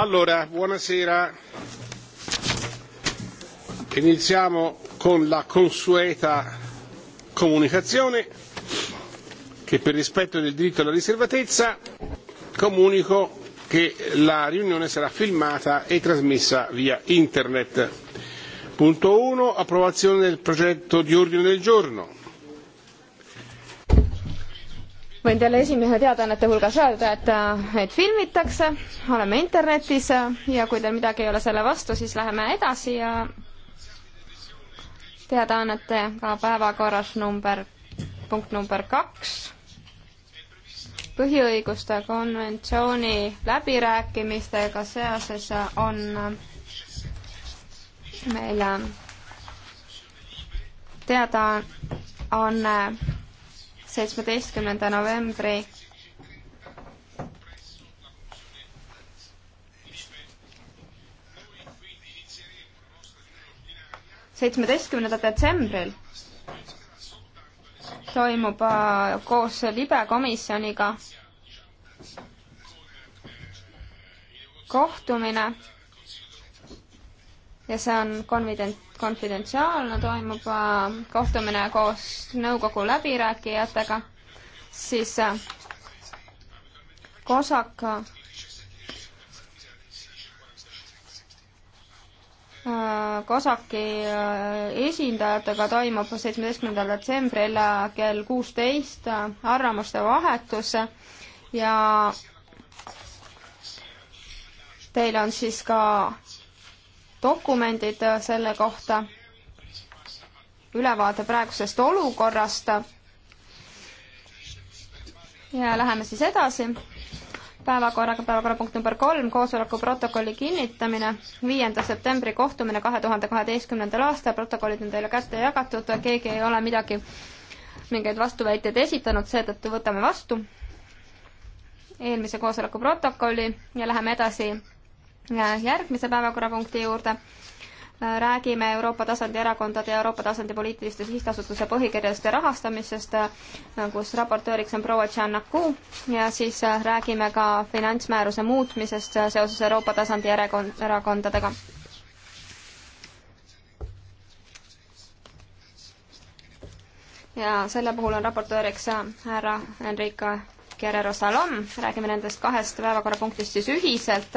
Allora, buonasera. Iniziamo con la consueta comunicazione che per rispetto del diritto alla riservatezza comunico che la riunione sarà filmata e trasmessa via internet. Punto 1. Approvazione del progetto di ordine del giorno võin teile esimehe teadaannete hulgas öelda, et, et filmitakse, oleme internetis ja kui teil midagi ei ole selle vastu, siis läheme edasi ja teadaannetega päevakorras number, punkt number kaks põhiõiguste konventsiooni läbirääkimistega seoses on meil teadaanne seitsmeteistkümnenda novembri seitsmeteistkümnendal detsembril toimub äh, koos libekomisjoniga kohtumine ja see on konfident-, konfidentsiaalne, toimub äh, kohtumine koos nõukogu läbirääkijatega, siis COSAC äh, äh, Kosaki esindajatega toimub seitsmeteistkümnendal detsembril kell kuusteist arvamuste vahetus ja teil on siis ka dokumendid äh, selle kohta, ülevaade praegusest olukorrast. ja läheme siis edasi päevakorraga, päevakorrapunkt number kolm, koosoleku protokolli kinnitamine, viienda septembri kohtumine kahe tuhande kaheteistkümnendal aastal, protokollid on teile kätte jagatud, keegi ei ole midagi, mingeid vastuväiteid esitanud, seetõttu võtame vastu eelmise koosoleku protokolli ja läheme edasi järgmise päevakorrapunkti juurde äh, räägime Euroopa tasandi erakondade ja Euroopa tasandi poliitiliste sihtasutuse põhikirjadest ja rahastamisest, äh, kus raportööriks on proua Tšernaku ja siis äh, räägime ka finantsmääruse muutmisest seoses Euroopa tasandi erakond, erakondadega. ja selle puhul on raportööriks härra Enrico Guerrero Salom, räägime nendest kahest päevakorrapunktist siis ühiselt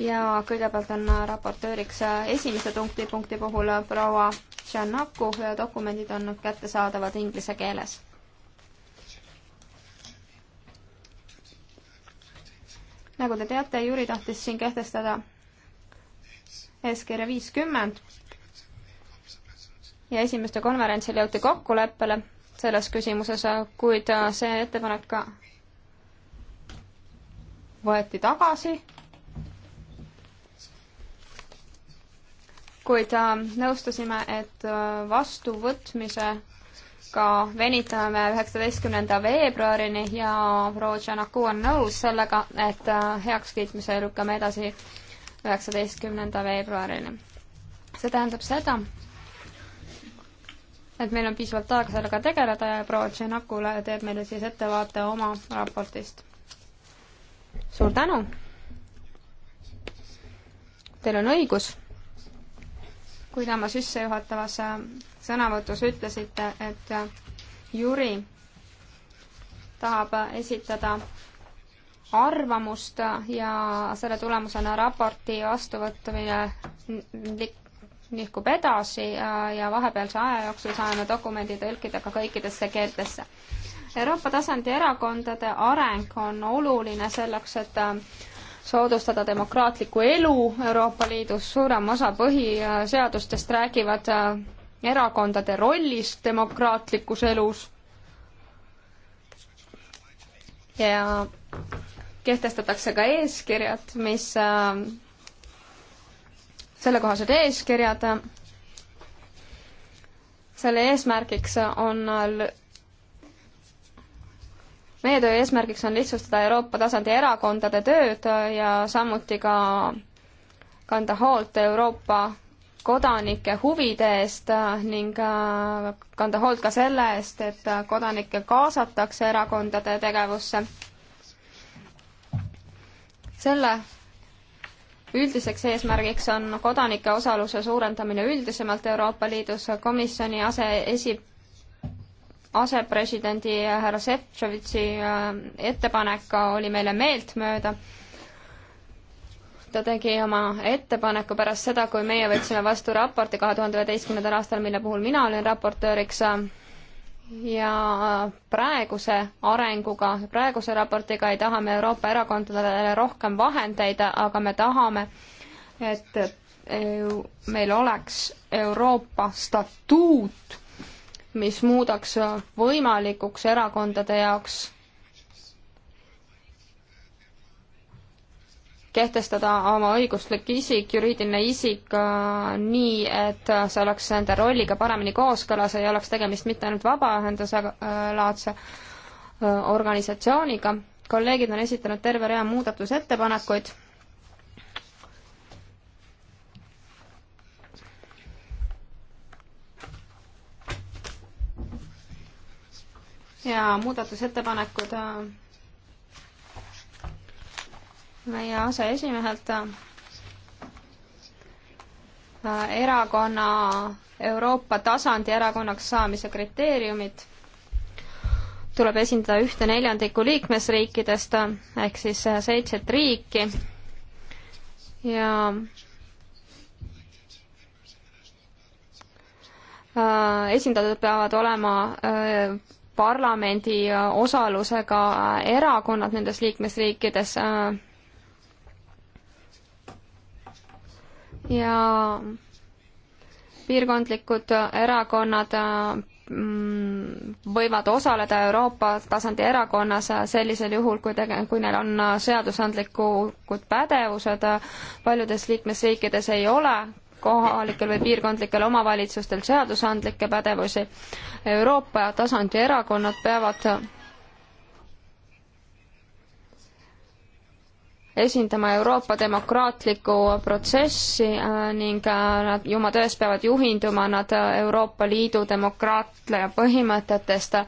ja kõigepealt on raportööriks esimese punkti, punkti puhul proua Tšernaku ja dokumendid on kättesaadavad inglise keeles. nagu te teate, Jüri tahtis siin kehtestada eeskirja viiskümmend ja esimeste konverentsil jõuti kokkuleppele selles küsimuses, kuid see ettepanek ka võeti tagasi kuid äh, nõustusime, et äh, vastuvõtmisega venitame üheksateistkümnenda veebruarini ja proua Tšanaku on nõus sellega, et äh, heakskiitmise lükkame edasi üheksateistkümnenda veebruarini. see tähendab seda, et meil on piisavalt aega sellega tegeleda ja proua Tšenakule teeb meile siis ettevaate oma raportist. suur tänu! Teil on õigus kui te oma sissejuhatavas äh, sõnavõtus ütlesite, et äh, Jüri tahab äh, esitada arvamust ja selle tulemusena raporti vastuvõtmine nihkub edasi ja, ja vahepealse aja jooksul saame dokumendi tõlkida ka kõikidesse keeltesse. Euroopa tasandi erakondade areng on oluline selleks, et soodustada demokraatlikku elu Euroopa Liidus, suurem osa põhiseadustest räägivad äh, erakondade rollist demokraatlikus elus ja kehtestatakse ka eeskirjad, mis äh, sellekohased eeskirjad, selle eesmärgiks on meie töö eesmärgiks on lihtsustada Euroopa tasandi erakondade tööd ja samuti ka kanda hoolt Euroopa kodanike huvide eest ning äh, kanda hoolt ka selle eest, et kodanikke kaasatakse erakondade tegevusse. selle üldiseks eesmärgiks on kodanike osaluse suurendamine üldisemalt Euroopa Liidus. komisjoni aseesi-, asepresidendi härra Šefčovitši äh, ettepanek oli meile meeltmööda. ta tegi oma ettepaneku pärast seda, kui meie võtsime vastu raporti kahe tuhande üheteistkümnendal aastal, mille puhul mina olin raportööriks äh, ja äh, praeguse arenguga, praeguse raportiga ei taha me Euroopa erakondadele rohkem vahendeid, aga me tahame, et meil oleks Euroopa statuut mis muudaks võimalikuks erakondade jaoks kehtestada oma õiguslik isik, juriidiline isik äh, nii, et see oleks nende rolliga paremini kooskõlas, ei oleks tegemist mitte ainult vabaühenduse äh, laadse äh, organisatsiooniga. kolleegid on esitanud terve rea muudatusettepanekuid ja muudatusettepanekud äh, meie aseesimehelt äh, erakonna, Euroopa tasandi erakonnaks saamise kriteeriumid tuleb esindada ühte neljandikku liikmesriikidest äh, ehk siis seitset riiki ja esindatud peavad olema parlamendi äh, osalusega äh, erakonnad nendes liikmesriikides. Äh, ja piirkondlikud erakonnad mm, võivad osaleda Euroopa tasandi erakonnas sellisel juhul, kui tege-, kui neil on seadusandlikud pädevused, paljudes liikmesriikides ei ole kohalikel või piirkondlikel omavalitsustel seadusandlikke pädevusi. Euroopa tasandi erakonnad peavad esindama Euroopa demokraatlikku protsessi äh, ning äh, nad ju oma töös peavad juhinduma nad äh, Euroopa Liidu demokraatia põhimõtetest.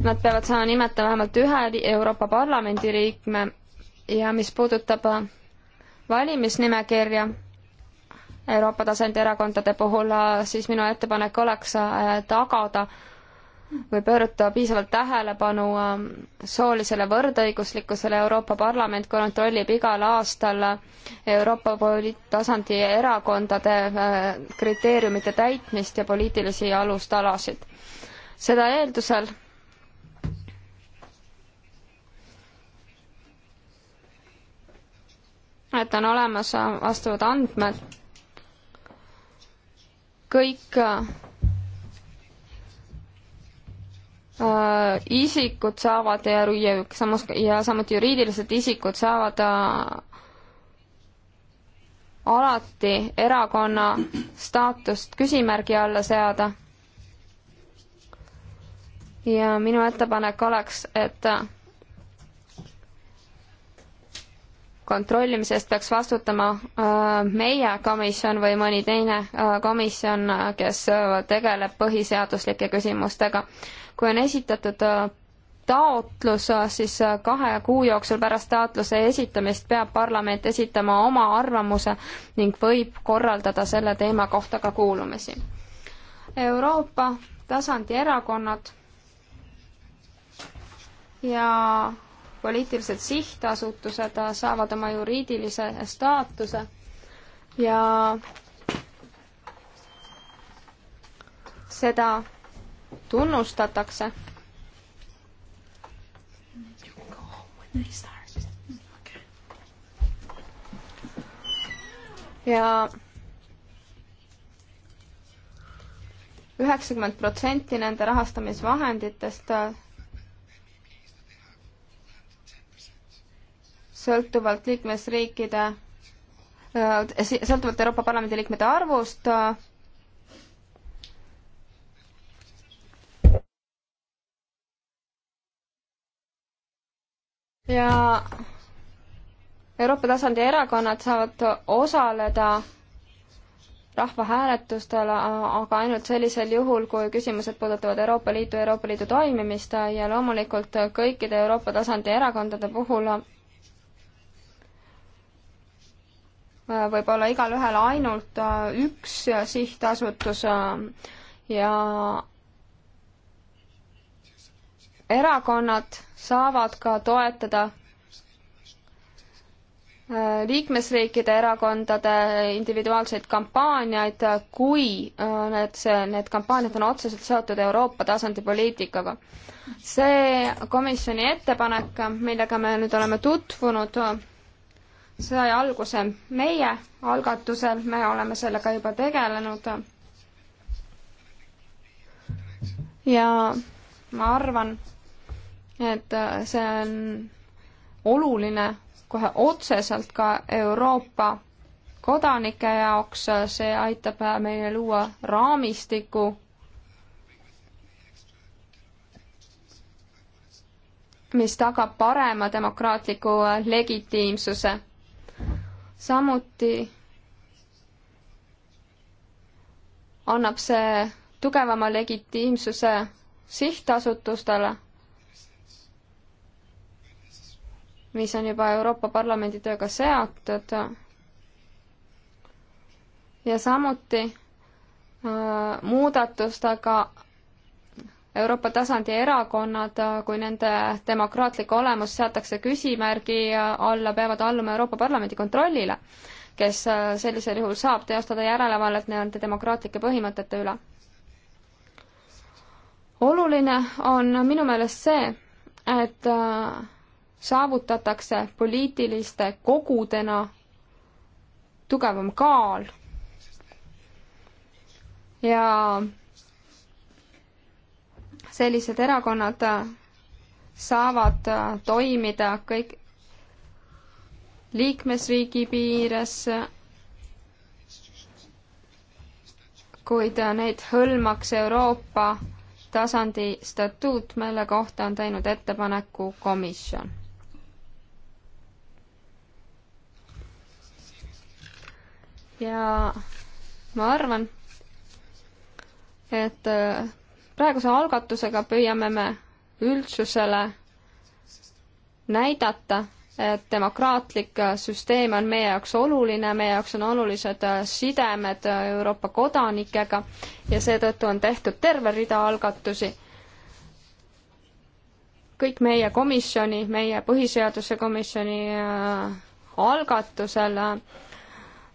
Nad peavad saama nimetada vähemalt ühe Euroopa Parlamendi liikme ja mis puudutab äh, valimisnimekirja Euroopa tasandi erakondade puhul, äh, siis minu ettepanek oleks äh, tagada või pöörata piisavalt tähelepanu soolisele võrdõiguslikkusele. Euroopa Parlament kontrollib igal aastal Euroopa tasandi erakondade kriteeriumite täitmist ja poliitilisi alustalasid. seda eeldusel, et on olemas vastavad andmed. kõik äh, isikud saavad ja, ja samas ja samuti juriidilised isikud saavad äh, alati erakonna staatust küsimärgi alla seada. ja minu ettepanek oleks, et kontrollimise eest peaks vastutama äh, meie komisjon või mõni teine äh, komisjon, äh, kes tegeleb põhiseaduslike küsimustega. kui on esitatud taotlus, siis kahe kuu jooksul pärast taotluse esitamist peab parlament esitama oma arvamuse ning võib korraldada selle teema kohta ka kuulumisi. Euroopa tasandi erakonnad ja poliitilised sihtasutused saavad oma juriidilise staatuse ja seda tunnustatakse. ja üheksakümmend protsenti nende rahastamisvahenditest sõltuvalt liikmesriikide, äh, sõltuvalt Euroopa Parlamendi liikmete arvust. ja Euroopa tasandi erakonnad saavad osaleda rahvahääletustel, äh, aga ainult sellisel juhul, kui küsimused puudutavad Euroopa Liitu ja Euroopa Liidu toimimist ja loomulikult kõikide Euroopa tasandi erakondade puhul võib olla igalühel ainult äh, üks sihtasutus äh, ja erakonnad saavad ka toetada äh, liikmesriikide erakondade individuaalseid kampaaniaid, kui need, see, need kampaaniad on otseselt seotud Euroopa tasandi poliitikaga. see komisjoni ettepanek, millega me nüüd oleme tutvunud, sai alguse meie algatusel, me oleme sellega juba tegelenud. ja ma arvan, et see on oluline kohe otseselt ka Euroopa kodanike jaoks, see aitab meile luua raamistiku, mis tagab parema demokraatliku legitiimsuse samuti annab see tugevama legitiimsuse sihtasutustele, mis on juba Euroopa Parlamendi tööga seotud. ja samuti äh, muudatustega Euroopa tasandi erakonnad, kui nende demokraatlik olemus seatakse küsimärgi alla, peavad alluma Euroopa Parlamendi kontrollile, kes äh, sellisel juhul saab teostada järelevalvet nende demokraatlike põhimõtete üle. oluline on minu meelest see, et äh, saavutatakse poliitiliste kogudena tugevam kaal ja sellised erakonnad saavad toimida kõik liikmesriigi piires, kuid neid hõlmaks Euroopa tasandi statuut, mille kohta on teinud ettepaneku komisjon. ja ma arvan, et praeguse algatusega püüame me üldsusele näidata, et demokraatlik süsteem on meie jaoks oluline, meie jaoks on olulised sidemed Euroopa kodanikega ja seetõttu on tehtud terve rida algatusi. kõik meie komisjoni, meie põhiseaduse komisjoni äh, algatusel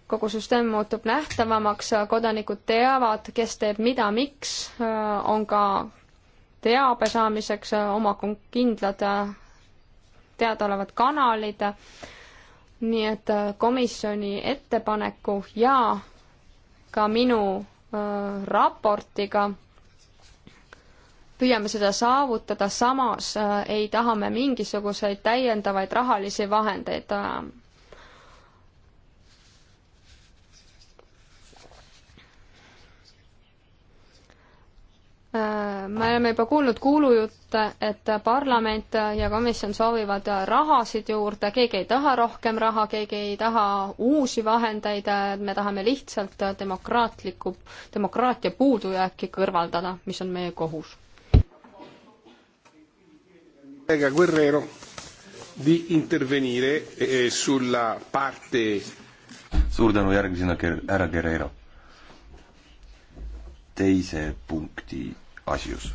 kogu süsteem muutub nähtavamaks, kodanikud teavad, kes teeb mida, miks, on ka teabe saamiseks oma kindlad teadaolevad kanalid, nii et komisjoni ettepaneku ja ka minu raportiga püüame seda saavutada, samas ei taha me mingisuguseid täiendavaid rahalisi vahendeid me oleme juba kuulnud kuulujutte, et parlament ja komisjon soovivad rahasid juurde, keegi ei taha rohkem raha, keegi ei taha uusi vahendeid, me tahame lihtsalt demokraatlikku, demokraatia puudujääki kõrvaldada, mis on meie kohus. Guerrero di intervenire eh, sulla parte suur tänu järgmisena, härra Guerrero. teise punkti asjus.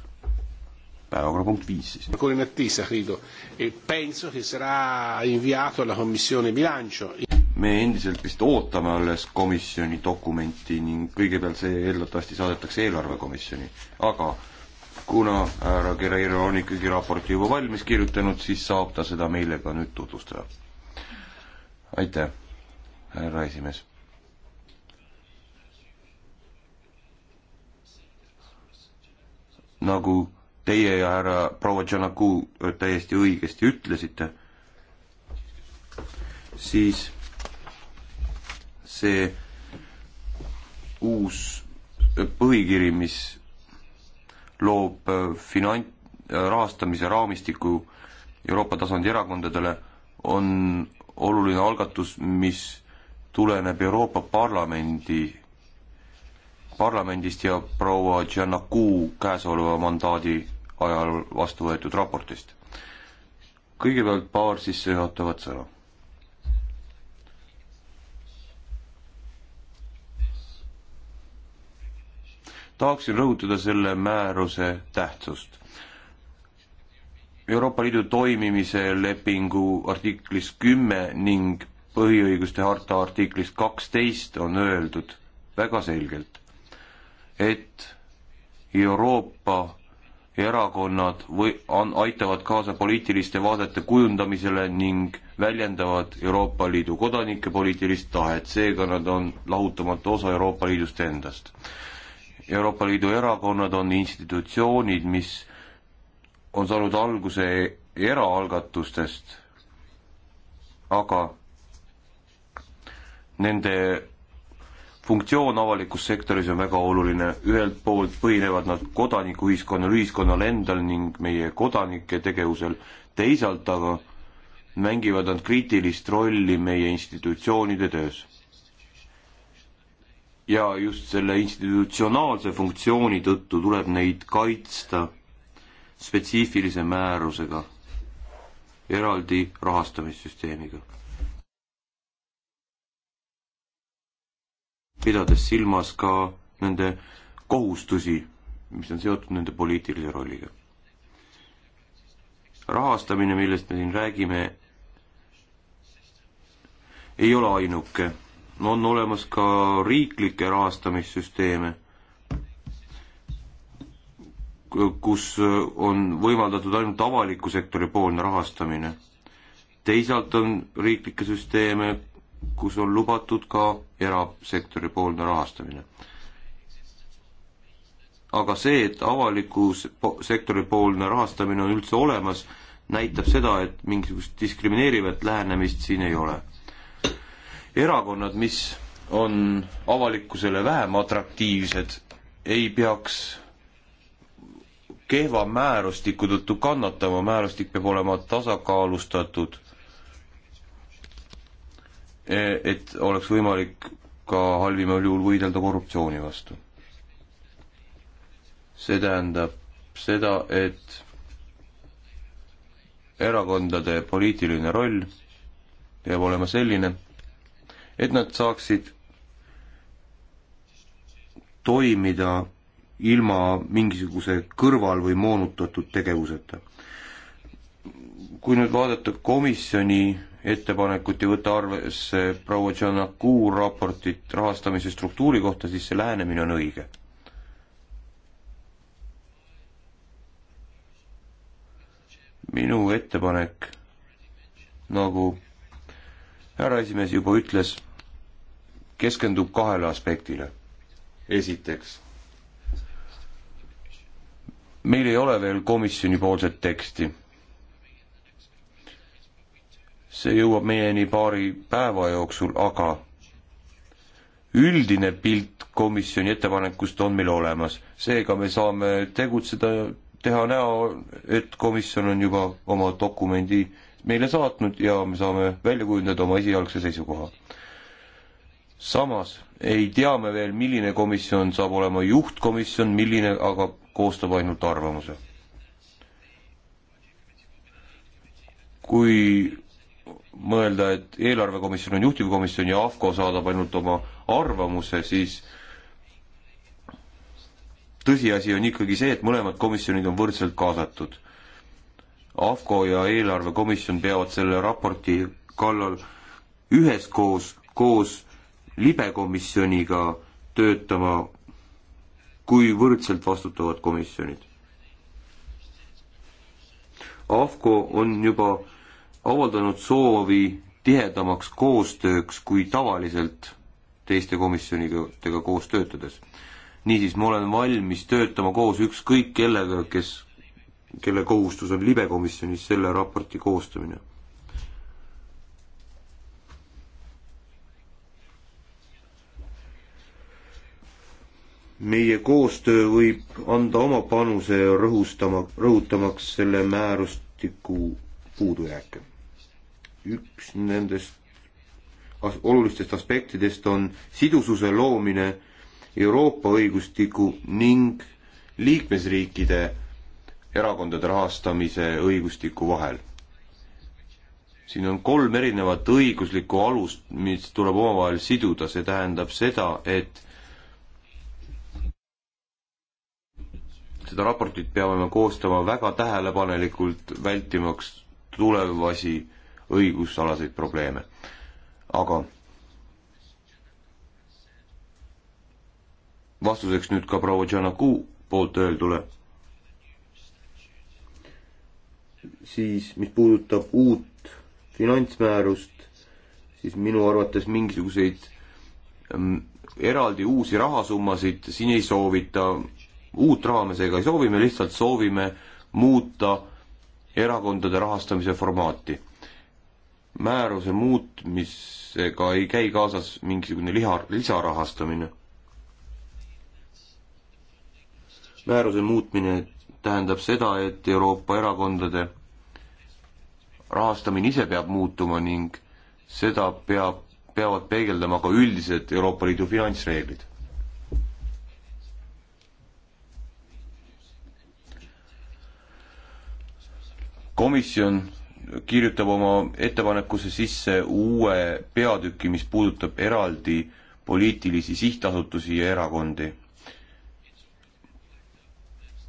päevakorrapunkt viis siis. ancora in attesa credo e penso che sarà inviato alla commissione bilancio. me endiselt vist ootame alles komisjoni dokumenti ning kõigepealt see eeldatavasti saadetakse eelarvekomisjoni, aga kuna härra Guerreiro on ikkagi raporti juba valmis kirjutanud, siis saab ta seda meile ka nüüd tutvustada. aitäh, härra esimees nagu teie ja härra proua Janaku äh, täiesti õigesti ütlesite, siis see uus äh, põhikiri, mis loob äh, finant-, rahastamise raamistiku Euroopa tasandi erakondadele, on oluline algatus, mis tuleneb Euroopa Parlamendi Parlamendist ja proua Giannaku käesoleva mandaadi ajal vastu võetud raportist. kõigepealt paar sissejuhatavat sõna. tahaksin rõhutada selle määruse tähtsust. Euroopa Liidu toimimise lepingu artiklis kümme ning põhiõiguste harta artiklis kaksteist on öeldud väga selgelt et Euroopa erakonnad või on, aitavad kaasa poliitiliste vaadete kujundamisele ning väljendavad Euroopa Liidu kodanike poliitilist tahet, seega nad on lahutamatu osa Euroopa Liidust endast. Euroopa Liidu erakonnad on institutsioonid, mis on saanud alguse eraalgatustest, aga nende funktsioon avalikus sektoris on väga oluline, ühelt poolt põhinevad nad kodanikuühiskonnal, ühiskonnal endal ning meie kodanike tegevusel, teisalt aga mängivad nad kriitilist rolli meie institutsioonide töös. ja just selle institutsionaalse funktsiooni tõttu tuleb neid kaitsta spetsiifilise määrusega, eraldi rahastamissüsteemiga pidades silmas ka nende kohustusi, mis on seotud nende poliitilise rolliga. rahastamine, millest me siin räägime, ei ole ainuke. on olemas ka riiklikke rahastamissüsteeme, kus on võimaldatud ainult avaliku sektori poolne rahastamine. teisalt on riiklikke süsteeme, kus on lubatud ka erasektori poolne rahastamine. aga see, et avaliku sektori poolne rahastamine on üldse olemas, näitab seda, et mingisugust diskrimineerivat lähenemist siin ei ole. erakonnad, mis on avalikkusele vähem atraktiivsed, ei peaks kehva määrustiku tõttu kannatama, määrustik peab olema tasakaalustatud et oleks võimalik ka halvimal juhul võidelda korruptsiooni vastu. see tähendab seda, et erakondade poliitiline roll peab olema selline, et nad saaksid toimida ilma mingisuguse kõrval- või moonutatud tegevuseta. kui nüüd vaadata komisjoni ettepanekut ja võtta arvesse proua Giannakou raportit rahastamise struktuuri kohta, siis see lähenemine on õige. minu ettepanek, nagu härra esimees juba ütles, keskendub kahele aspektile. esiteks, meil ei ole veel komisjonipoolset teksti see jõuab meieni paari päeva jooksul, aga üldine pilt komisjoni ettepanekust on meil olemas, seega me saame tegutseda, teha näo, et komisjon on juba oma dokumendi meile saatnud ja me saame välja kujundada oma esialgse seisukoha. samas ei tea me veel, milline komisjon saab olema juhtkomisjon, milline aga koostab ainult arvamuse. kui mõelda, et eelarvekomisjon on juhtivkomisjon ja AFCO saadab ainult oma arvamuse, siis tõsiasi on ikkagi see, et mõlemad komisjonid on võrdselt kaasatud. AFCO ja eelarvekomisjon peavad selle raporti kallal üheskoos, koos libekomisjoniga töötama kui võrdselt vastutavad komisjonid. AFCO on juba avaldanud soovi tihedamaks koostööks kui tavaliselt teiste komisjonidega koos töötades. niisiis, ma olen valmis töötama koos ükskõik kellega, kes, kelle kohustus on libekomisjonis selle raporti koostamine. meie koostöö võib anda oma panuse rõhustama, rõhutamaks selle määrustiku puudujääke üks nendest as olulistest aspektidest on sidususe loomine Euroopa õigustiku ning liikmesriikide erakondade rahastamise õigustiku vahel. siin on kolm erinevat õiguslikku alust, mis tuleb omavahel siduda, see tähendab seda, et seda raportit peame me koostama väga tähelepanelikult, vältimaks tulevasi õigusalaseid probleeme. aga vastuseks nüüd ka proua Janaku poolt öeldule, siis mis puudutab uut finantsmäärust, siis minu arvates mingisuguseid ähm, eraldi uusi rahasummasid siin ei soovita, uut raha me seega ei soovi, me lihtsalt soovime muuta erakondade rahastamise formaati määruse muutmisega ei käi kaasas mingisugune liha, lisarahastamine. määruse muutmine tähendab seda, et Euroopa erakondade rahastamine ise peab muutuma ning seda peab, peavad peegeldama ka üldised Euroopa Liidu finantsreeglid. komisjon kirjutab oma ettepanekusse sisse uue peatüki, mis puudutab eraldi poliitilisi sihtasutusi ja erakondi.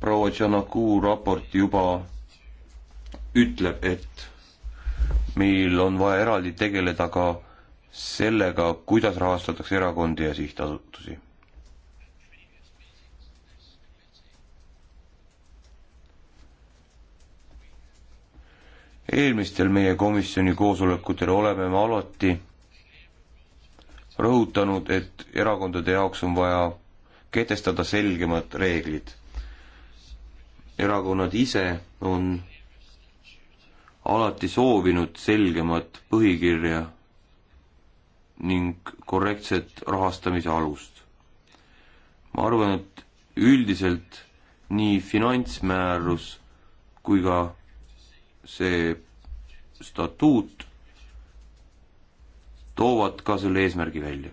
proua Tšanaku raport juba ütleb, et meil on vaja eraldi tegeleda ka sellega, kuidas rahastatakse erakondi ja sihtasutusi eelmistel meie komisjoni koosolekutel oleme me alati rõhutanud, et erakondade jaoks on vaja kehtestada selgemad reeglid. erakonnad ise on alati soovinud selgemat põhikirja ning korrektset rahastamise alust. ma arvan, et üldiselt nii finantsmäärus kui ka see statuut toovad ka selle eesmärgi välja.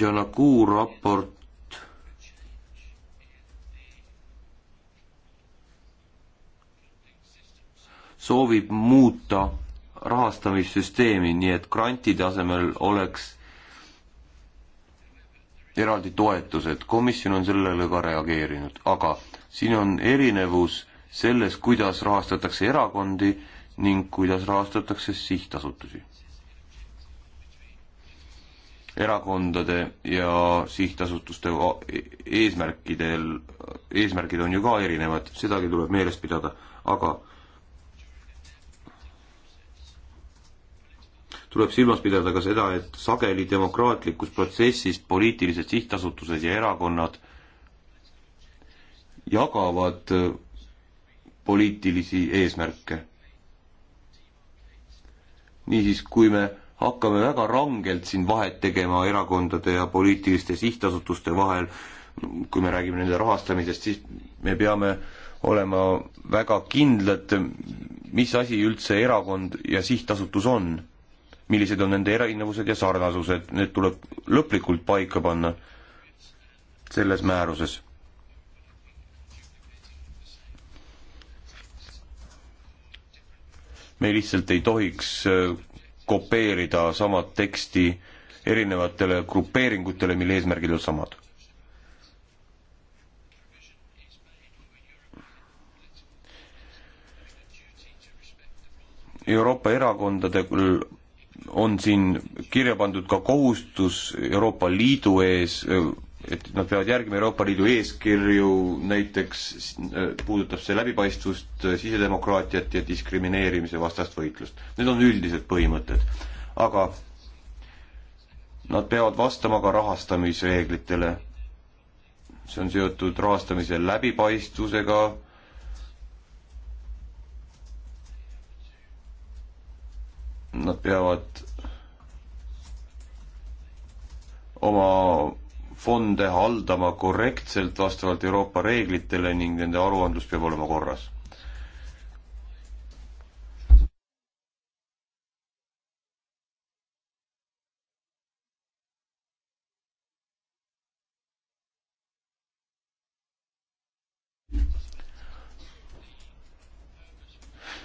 Janaku raport soovib muuta rahastamissüsteemi, nii et grantide asemel oleks eraldi toetused, komisjon on sellele ka reageerinud, aga siin on erinevus selles, kuidas rahastatakse erakondi ning kuidas rahastatakse sihtasutusi. erakondade ja sihtasutuste eesmärkidel, eesmärgid on ju ka erinevad, sedagi tuleb meeles pidada, aga tuleb silmas pidada ka seda, et sageli demokraatlikus protsessis poliitilised sihtasutused ja erakonnad jagavad äh, poliitilisi eesmärke. niisiis, kui me hakkame väga rangelt siin vahet tegema erakondade ja poliitiliste sihtasutuste vahel, kui me räägime nende rahastamisest, siis me peame olema väga kindlad, mis asi üldse erakond ja sihtasutus on millised on nende erinevused ja sarnasused, need tuleb lõplikult paika panna selles määruses. me lihtsalt ei tohiks äh, kopeerida samad teksti erinevatele grupeeringutele, mille eesmärgid on samad. Euroopa erakondadel on siin kirja pandud ka kohustus Euroopa Liidu ees, et nad peavad järgima Euroopa Liidu eeskirju, näiteks äh, puudutab see läbipaistvust, äh, sisedemokraatiat ja diskrimineerimise vastast võitlust. Need on üldised põhimõtted, aga nad peavad vastama ka rahastamisreeglitele. see on seotud rahastamise läbipaistvusega nad peavad oma fonde haldama korrektselt vastavalt Euroopa reeglitele ning nende aruandlus peab olema korras.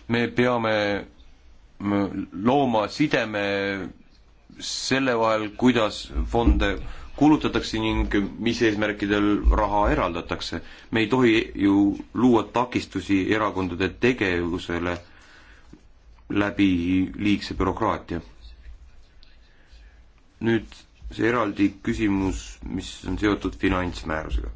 me peame looma sideme selle vahel, kuidas fonde kulutatakse ning mis eesmärkidel raha eraldatakse. me ei tohi ju luua takistusi erakondade tegevusele läbi liigse bürokraatia. nüüd see eraldi küsimus, mis on seotud finantsmäärusega.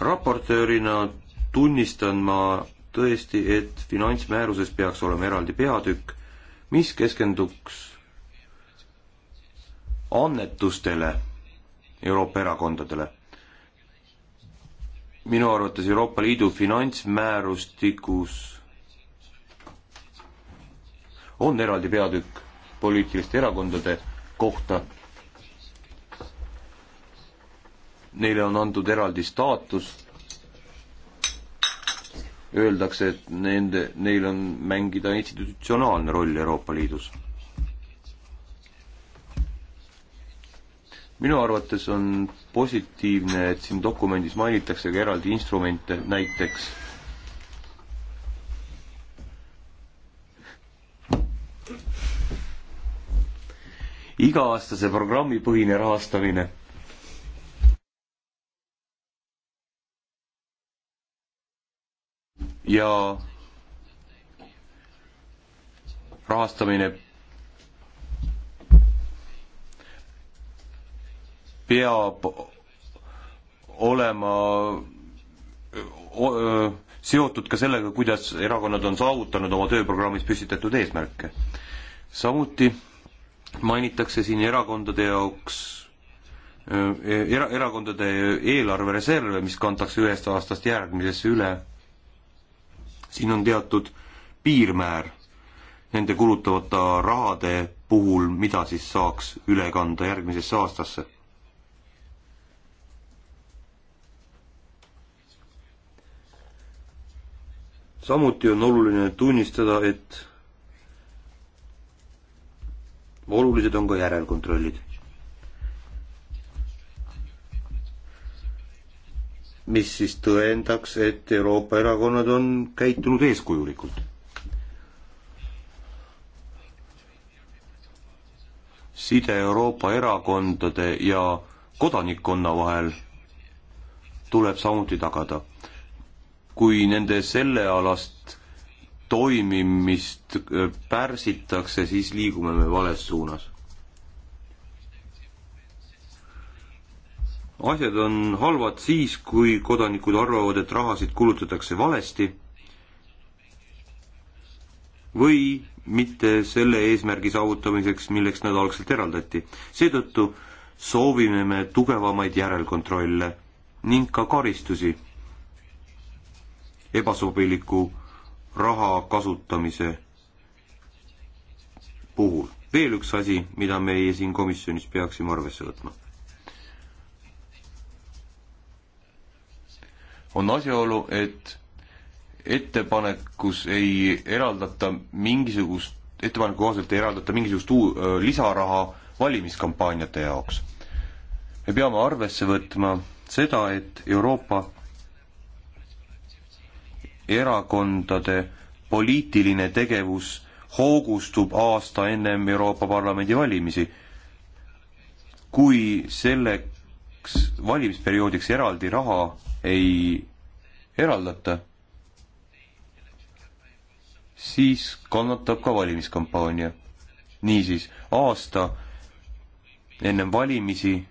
raportöörina tunnistan ma tõesti, et finantsmääruses peaks olema eraldi peatükk, mis keskenduks annetustele Euroopa erakondadele. minu arvates Euroopa Liidu finantsmäärustikus on eraldi peatükk poliitiliste erakondade kohta. Neile on antud eraldi staatus öeldakse, et nende, neil on mängida institutsionaalne roll Euroopa Liidus. minu arvates on positiivne, et siin dokumendis mainitakse ka eraldi instrumente, näiteks iga-aastase programmipõhine rahastamine ja rahastamine peab olema seotud ka sellega, kuidas erakonnad on saavutanud oma tööprogrammis püstitatud eesmärke. samuti mainitakse siin erakondade jaoks e, era-, erakondade eelarvereserve, mis kantakse ühest aastast järgmisesse üle siin on teatud piirmäär nende kulutavate rahade puhul, mida siis saaks üle kanda järgmisesse aastasse. samuti on oluline tunnistada, et olulised on ka järelkontrollid mis siis tõendaks, et Euroopa erakonnad on käitunud eeskujulikult. side Euroopa erakondade ja kodanikkonna vahel tuleb samuti tagada. kui nende sellealast toimimist äh, pärsitakse, siis liigume me vales suunas asjad on halvad siis, kui kodanikud arvavad, et rahasid kulutatakse valesti või mitte selle eesmärgi saavutamiseks, milleks nad algselt eraldati. seetõttu soovime me tugevamaid järelkontrolle ning ka karistusi ebasobiliku raha kasutamise puhul. veel üks asi, mida meie siin komisjonis peaksime arvesse võtma on asjaolu, et ettepanekus ei eraldata mingisugust, ettepaneku kohaselt ei eraldata mingisugust uu-, lisaraha valimiskampaaniate jaoks. me peame arvesse võtma seda, et Euroopa erakondade poliitiline tegevus hoogustub aasta ennem Euroopa Parlamendi valimisi. kui selleks valimisperioodiks eraldi raha ei eraldata, siis kannatab ka valimiskampaania. niisiis, aasta ennem valimisi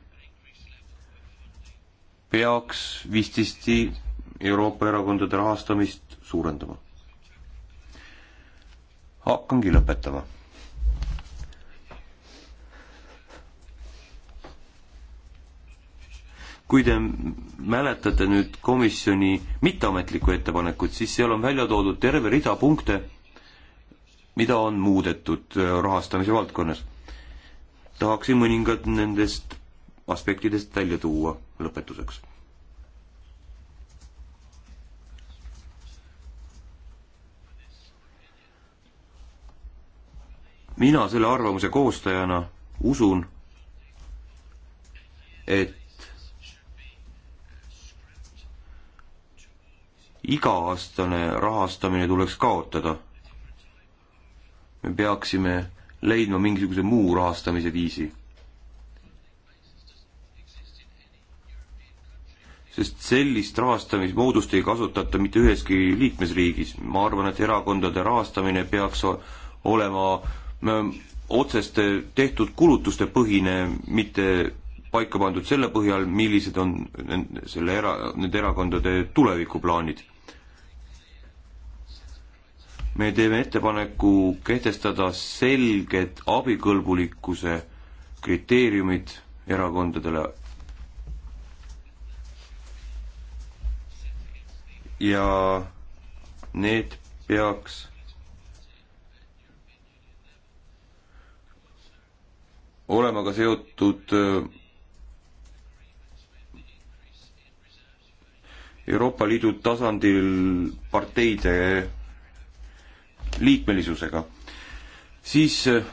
peaks vististi Euroopa erakondade rahastamist suurendama. hakkangi lõpetama kui te mäletate nüüd komisjoni mitteametlikku ettepanekut, siis seal on välja toodud terve rida punkte, mida on muudetud äh, rahastamise valdkonnas. tahaksin mõningad nendest aspektidest välja tuua lõpetuseks. mina selle arvamuse koostajana usun, et iga-aastane rahastamine tuleks kaotada. me peaksime leidma mingisuguse muu rahastamise viisi. sest sellist rahastamismoodust ei kasutata mitte üheski liikmesriigis. ma arvan, et erakondade rahastamine peaks olema otseste tehtud kulutuste põhine, mitte paika pandud selle põhjal, millised on selle era, nende erakondade tulevikuplaanid me teeme ettepaneku kehtestada selged abikõlbulikkuse kriteeriumid erakondadele. ja need peaks olema ka seotud äh, Euroopa Liidu tasandil parteide liikmelisusega, siis äh,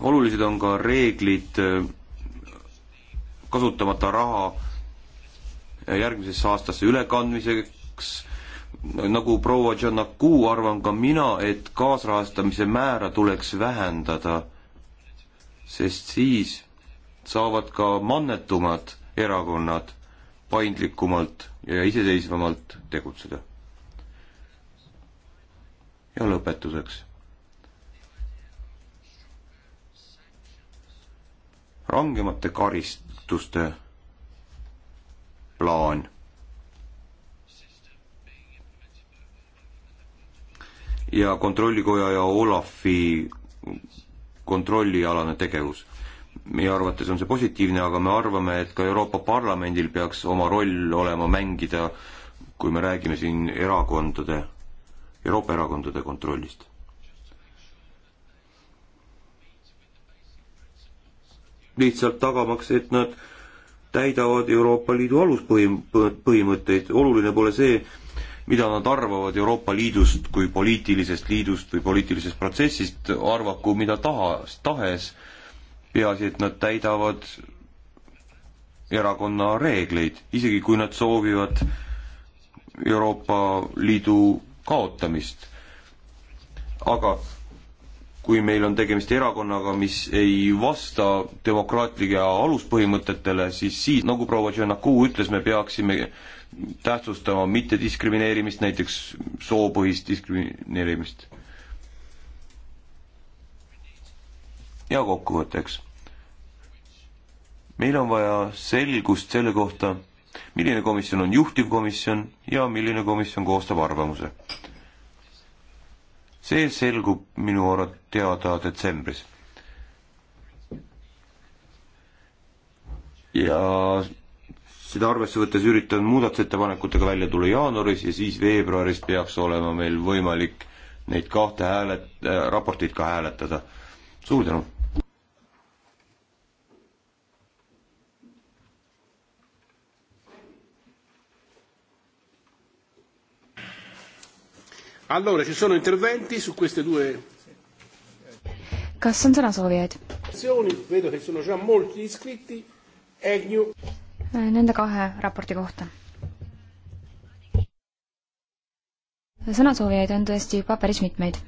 olulised on ka reeglid äh, kasutamata raha äh, järgmisesse aastasse ülekandmiseks, nagu proua Janaku arvan ka mina, et kaasrahastamise määra tuleks vähendada, sest siis saavad ka mannetumad erakonnad paindlikumalt ja iseseisvamalt tegutseda ja lõpetuseks. rangemate karistuste plaan. ja Kontrollikoja ja Olafi kontrollialane tegevus. meie arvates on see positiivne, aga me arvame, et ka Euroopa Parlamendil peaks oma roll olema mängida, kui me räägime siin erakondade Euroopa erakondade kontrollist. lihtsalt tagamaks, et nad täidavad Euroopa Liidu aluspõhimõtteid, oluline pole see, mida nad arvavad Euroopa Liidust kui poliitilisest liidust või poliitilisest protsessist, arvaku mida tahas, tahes, peaasi, et nad täidavad erakonna reegleid, isegi kui nad soovivad Euroopa Liidu kaotamist. aga kui meil on tegemist erakonnaga, mis ei vasta demokraatlike aluspõhimõtetele, siis siis, nagu proua Tšernaku ütles, me peaksime tähtsustama mittediskrimineerimist, näiteks soopõhist diskrimineerimist. ja kokkuvõtteks. meil on vaja selgust selle kohta milline komisjon on juhtivkomisjon ja milline komisjon koostab arvamuse. see selgub minu teada detsembris. ja seda arvesse võttes üritan muudatusettepanekutega välja tulla jaanuaris ja siis veebruaris peaks olema meil võimalik neid kahte häälet- äh,, raportit ka hääletada. suur tänu! Allora, ci sono interventi su queste due kas on sõnasoovijaid? Äh, nende kahe raporti kohta. sõnasoovijaid on tõesti juba päris mitmeid.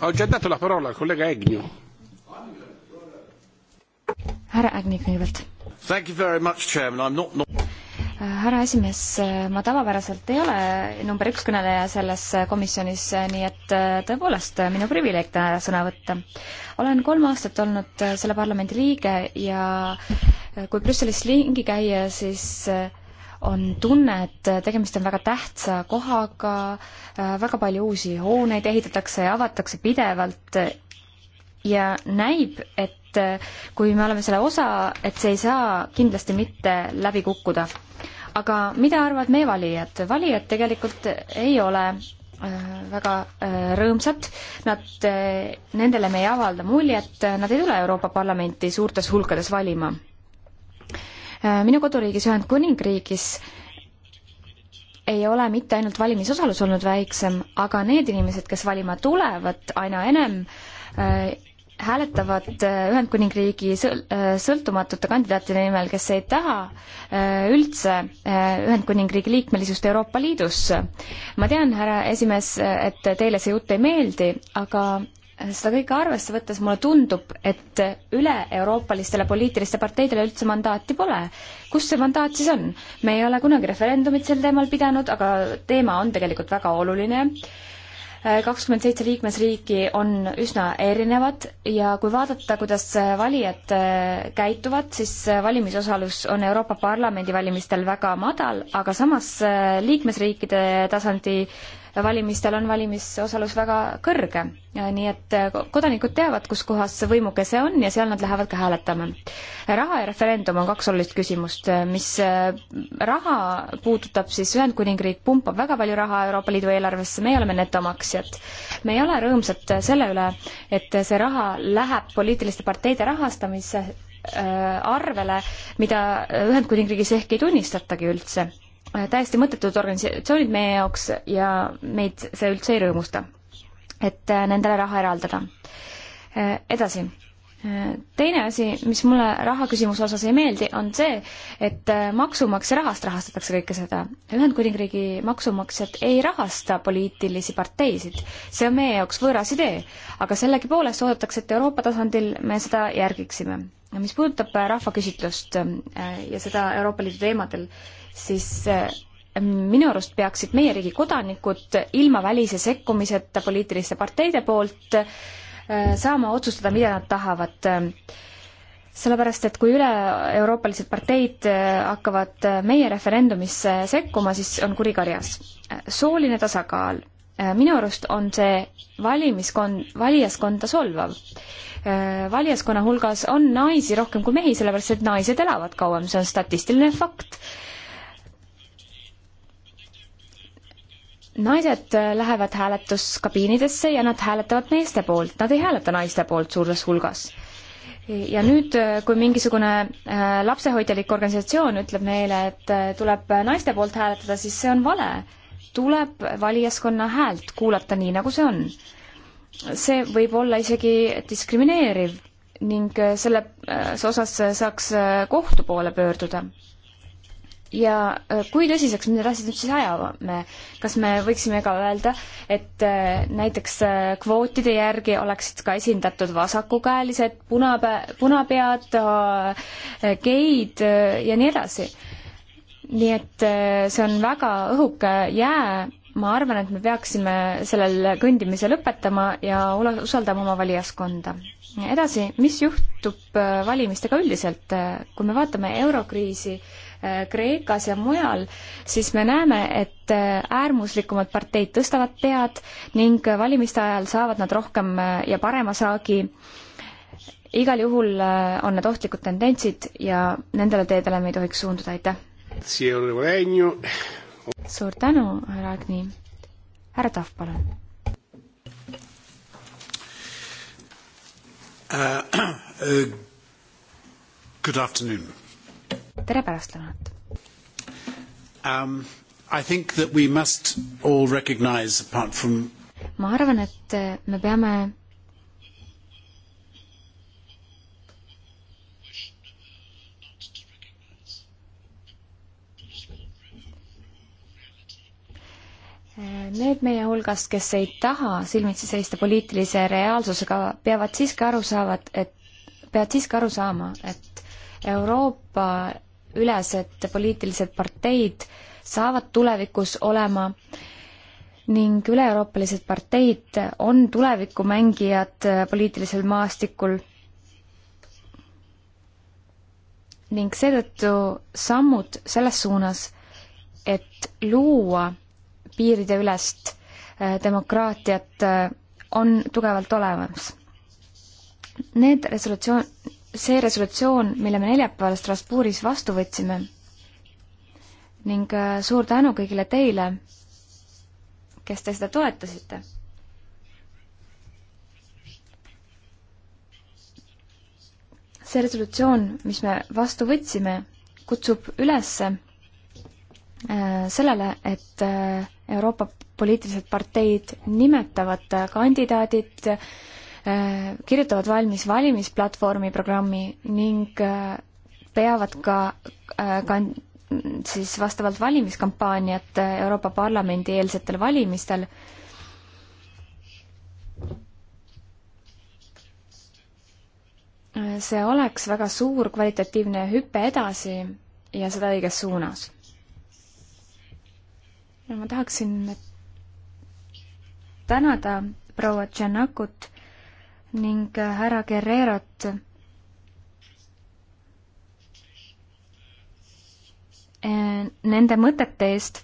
Ho già dato la parola al collega Egnu härra Ägni kõigepealt. härra esimees, ma tavapäraselt ei ole number üks kõneleja selles komisjonis, nii et äh, tõepoolest minu privileeg täna sõna võtta. olen kolm aastat olnud äh, selle parlamendi liige ja äh, kui Brüsselis ringi käia, siis on tunne, et tegemist on väga tähtsa kohaga, väga palju uusi hooneid ehitatakse ja avatakse pidevalt ja näib, et et kui me oleme selle osa, et see ei saa kindlasti mitte läbi kukkuda. aga mida arvavad meie valijad? valijad tegelikult ei ole äh, väga äh, rõõmsad, nad, äh, nendele me ei avalda muljet, nad ei tule Euroopa Parlamenti suurtes hulkades valima. minu koduriigis, Ühendkuningriigis ei ole mitte ainult valimisosalus olnud väiksem, aga need inimesed, kes valima tulevad aina enam, hääletavad äh, Ühendkuningriigi äh, sõltumatute kandidaatide nimel, kes ei taha äh, üldse Ühendkuningriigi liikmelisust Euroopa Liidus. ma tean, härra esimees, et teile see jutt ei meeldi, aga seda kõike arvesse võttes mulle tundub, et üle-euroopalistele poliitilistele parteidele üldse mandaati pole. kus see mandaat siis on? me ei ole kunagi referendumit sel teemal pidanud, aga teema on tegelikult väga oluline kakskümmend seitse liikmesriiki on üsna erinevad ja kui vaadata, kuidas valijad äh, käituvad, siis äh, valimisosalus on Euroopa Parlamendi valimistel väga madal, aga samas äh, liikmesriikide tasandi valimistel on valimisosalus väga kõrge. nii et eh, kodanikud teavad, kus kohas see võimukese on ja seal nad lähevad ka hääletama. raha ja referendum on kaks olulist küsimust, eh, mis eh, raha puudutab, siis Ühendkuningriik pumpab väga palju raha Euroopa Liidu eelarvesse, meie oleme netomaksjad. me ei ole rõõmsad selle üle, et see raha läheb poliitiliste parteide rahastamisse arvele, mida Ühendkuningriigis ehk ei tunnistatagi üldse täiesti mõttetud organisatsioonid meie jaoks ja meid see üldse ei rõõmusta, et äh, nendele raha eraldada. Äh, edasi, äh, teine asi, mis mulle rahaküsimuse osas ei meeldi, on see, et maksumaksja rahast rahastatakse kõike seda. Ühendkuningriigi maksumaksjad ei rahasta poliitilisi parteisid, see on meie jaoks võõras idee, aga sellegipoolest oodatakse, et Euroopa tasandil me seda järgiksime mis puudutab rahvaküsitlust ja seda Euroopa Liidu teemadel siis eh, minu arust peaksid meie riigi kodanikud ilma välise sekkumiseta poliitiliste parteide poolt eh, saama otsustada, mida nad tahavad. sellepärast, et kui üle-euroopalised parteid eh, hakkavad meie referendumisse sekkuma, siis on kuri karjas. sooline tasakaal. minu arust on see valimiskond, valijaskonda solvav. valijaskonna hulgas on naisi rohkem kui mehi, sellepärast et naised elavad kauem, see on statistiline fakt naised äh, lähevad hääletuskabiinidesse ja nad hääletavad meeste poolt, nad ei hääleta naiste poolt suures hulgas. ja nüüd, äh, kui mingisugune äh, lapsehoidjalik organisatsioon ütleb meile, et tuleb naiste poolt hääletada, siis see on vale. tuleb valijaskonna häält kuulata nii, nagu see on. see võib olla isegi diskrimineeriv ning selle osas saaks kohtu poole pöörduda ja äh, kui tõsiseks me need asjad nüüd siis ajame? kas me võiksime ka öelda, et äh, näiteks äh, kvootide järgi oleksid ka esindatud vasakukäelised, punapea, punapead, geid ja nii edasi? nii et see on väga õhuke jää, ma arvan, et me peaksime sellel kõndimise lõpetama ja usaldama oma valijaskonda. edasi, mis juhtub valimistega üldiselt, kui me vaatame eurokriisi äh, Äh, Kreekas ja mujal, siis me näeme, et äh, äärmuslikumad parteid tõstavad pead ning valimiste ajal saavad nad rohkem äh, ja parema saagi. igal juhul on need ohtlikud tendentsid ja nendele teedele me ei tohiks suunduda, aitäh! suur tänu, härra Agni! härra Tahv, palun! Uh, uh, good afternoon tere pärastlõunat um,! I think that we must all recognize apart from ma arvan, et me peame Need meie hulgas, kes ei taha silmitsi seista poliitilise reaalsusega, peavad siiski aru saavad, et, peavad siiski aru saama, et Euroopa üles, et poliitilised parteid saavad tulevikus olema ning üle-euroopalised parteid on tulevikumängijad äh, poliitilisel maastikul. ning seetõttu sammud selles suunas, et luua piirideülest äh, demokraatiat, äh, on tugevalt olemas. Need resolutsioon, see resolutsioon, mille me neljapäeval Strasbourgis vastu võtsime ning äh, suur tänu kõigile teile, kes te seda toetasite. see resolutsioon, mis me vastu võtsime, kutsub üles äh, sellele, et äh, Euroopa poliitilised parteid nimetavad kandidaadid äh, Äh, kirjutavad valmis valimisplatvormi programmi ning äh, peavad ka äh, kan-, siis vastavalt valimiskampaaniat Euroopa Parlamendi eelsetel valimistel. see oleks väga suur kvalitatiivne hüpe edasi ja seda õiges suunas. ja ma tahaksin tänada proua Tšernakut ning härra Guerrerot nende mõtete eest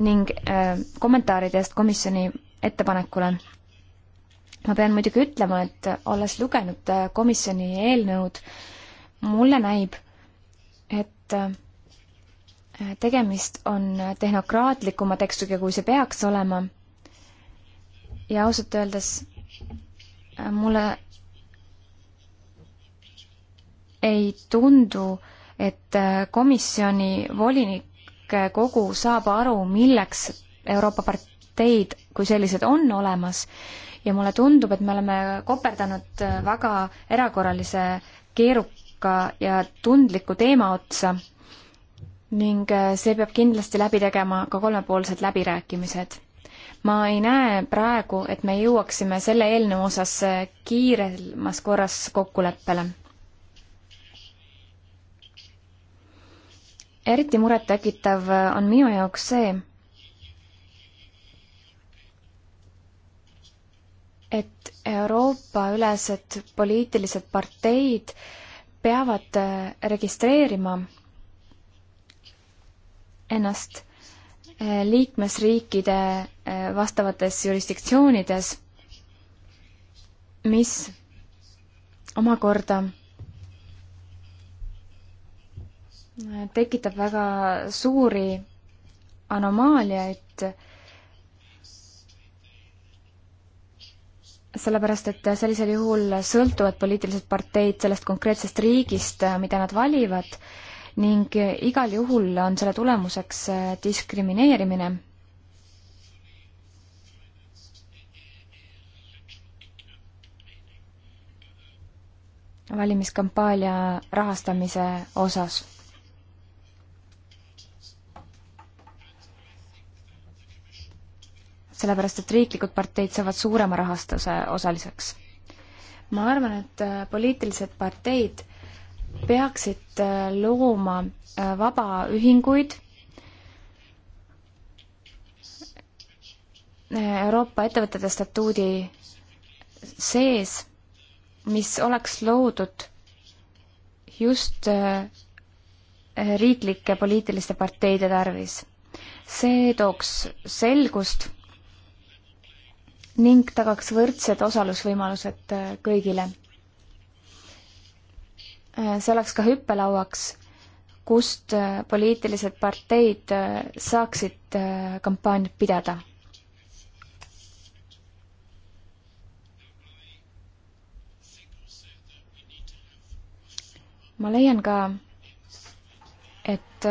ning äh, kommentaaride eest komisjoni ettepanekule. ma pean muidugi ütlema, et olles lugenud äh, komisjoni eelnõud, mulle näib, et äh, tegemist on tehnokraatlikuma tekstiga, kui see peaks olema. ja ausalt öeldes mulle ei tundu, et äh, komisjoni volinike äh, kogu saab aru, milleks Euroopa parteid kui sellised on olemas ja mulle tundub, et me oleme koperdanud äh, väga erakorralise, keeruka ja tundliku teema otsa ning see peab kindlasti läbi tegema ka kolmepoolsed läbirääkimised ma ei näe praegu, et me jõuaksime selle eelnõu osas äh, kiiremas korras kokkuleppele. eriti murettekitav äh, on minu jaoks see, et Euroopa-ülesed poliitilised parteid peavad äh, registreerima ennast liikmesriikide eh, vastavates jurisdiktsioonides, mis omakorda eh, tekitab väga suuri anomaaliaid, sellepärast, et sellisel juhul sõltuvad poliitilised parteid sellest konkreetsest riigist, eh, mida nad valivad ning igal juhul on selle tulemuseks äh, diskrimineerimine. valimiskampaania rahastamise osas. sellepärast, et riiklikud parteid saavad suurema rahastuse osaliseks ma arvan, et äh, poliitilised parteid peaksid äh, looma äh, vabaühinguid äh, Euroopa ettevõtete statuudi sees, mis oleks loodud just riiklike poliitiliste parteide tarvis. see tooks selgust ning tagaks võrdsed osalusvõimalused kõigile Äh, see oleks ka hüppelauaks, kust äh, poliitilised parteid äh, saaksid kampaaniat pidada. ma leian ka, et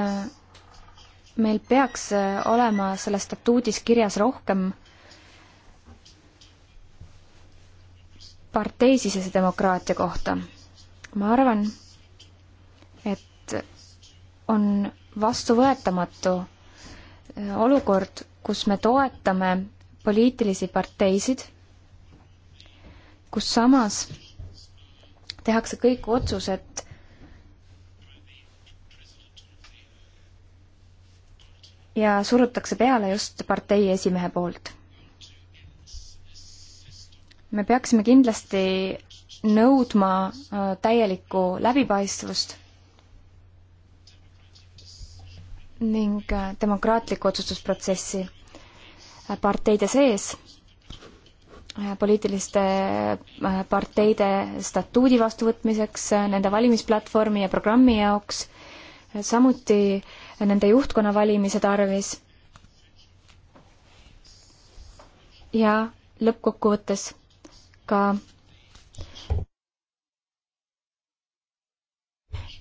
meil peaks olema selles statuudis kirjas rohkem parteisisese demokraatia kohta ma arvan, et on vastuvõetamatu äh, olukord, kus me toetame poliitilisi parteisid, kus samas tehakse kõik otsused ja surutakse peale just partei esimehe poolt. me peaksime kindlasti nõudma äh, täielikku läbipaistvust ning äh, demokraatlikku otsustusprotsessi äh, parteide sees, poliitiliste parteide statuudi vastuvõtmiseks, nende valimisplatvormi ja programmi jaoks, samuti nende juhtkonna valimise tarvis ja lõppkokkuvõttes ka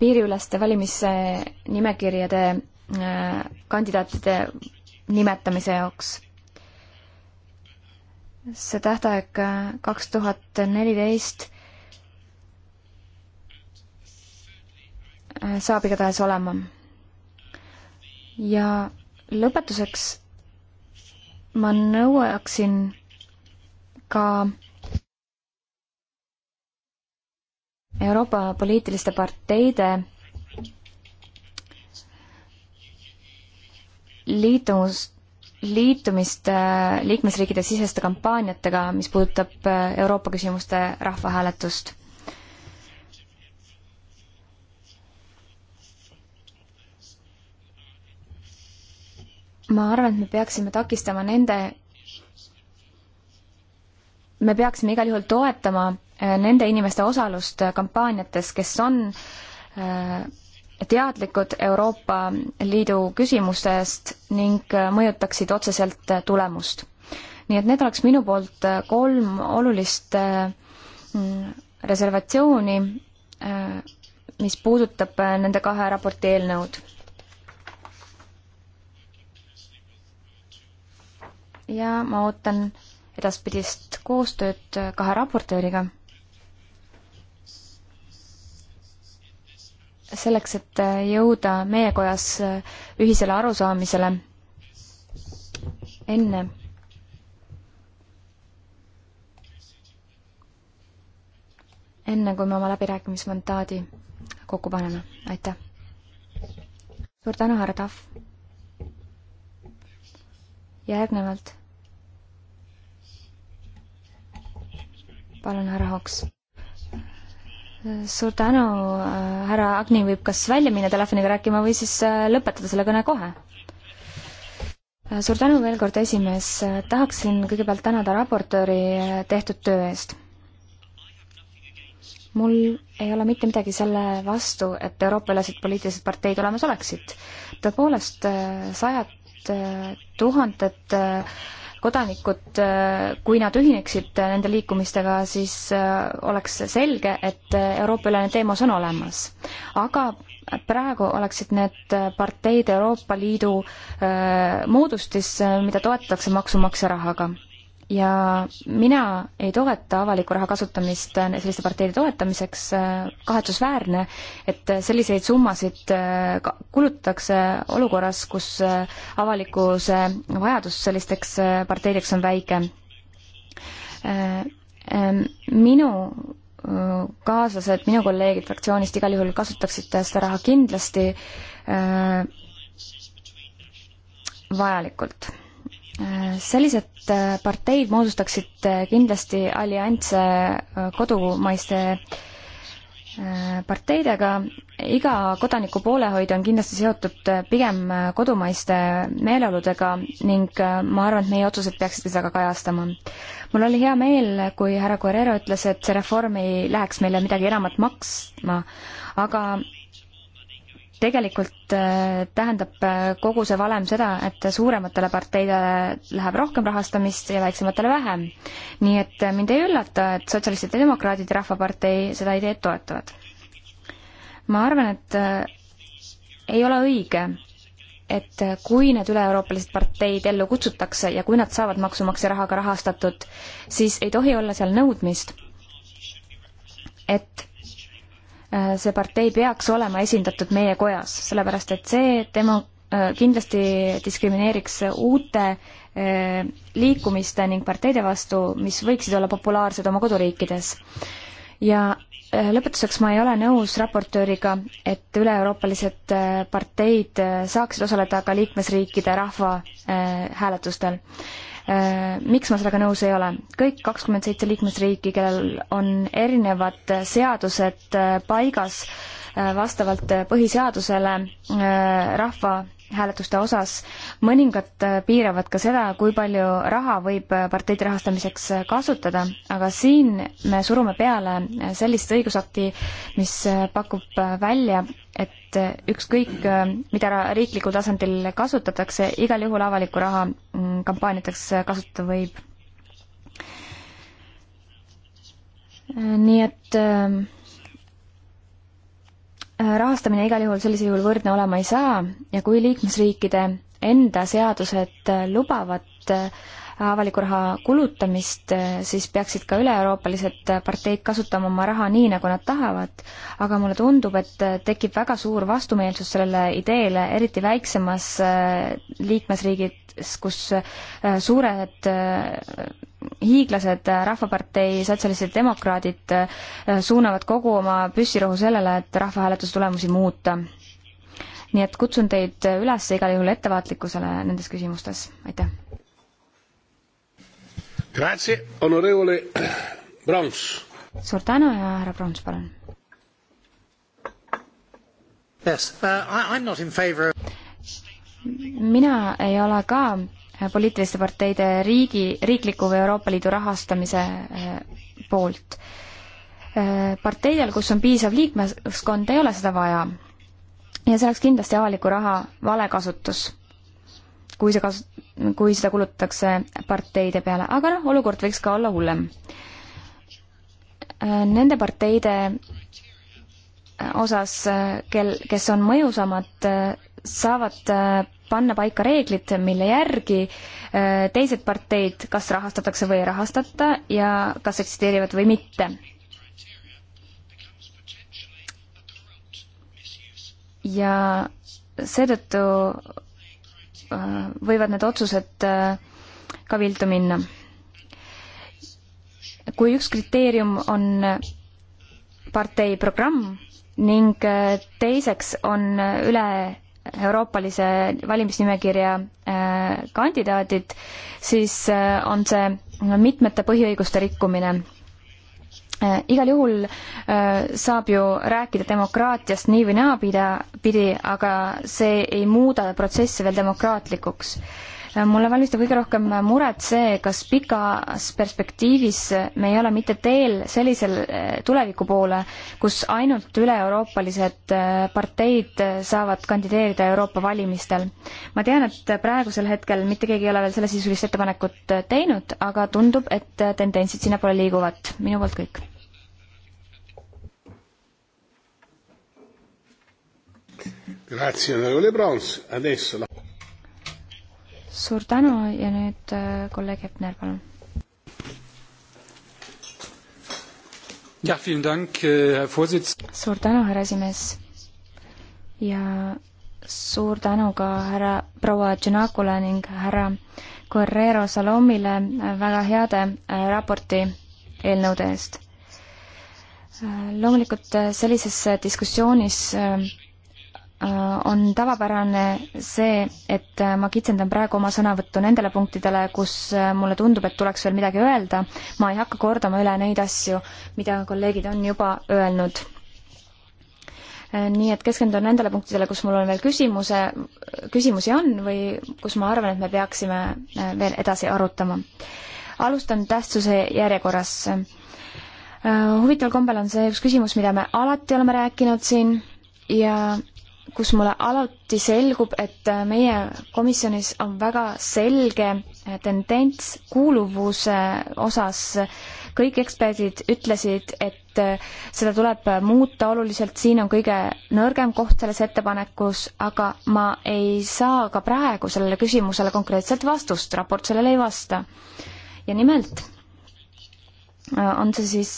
piiriüleste valimisnimekirjade äh, kandidaatide nimetamise jaoks. see tähtaeg äh, kaks tuhat neliteist äh, saab igatahes olema. ja lõpetuseks ma nõuaksin ka Euroopa poliitiliste parteide liitumust liitumist äh, liikmesriikide siseste kampaaniatega, mis puudutab äh, Euroopa küsimuste rahvahääletust. ma arvan, et me peaksime takistama nende, me peaksime igal juhul toetama Äh, nende inimeste osalust äh, kampaaniates, kes on äh, teadlikud Euroopa Liidu küsimustest ning mõjutaksid otseselt tulemust. nii et need oleks minu poolt kolm olulist mm, reservatsiooni, mis puudutab nende kahe raporti eelnõud ja ma ootan edaspidist koostööd kahe raportööriga. selleks, et jõuda meie kojas ühisele arusaamisele enne enne, kui me oma läbirääkimismandaadi kokku paneme, aitäh. suur tänu, härra Tahv. järgnevalt palun, härra Hoogs suur tänu, äh, härra Agni võib kas välja minna telefoniga rääkima või siis äh, lõpetada selle kõne kohe. Äh, suur tänu veel kord, esimees, tahaksin kõigepealt tänada raportööri tehtud töö eest. mul ei ole mitte midagi selle vastu, et Euroopa-ülesed poliitilised parteid olemas oleksid. tõepoolest, sajad tuhanded kodanikud, äh, kui nad ühineksid nende liikumistega, siis äh, oleks selge, et äh, Euroopa-ülene teemas on olemas. aga praegu oleksid need parteid Euroopa Liidu moodustis, mida toetatakse maksumaksja rahaga ja mina ei toeta avaliku raha kasutamist äh, selliste parteide toetamiseks, äh, kahetsusväärne, et äh, selliseid summasid kulutatakse olukorras, kus avalikkuse vajadus sellisteks parteideks on väike. minu kaaslased, minu kolleegid fraktsioonist igal juhul kasutaksid seda raha kindlasti vajalikult sellised äh, parteid moodustaksid äh, kindlasti allianse äh, kodumaiste parteidega, iga kodaniku poolehoid on kindlasti seotud pigem kodumaiste meeleoludega ning ma arvan, et meie otsused peaksid seda ka kajastama. mul oli hea meel, kui härra Guerrero ütles, et see reform ei läheks meile midagi enamat maksma, aga tegelikult äh, tähendab äh, kogu see valem seda, et suurematele parteidele läheb rohkem rahastamist ja väiksematele vähem. nii et äh, mind ei üllata, et Sotsialistid ja Demokraadid ja Rahvapartei seda ideed toetavad. ma arvan, et ei ole õige, et kui need üle-euroopalised parteid ellu kutsutakse ja kui nad saavad maksumaksja rahaga rahastatud, siis ei tohi olla seal nõudmist, et Äh, see partei peaks olema esindatud meie kojas, sellepärast et see demo äh, kindlasti diskrimineeriks uute äh, liikumiste ning parteide vastu, mis võiksid olla populaarsed oma koduriikides. ja lõpetuseks ma ei ole nõus raportööriga, et üle-euroopalised parteid saaksid osaleda ka liikmesriikide rahvahääletustel äh, Äh, miks ma sellega nõus ei ole? kõik kakskümmend seitse liikmesriiki, kellel on erinevad seadused äh, paigas äh, vastavalt põhiseadusele, rahva hääletuste osas, mõningad äh, piiravad ka seda, kui palju raha võib äh, parteide rahastamiseks äh, kasutada, aga siin me surume peale sellist õigusakti, mis pakub välja, et ükskõik, mida riiklikul tasandil kasutatakse, igal juhul avalikku raha mm, kampaaniateks kasutada võib. nii et äh, Äh, rahastamine igal juhul sellisel juhul võrdne olema ei saa ja kui liikmesriikide enda seadused äh, lubavad äh, avaliku raha kulutamist, siis peaksid ka üle-euroopalised parteid kasutama oma raha nii, nagu nad tahavad, aga mulle tundub, et tekib väga suur vastumeelsus sellele ideele, eriti väiksemas äh, liikmesriigis, kus äh, suured äh, hiiglased, Rahvapartei, sotsialistid, demokraadid suunavad kogu oma püssirohu sellele, et rahvahääletuse tulemusi muuta. nii et kutsun teid üles igal juhul ettevaatlikkusele nendes küsimustes, aitäh! suur tänu ja härra Brons, palun. Yes. Uh, mina ei ole ka poliitiliste parteide riigi, riikliku või Euroopa Liidu rahastamise eh, poolt. Eh, parteidel, kus on piisav liikmeskond, ei ole seda vaja. ja see oleks kindlasti avaliku raha vale kasutus, kui see kas-, kui seda kulutatakse parteide peale, aga noh, olukord võiks ka olla hullem. Nende parteide osas, kel, kes on mõjusamad, saavad panna paika reeglid, mille järgi äh, teised parteid kas rahastatakse või ei rahastata ja kas eksisteerivad või mitte ja seetõttu Äh, võivad need otsused äh, ka viltu minna. kui üks kriteerium on partei programm ning äh, teiseks on üle-euroopalise valimisnimekirja kandidaadid, siis on see mitmete põhiõiguste rikkumine Äh, igal juhul äh, saab ju rääkida demokraatiast nii või naapidi, aga see ei muuda protsessi veel demokraatlikuks mulle valmistab kõige rohkem muret see, kas pikas perspektiivis me ei ole mitte teel sellisel eh, tuleviku poole, kus ainult üle-euroopalised eh, parteid eh, saavad kandideerida Euroopa valimistel. ma tean, et praegusel hetkel mitte keegi ei ole veel sellesisulist ettepanekut teinud, aga tundub, et tendentsid sinnapoole liiguvad. minu poolt kõik. Grazie onorevole Brons, adesso la suur tänu ja nüüd äh, kolleeg Hepner, palun. Äh, suur tänu, härra esimees. ja suur tänu ka härra proua Tšenakule ning härra Guerrero Salomile äh, väga heade raporti eelnõude eest. loomulikult sellises diskussioonis Äh, on tavapärane see, et äh, ma kitsendan praegu oma sõnavõttu nendele punktidele, kus äh, mulle tundub, et tuleks veel midagi öelda. ma ei hakka kordama üle neid asju, mida kolleegid on juba öelnud. nii et keskendun nendele punktidele, kus mul on veel küsimuse, küsimusi on või kus ma arvan, et me peaksime veel edasi arutama. alustan tähtsuse järjekorras. huvitaval kombel on see üks küsimus, mida me alati oleme rääkinud siin ja kus mulle alati selgub, et meie komisjonis on väga selge eh, tendents kuuluvuse osas. kõik eksperdid ütlesid, et eh, seda tuleb muuta oluliselt, siin on kõige nõrgem koht selles ettepanekus, aga ma ei saa ka praegu sellele küsimusele konkreetset vastust, raport sellele ei vasta. ja nimelt Äh, on see siis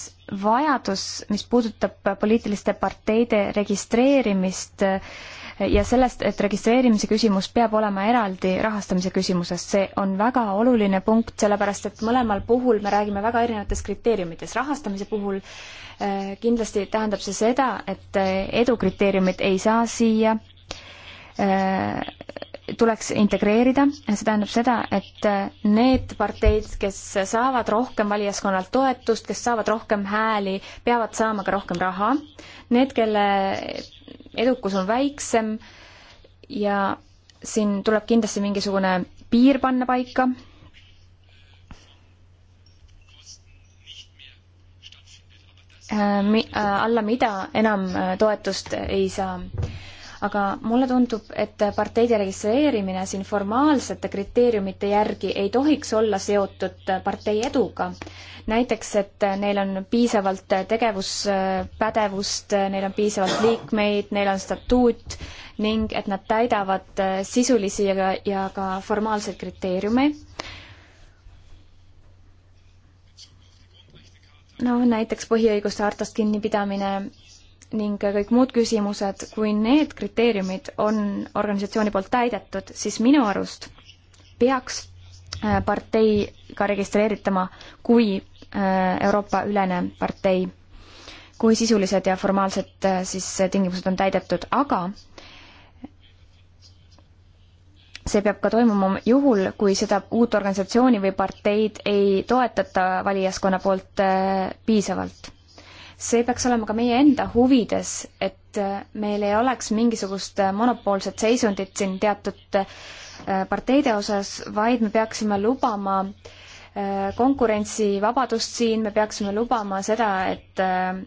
vajadus, mis puudutab poliitiliste parteide registreerimist äh, ja sellest, et registreerimise küsimus peab olema eraldi rahastamise küsimusest, see on väga oluline punkt, sellepärast et mõlemal puhul me räägime väga erinevates kriteeriumites. rahastamise puhul äh, kindlasti tähendab see seda, et edukriteeriumid ei saa siia tuleks integreerida, see tähendab seda, et need parteid, kes saavad rohkem valijaskonnalt toetust, kes saavad rohkem hääli, peavad saama ka rohkem raha. Need, kelle edukus on väiksem ja siin tuleb kindlasti mingisugune piir panna paika. alla mida enam toetust ei saa aga mulle tundub, et parteide registreerimine siin formaalsete kriteeriumite järgi ei tohiks olla seotud partei eduga. näiteks, et neil on piisavalt tegevuspädevust, neil on piisavalt liikmeid, neil on statuut ning et nad täidavad sisulisi ja, ja ka formaalseid kriteeriume noh, näiteks põhiõiguste hartast kinnipidamine ning kõik muud küsimused, kui need kriteeriumid on organisatsiooni poolt täidetud, siis minu arust peaks äh, partei ka registreeritama kui äh, Euroopa-ülene partei, kui sisulised ja formaalsed äh, siis tingimused on täidetud, aga see peab ka toimuma juhul, kui seda uut organisatsiooni või parteid ei toetata valijaskonna poolt piisavalt see peaks olema ka meie enda huvides, et meil ei oleks mingisugust monopoolset seisundit siin teatud äh, parteide osas, vaid me peaksime lubama äh, konkurentsivabadust siin, me peaksime lubama seda, et äh,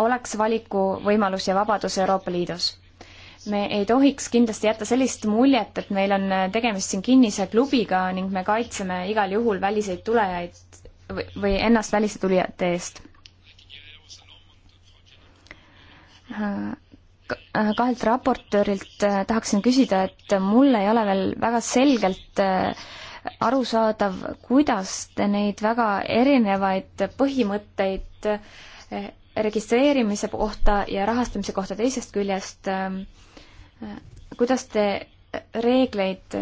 oleks valikuvõimalus ja vabadus Euroopa Liidus me ei tohiks kindlasti jätta sellist muljet, et meil on tegemist siin kinnise klubiga ning me kaitseme igal juhul väliseid tulejaid või ennast väliste tulijate eest. Äh, äh, kahelt raportöörilt äh, tahaksin küsida, et mul ei ole veel väga selgelt arusaadav, kuidas te neid väga erinevaid põhimõtteid registreerimise kohta ja rahastamise kohta teisest küljest, kuidas te reegleid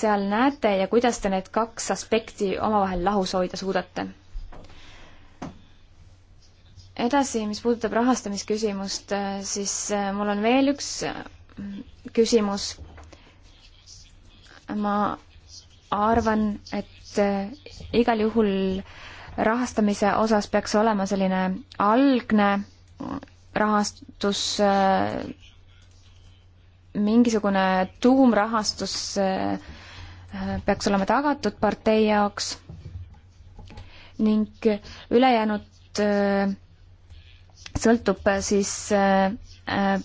seal näete ja kuidas te need kaks aspekti omavahel lahus hoida suudate? edasi, mis puudutab rahastamisküsimust, äh, siis äh, mul on veel üks äh, küsimus. ma arvan, et igal juhul rahastamise osas peaks olema selline algne rahastus, mingisugune tuumrahastus peaks olema tagatud partei jaoks ning ülejäänud sõltub äh, siis äh,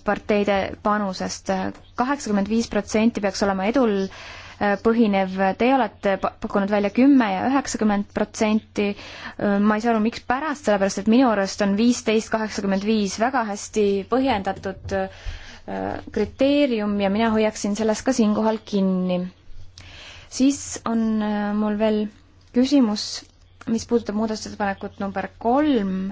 parteide panusest. kaheksakümmend viis protsenti peaks olema edul äh, põhinev, teie olete pakkunud välja kümme ja üheksakümmend protsenti. ma ei saa aru, mikspärast, sellepärast et minu arust on viisteist, kaheksakümmend viis väga hästi põhjendatud kriteerium ja mina hoiaksin sellest ka siinkohal kinni. siis on mul veel küsimus, mis puudutab muudatusettepanekut number kolm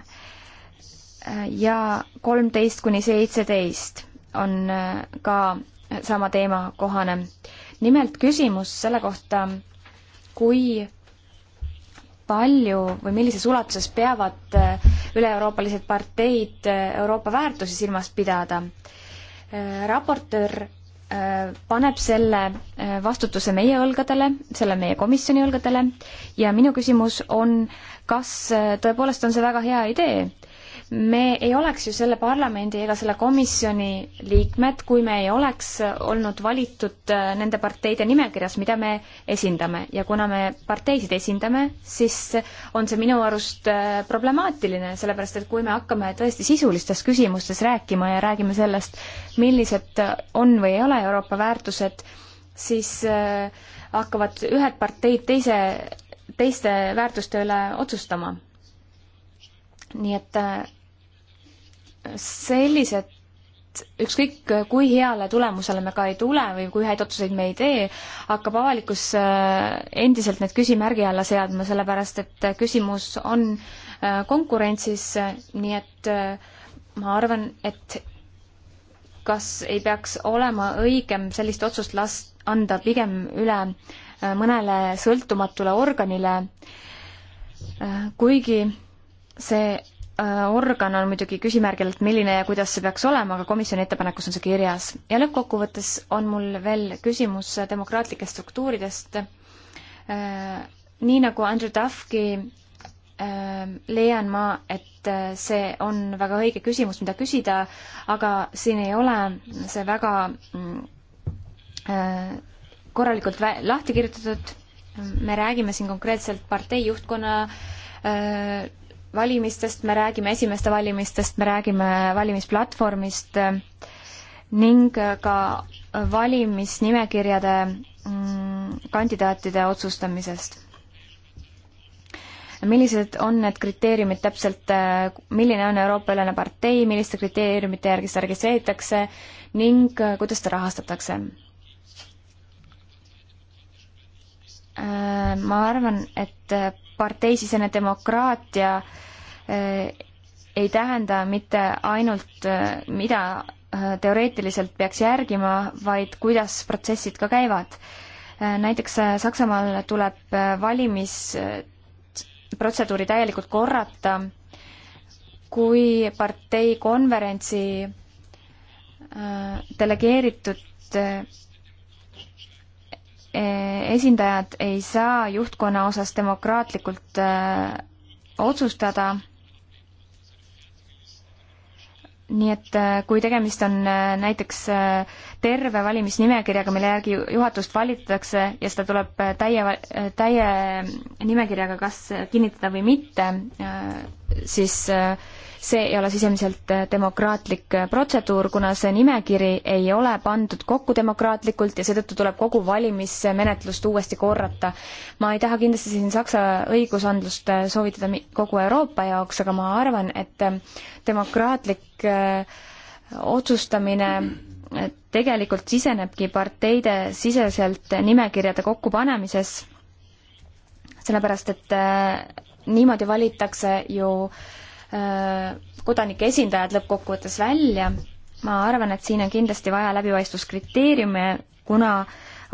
ja kolmteist kuni seitseteist on äh, ka sama teema kohane. nimelt küsimus selle kohta, kui palju või millises ulatuses peavad äh, üle-euroopalised parteid äh, Euroopa väärtusi silmas pidada. raportöör paneb selle vastutuse meie õlgadele, selle meie komisjoni õlgadele ja minu küsimus on, kas tõepoolest on see väga hea idee, me ei oleks ju selle parlamendi ega selle komisjoni liikmed, kui me ei oleks olnud valitud äh, nende parteide nimekirjas, mida me esindame. ja kuna me parteisid esindame, siis on see minu arust äh, problemaatiline, sellepärast et kui me hakkame tõesti sisulistes küsimustes rääkima ja räägime sellest, millised on või ei ole Euroopa väärtused, siis äh, hakkavad ühed parteid teise, teiste väärtuste üle otsustama. nii et sellised ükskõik kui heale tulemusele me ka ei tule või kui häid otsuseid me ei tee, hakkab avalikkus äh, endiselt need küsimärgi alla seadma, sellepärast et küsimus on äh, konkurentsis, nii et äh, ma arvan, et kas ei peaks olema õigem sellist otsust las-, anda pigem üle mõnele sõltumatule organile, kuigi see Äh, organ on muidugi küsimärgil, et milline ja kuidas see peaks olema, aga komisjoni ettepanekus on see kirjas. ja lõppkokkuvõttes on mul veel küsimus demokraatlikest struktuuridest. Äh, nii nagu Andrew Duffki äh, leian ma, et see on väga õige küsimus, mida küsida, aga siin ei ole see väga mm, korralikult lahti kirjutatud. me räägime siin konkreetselt partei juhtkonna valimistest me räägime, esimeste valimistest me räägime valimisplatvormist äh, ning äh, ka valimisnimekirjade mm, kandidaatide otsustamisest. millised on need kriteeriumid täpselt, äh, milline on Euroopa-ülene partei, milliste kriteeriumite järgi seda registreeritakse ning kuidas seda rahastatakse? ma arvan, et parteisisene demokraatia eh, ei tähenda mitte ainult, eh, mida eh, teoreetiliselt peaks järgima, vaid kuidas protsessid ka käivad. näiteks Saksamaal tuleb valimisprotseduuri täielikult korrata, kui partei konverentsi delegeeritud E, esindajad ei saa juhtkonna osas demokraatlikult e, otsustada. nii et e, kui tegemist on näiteks terve valimisnimekirjaga, mille järgi juhatust valitakse ja seda tuleb täie, täie nimekirjaga kas kinnitada või mitte, siis äh, see ei ole sisemiselt äh, demokraatlik äh, protseduur, kuna see nimekiri ei ole pandud kokku demokraatlikult ja seetõttu tuleb kogu valimismenetlust uuesti korrata. ma ei taha kindlasti siin Saksa õigusandlust äh, soovitada kogu Euroopa jaoks, aga ma arvan, et demokraatlik otsustamine tegelikult sisenebki parteide siseselt nimekirjade kokkupanemises, sellepärast et niimoodi valitakse ju äh, Äh, kodanike esindajad lõppkokkuvõttes välja. ma arvan, et siin on kindlasti vaja läbipaistvuskriteeriume, kuna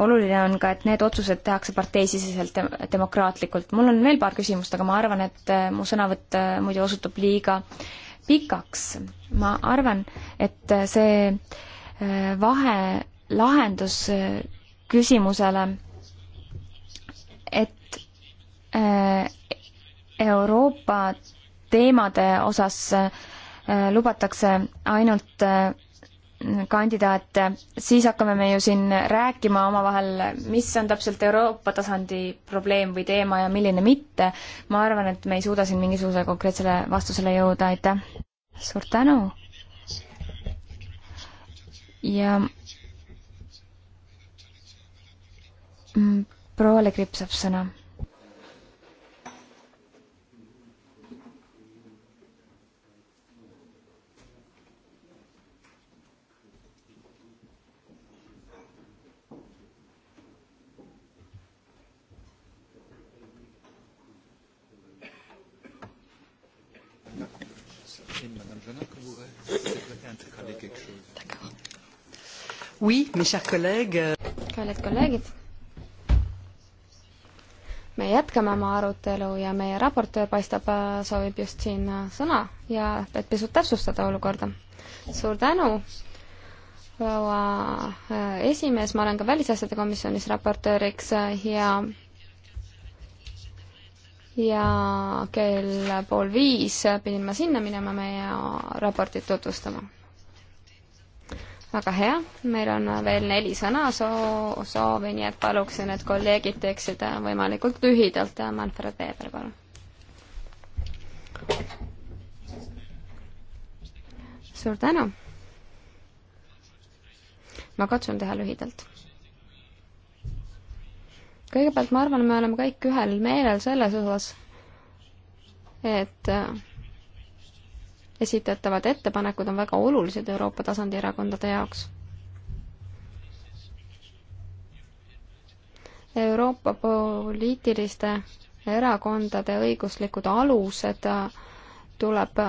oluline on ka, et need otsused tehakse parteisiseselt demokraatlikult. mul on veel paar küsimust, aga ma arvan, et äh, mu sõnavõtt äh, muidu osutub liiga pikaks. ma arvan, et see vahe lahendus küsimusele, et Euroopa teemade osas äh, lubatakse ainult äh, kandidaate, siis hakkame me ju siin rääkima omavahel, mis on täpselt Euroopa tasandi probleem või teema ja milline mitte. ma arvan, et me ei suuda siin mingisugusele konkreetsele vastusele jõuda, aitäh. suur tänu. ja mm, proua Legripp saab sõna Oui, mes chers collègues. kallid kolleegid, me jätkame oma arutelu ja meie raportöör paistab, äh, soovib just siin äh, sõna ja et pisut täpsustada olukorda. suur tänu, proua äh, esimees, ma olen ka Välisasjade Komisjonis raportööriks ja ja kell pool viis pidin ma sinna minema meie raportit tutvustama väga hea, meil on veel neli sõna soo-, soovi, nii et paluksin, et kolleegid teeksid võimalikult lühidalt. Manfred Weber, palun. suur tänu. ma katsun teha lühidalt. kõigepealt ma arvan, me oleme kõik ühel meelel selles osas, et esitatavad ettepanekud on väga olulised Euroopa tasandi erakondade jaoks. Euroopa poliitiliste erakondade õiguslikud alused tuleb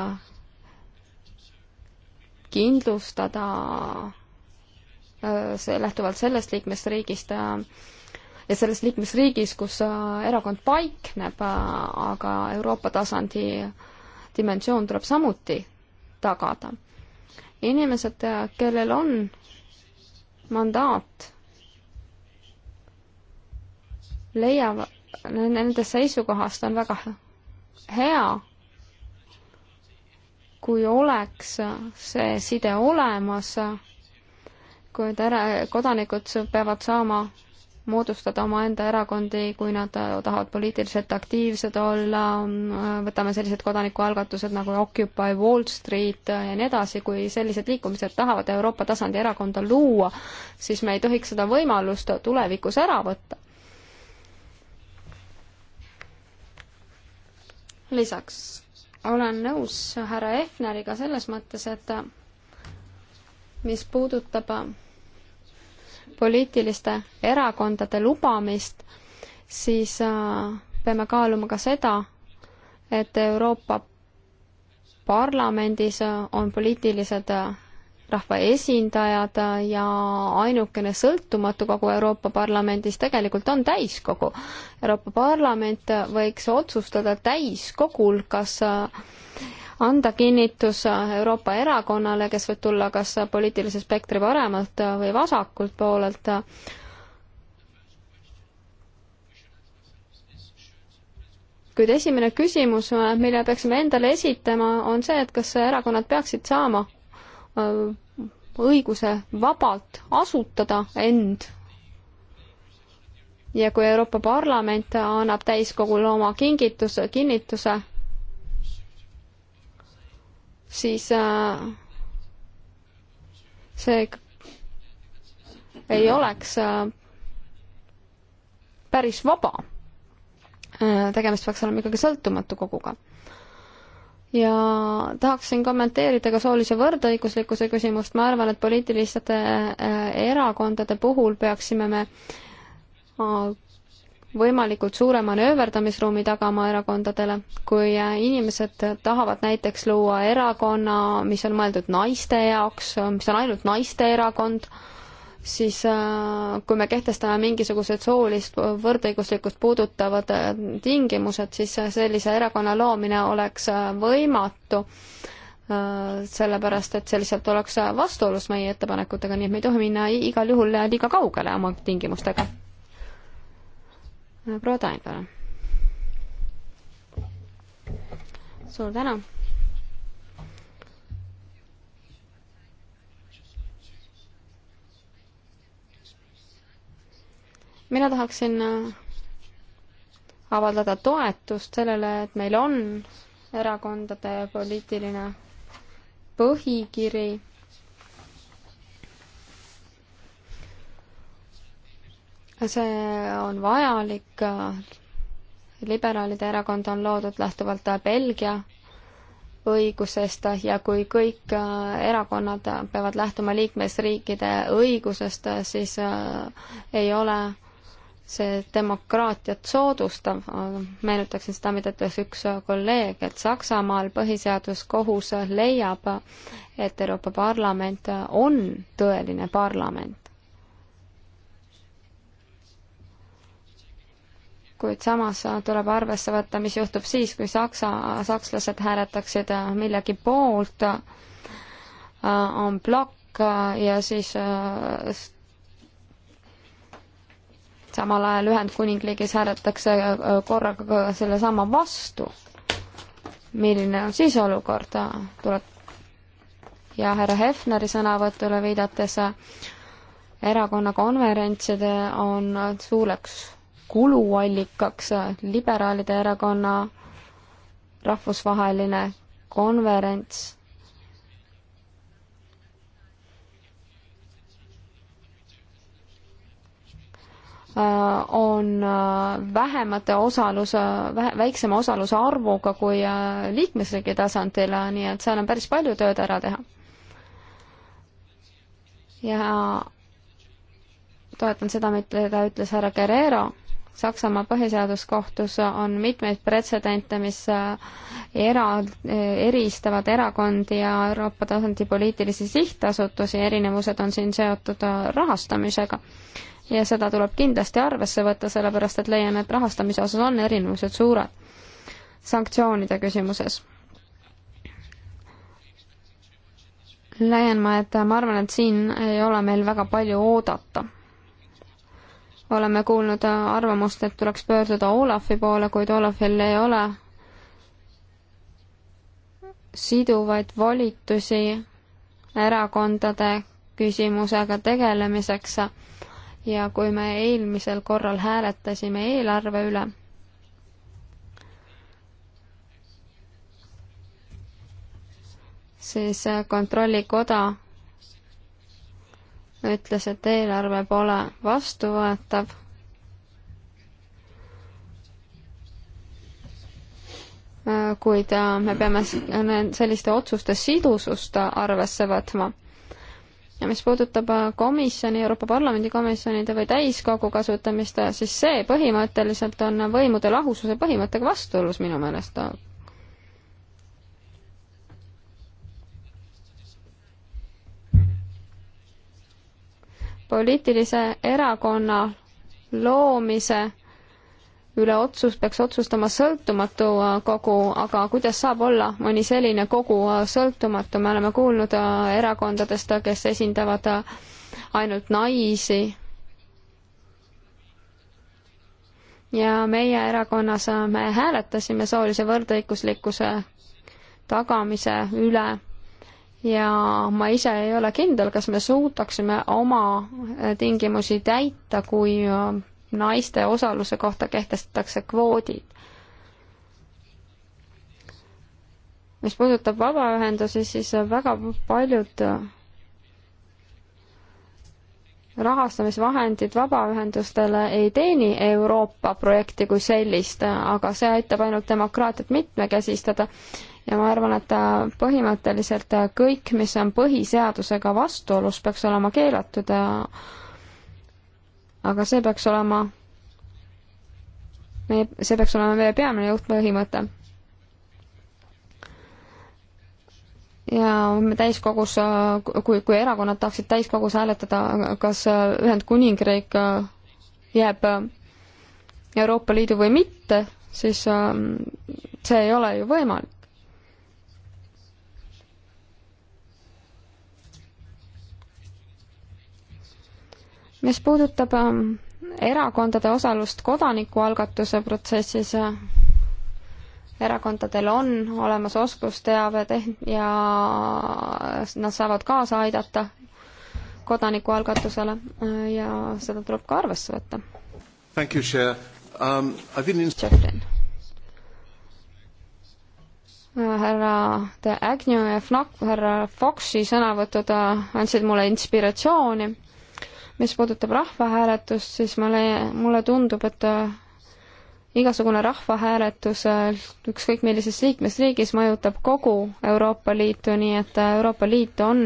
kindlustada äh, see lähtuvalt sellest liikmesriigist äh, ja selles liikmesriigis, kus äh, erakond paikneb, aga Euroopa tasandi dimensioon tuleb samuti tagada. inimesed, kellel on mandaat, leiavad, nende seisukohast on väga hea, kui oleks see side olemas, kuid ära, kodanikud peavad saama moodustada omaenda erakondi, kui nad tahavad poliitiliselt aktiivsed olla, võtame sellised kodanikualgatused nagu Occupy Wall Street ja nii edasi, kui sellised liikumised tahavad Euroopa tasandi erakonda luua, siis me ei tohiks seda võimalust tulevikus ära võtta. lisaks olen nõus härra Ehneriga selles mõttes, et mis puudutab poliitiliste erakondade lubamist, siis äh, peame kaaluma ka seda, et Euroopa Parlamendis äh, on poliitilised äh, rahvaesindajad ja ainukene sõltumatu kogu Euroopa Parlamendis tegelikult on täiskogu. Euroopa Parlament võiks otsustada täiskogul, kas anda kinnitus Euroopa erakonnale, kes võib tulla kas poliitilise spektri paremalt või vasakult poolelt. kuid esimene küsimus, mille peaksime endale esitama, on see, et kas erakonnad peaksid saama äh, õiguse vabalt asutada end ja kui Euroopa Parlament annab täiskogule oma kingituse, kinnituse siis äh, see ei oleks äh, päris vaba. Äh, tegemist peaks olema ikkagi sõltumatu koguga. ja tahaksin kommenteerida ka soolise võrdõiguslikkuse küsimust, ma arvan, et poliitiliste erakondade puhul peaksime me võimalikult suure manööverdamisruumi tagama erakondadele, kui inimesed tahavad näiteks luua erakonna, mis on mõeldud naiste jaoks, mis on ainult naiste erakond, siis äh, kui me kehtestame mingisugused soolist võrdõiguslikkust puudutavad äh, tingimused, siis äh, sellise erakonna loomine oleks võimatu, sellepärast et see lihtsalt oleks vastuolus meie ettepanekutega, nii et me ei tohi minna igal juhul liiga kaugele oma tingimustega proua Tain, palun. suur tänu. mina tahaksin äh, avaldada toetust sellele, et meil on erakondade poliitiline põhikiri see on vajalik. liberaalide erakond on loodud lähtuvalt Belgia õigusest ja kui kõik erakonnad peavad lähtuma liikmesriikide õigusest, siis äh, ei ole see demokraatiat soodustav, meenutaksin seda, mida ütles üks kolleeg, et Saksamaal põhiseaduskohus leiab, et Euroopa Parlament on tõeline parlament. kuid samas tuleb arvesse võtta, mis juhtub siis, kui saksa, sakslased hääletaksid millegi poolt, on äh, plokk äh, ja siis äh, samal ajal Ühendkuningriigis hääletakse korraga ka sellesama vastu. milline on siis olukord, tuleb ja härra Hefneri sõnavõtule viidates erakonnakonverentsidel on suureks kuluallikaks liberaalide erakonna rahvusvaheline konverents. on vähemate osaluse, väiksema osaluse arvuga kui äh, liikmesriigi tasandil, nii et seal on päris palju tööd ära teha. ja toetan seda, mida ütles härra Guerrero Saksamaa põhiseaduskohtus on mitmeid pretsedente, mis äh, era, äh, eristavad erakondi ja Euroopa tasandi poliitilisi sihtasutusi, erinevused on siin seotud äh, rahastamisega. ja seda tuleb kindlasti arvesse võtta, sellepärast et leiame, et rahastamise osas on erinevused suured. sanktsioonide küsimuses leian ma, et ma arvan, et siin ei ole meil väga palju oodata oleme kuulnud äh, arvamust, et tuleks pöörduda Olafi poole, kuid Olafil ei ole siduvaid volitusi erakondade küsimusega tegelemiseks ja kui me eelmisel korral hääletasime eelarve üle, siis äh, Kontrollikoda ütles, et eelarve pole vastuvõetav. kuid äh, me peame selliste otsuste sidusust arvesse võtma ja mis puudutab äh, komisjoni, Euroopa Parlamendi komisjonide või täiskogu kasutamist, äh, siis see põhimõtteliselt on võimude lahususe põhimõttega vastuolus minu meelest. poliitilise erakonna loomise üle otsus, peaks otsustama sõltumatu äh, kogu, aga kuidas saab olla mõni selline kogu äh, sõltumatu, me oleme kuulnud äh, erakondadest, kes esindavad ainult naisi. ja meie erakonnas me hääletasime soolise võrdõiguslikkuse tagamise üle ja ma ise ei ole kindel, kas me suudaksime oma äh, tingimusi täita, kui äh, naiste osaluse kohta kehtestatakse kvoodid. mis puudutab vabaühendusi, siis äh, väga paljud rahastamisvahendid vabaühendustele ei teeni Euroopa projekti kui sellist, aga see aitab ainult demokraatiat mitmekesistada ja ma arvan, et äh, põhimõtteliselt äh, kõik, mis on põhiseadusega vastuolus, peaks olema keelatud ja äh, aga see peaks olema meie, see peaks olema meie peamine juhtpõhimõte. ja täiskogus, kui, kui erakonnad tahtsid täiskogus hääletada, kas Ühendkuningriik jääb Euroopa Liidu või mitte, siis see ei ole ju võimalik. mis puudutab ähm, erakondade osalust kodanikualgatuse protsessis, äh, erakondadel on olemas oskusteave ja nad saavad kaasa aidata kodanikualgatusele äh, ja seda tuleb ka arvesse võtta. Um, in... härra The Agnew ja Fnac, härra Foxi sõnavõtud äh, andsid mulle inspiratsiooni mis puudutab rahvahääletust, siis ma le-, mulle tundub, et äh, igasugune rahvahääletus äh, ükskõik millises liikmesriigis mõjutab kogu Euroopa Liitu, nii et äh, Euroopa Liit on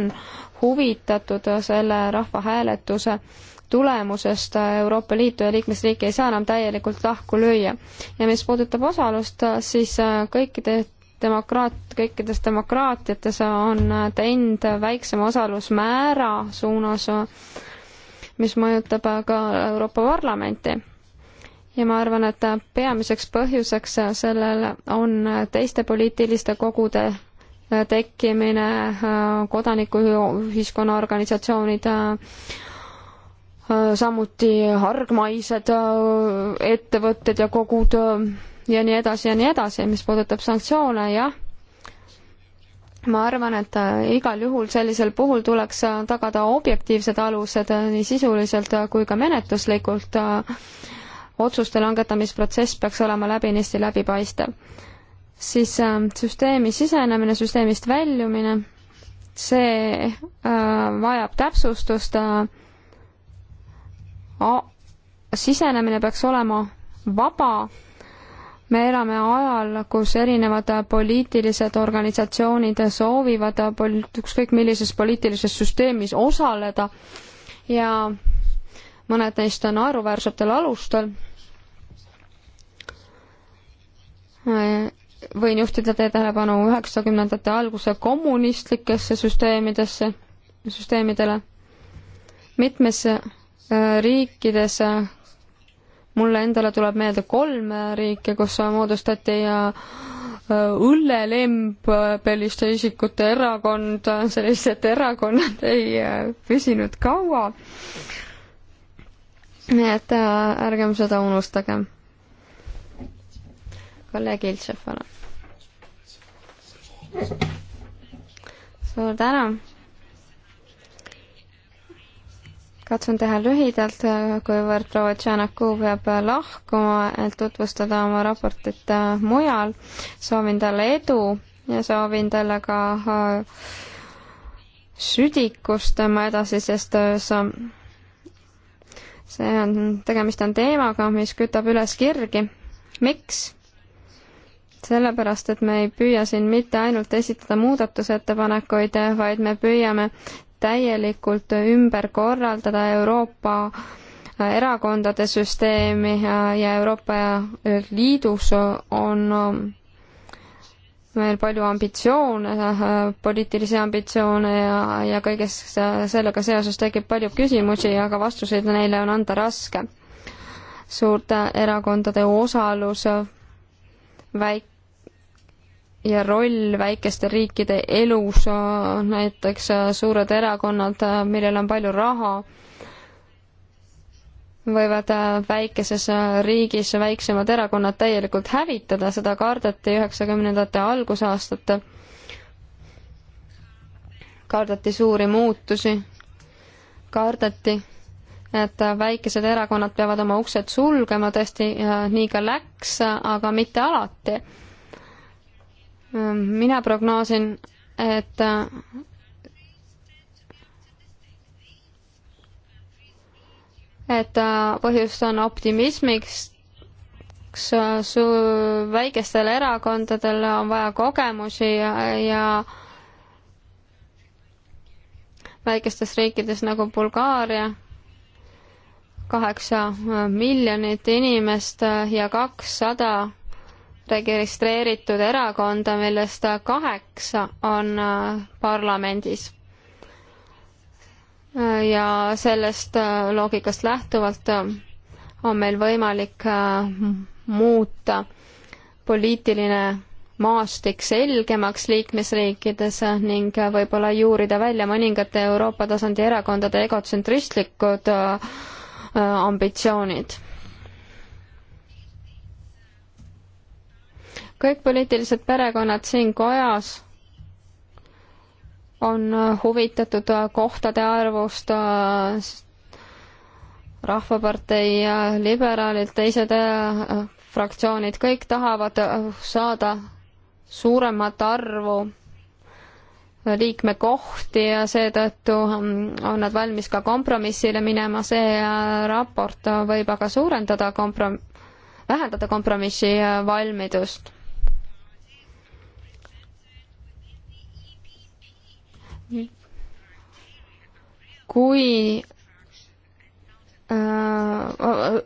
huvitatud selle rahvahääletuse tulemusest Euroopa Liitu ja liikmesriike ei saa enam täielikult lahku lüüa. ja mis puudutab osalust, siis kõikide demokraat, kõikides demokraatiates on trend väiksema osalusmäära suunas mis mõjutab ka Euroopa Parlamenti. ja ma arvan, et peamiseks põhjuseks sellel on teiste poliitiliste kogude tekkimine, kodanikuühiskonna organisatsioonid, samuti hargmaised ettevõtted ja kogud ja nii edasi ja nii edasi, mis puudutab sanktsioone, jah ma arvan, et äh, igal juhul sellisel puhul tuleks äh, tagada objektiivsed alused äh, nii sisuliselt kui ka menetluslikult. otsuste langetamisprotsess peaks olema läbinisti läbipaistev. siis süsteemi sisenemine, süsteemist väljumine, see vajab täpsustust. sisenemine peaks olema vaba me elame ajal, kus erinevad poliitilised organisatsioonid soovivad pol-, ükskõik millises poliitilises süsteemis osaleda ja mõned neist on naeruväärsetel alustel. võin juhtida teie tähelepanu üheksakümnendate alguse kommunistlikesse süsteemidesse, süsteemidele. mitmes äh, riikides mulle endale tuleb meelde kolm riiki, kus moodustati äh, õllelembeliste äh, isikute erakond, äh, sellised erakonnad ei püsinud kaua. nii et ärgem seda unustagem. kolleeg Iltšev, palun. suur tänu katsun teha lühidalt, kuivõrd proua Tšanaku peab lahkuma, et tutvustada oma raportit äh, mujal. soovin talle edu ja soovin talle ka äh, südikust tema edasises töös. see on, tegemist on teemaga, mis kütab üles kirgi. miks? sellepärast, et me ei püüa siin mitte ainult esitada muudatusettepanekuid, vaid me püüame täielikult ümber korraldada Euroopa erakondade süsteemi ja Euroopa Liidus on meil palju ambitsioone, poliitilisi ambitsioone ja, ja kõiges sellega seoses tekib palju küsimusi, aga vastuseid neile on anda raske. suurte erakondade osalus väik-, ja roll väikeste riikide elus, näiteks suured erakonnad, millel on palju raha, võivad väikeses riigis väiksemad erakonnad täielikult hävitada, seda kardeti üheksakümnendate algusaastate. kardeti suuri muutusi, kardeti, et väikesed erakonnad peavad oma uksed sulgema, tõesti nii ka läks, aga mitte alati mina prognoosin, et et põhjust on optimismiks, äh, su-, väikestel erakondadel on vaja kogemusi ja, ja väikestes riikides nagu Bulgaaria, kaheksa miljonit inimest ja kakssada registreeritud erakonda, millest kaheksa on äh, parlamendis. Äh, ja sellest äh, loogikast lähtuvalt on meil võimalik muuta poliitiline maastik selgemaks liikmesriikides ning võib-olla juurida välja mõningate Euroopa tasandi erakondade egotsentristlikud ambitsioonid kõik poliitilised perekonnad siin kojas on äh, huvitatud äh, kohtade arvust äh, Rahvapartei ja liberaalid, teised fraktsioonid, kõik tahavad saada suuremat arvu liikmekohti ja seetõttu ähm, on nad valmis ka kompromissile minema, see raport võib aga suurendada komprom-, vähendada kompromissi valmidust kui äh,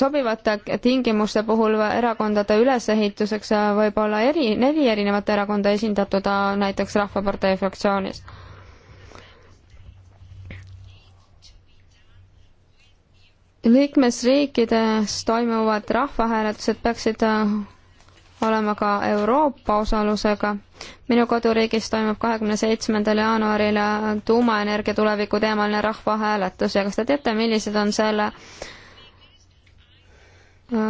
sobivate tingimuste puhul erakondade ülesehituseks äh, võib olla eri, neli erinevat erakonda esindatud äh, näiteks Rahvapartei fraktsioonis. liikmesriikides toimuvad rahvahääletused peaksid äh, olema ka Euroopa osalusega. minu koduriigis toimub kahekümne seitsmendal jaanuaril tuumaenergia tuleviku teemaline rahvahääletus ja kas te teate, millised on selle äh,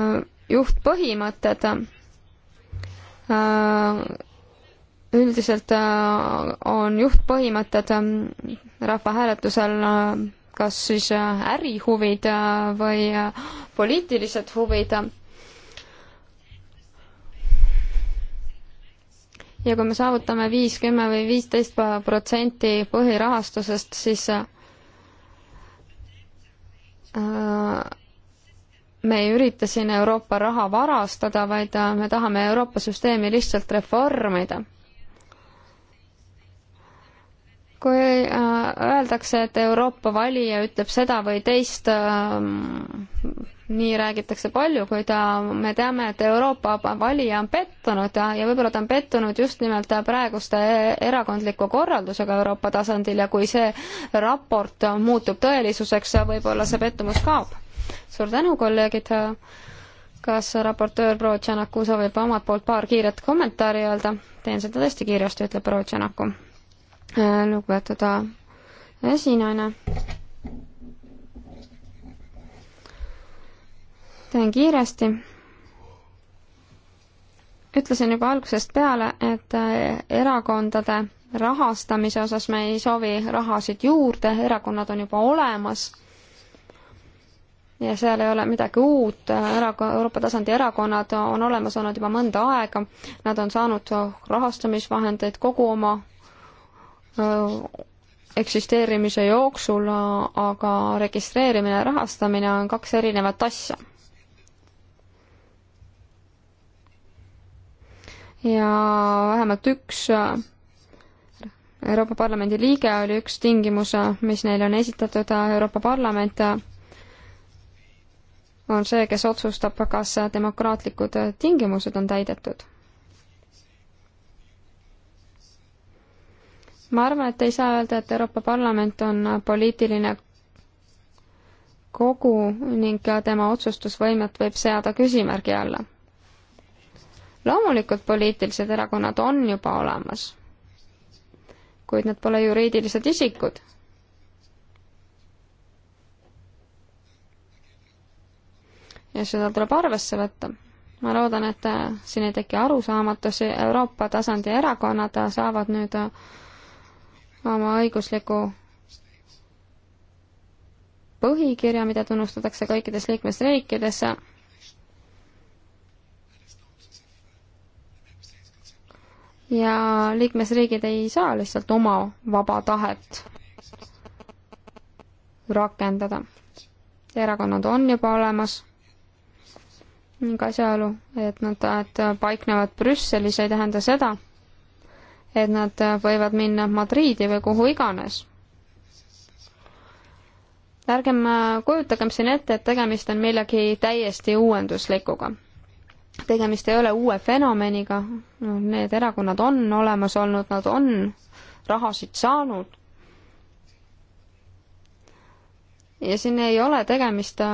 juhtpõhimõtted? Äh, üldiselt äh, on juhtpõhimõtted rahvahääletusel kas siis ärihuvid või poliitilised huvid ja kui me saavutame viis, kümme või viisteist protsenti põhirahastusest, siis äh, me ei ürita siin Euroopa raha varastada, vaid äh, me tahame Euroopa süsteemi lihtsalt reformida. kui äh, öeldakse, et Euroopa valija ütleb seda või teist nii räägitakse palju, kui ta, äh, me teame, et Euroopa valija on pettunud ja, äh, ja võib-olla ta on pettunud just nimelt äh, praeguste erakondliku korraldusega Euroopa tasandil ja kui see raport muutub tõelisuseks, võib-olla see pettumus kaob. suur tänu, kolleegid. kas raportöör proua Tšanaku soovib omalt poolt paar kiiret kommentaari öelda? teen seda tõesti kiiresti, ütleb proua Tšanaku. lugupeetud esinaine teen kiiresti. ütlesin juba algusest peale, et äh, erakondade rahastamise osas me ei soovi rahasid juurde, erakonnad on juba olemas ja seal ei ole midagi uut, äh, erakon-, Euroopa tasandi erakonnad on olemas olnud juba mõnda aega, nad on saanud rahastamisvahendeid kogu oma äh, eksisteerimise jooksul, aga registreerimine ja rahastamine on kaks erinevat asja. ja vähemalt üks äh, Euroopa Parlamendi liige oli üks tingimus, äh, mis neile on esitatud, äh, Euroopa Parlament on see, kes otsustab, kas demokraatlikud tingimused on täidetud. ma arvan, et ei saa öelda, et Euroopa Parlament on poliitiline kogu ning tema otsustusvõimet võib seada küsimärgi alla loomulikult poliitilised erakonnad on juba olemas, kuid nad pole juriidilised isikud. ja seda tuleb arvesse võtta. ma loodan, et äh, siin ei teki arusaamatusi, Euroopa tasandi erakonnad saavad nüüd äh, oma õigusliku põhikirja, mida tunnustatakse kõikides liikmesriikides ja liikmesriigid ei saa lihtsalt oma vaba tahet rakendada. erakonnad on juba olemas ning asjaolu, et nad et paiknevad Brüsselis, ei tähenda seda, et nad võivad minna Madriidi või kuhu iganes. ärgem kujutagem siin ette, et tegemist on millegi täiesti uuenduslikuga tegemist ei ole uue fenomeniga, need erakonnad on olemas olnud, nad on rahasid saanud. ja siin ei ole tegemist äh,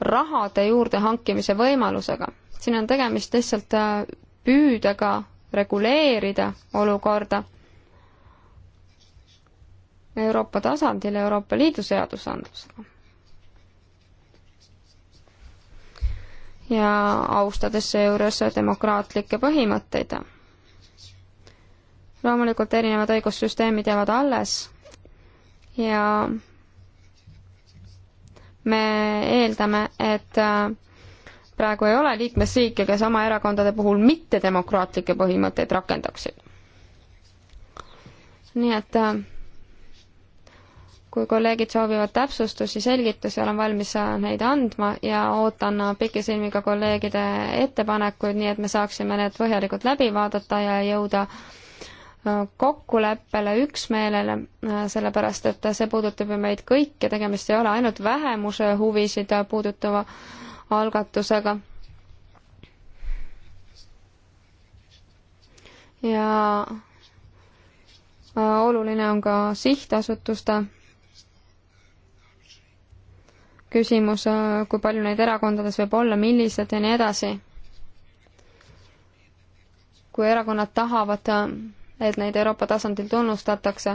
rahade juurde hankimise võimalusega, siin on tegemist lihtsalt äh, püüdega reguleerida olukorda Euroopa tasandil Euroopa Liidu seadusandlusega ja austades seejuures demokraatlikke põhimõtteid. loomulikult erinevad õigussüsteemid jäävad alles ja me eeldame, et äh, praegu ei ole liikmesriike, kes oma erakondade puhul mittedemokraatlikke põhimõtteid rakendaksid. nii et äh, kui kolleegid soovivad täpsustusi, selgitusi, olen valmis neid andma ja ootan pikisilmiga kolleegide ettepanekuid, nii et me saaksime need põhjalikult läbi vaadata ja jõuda äh, kokkuleppele, üksmeelele, äh, sellepärast et see puudutab ju meid kõiki, tegemist ei ole ainult vähemuse huvisid puudutava algatusega. ja äh, oluline on ka sihtasutuste küsimus, äh, kui palju neid erakondades võib olla, millised ja nii edasi. kui erakonnad tahavad, äh, et neid Euroopa tasandil tunnustatakse,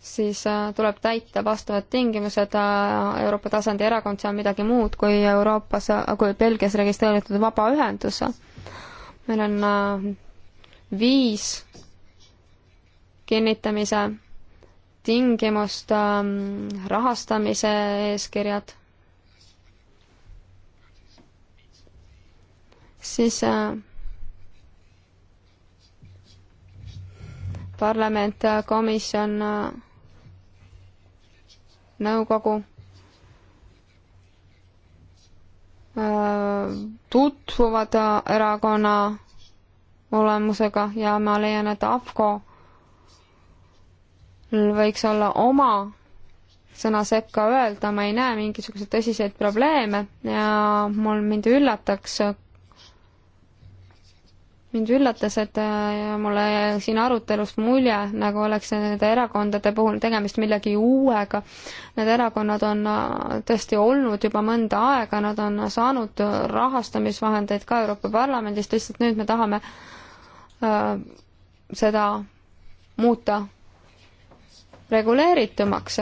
siis äh, tuleb täita vastavad tingimused, Euroopa tasandi erakond, see on midagi muud kui Euroopas, kui Belgias registreeritud vabaühendus. meil on viis kinnitamise tingimust, ähm, rahastamise eeskirjad, siis äh, parlament, äh, komisjon, äh, nõukogu tutvuvad erakonna olemusega ja ma leian, et AFCO võiks olla oma sõna sekka öelda, ma ei näe mingisuguseid tõsiseid probleeme ja mul mind üllataks, mind üllatas, et äh, mulle siin arutelust mulje, nagu oleks nende erakondade puhul tegemist millegi uuega. Need erakonnad on äh, tõesti olnud juba mõnda aega, nad on saanud rahastamisvahendeid ka Euroopa Parlamendist, lihtsalt nüüd me tahame äh, seda muuta reguleeritumaks.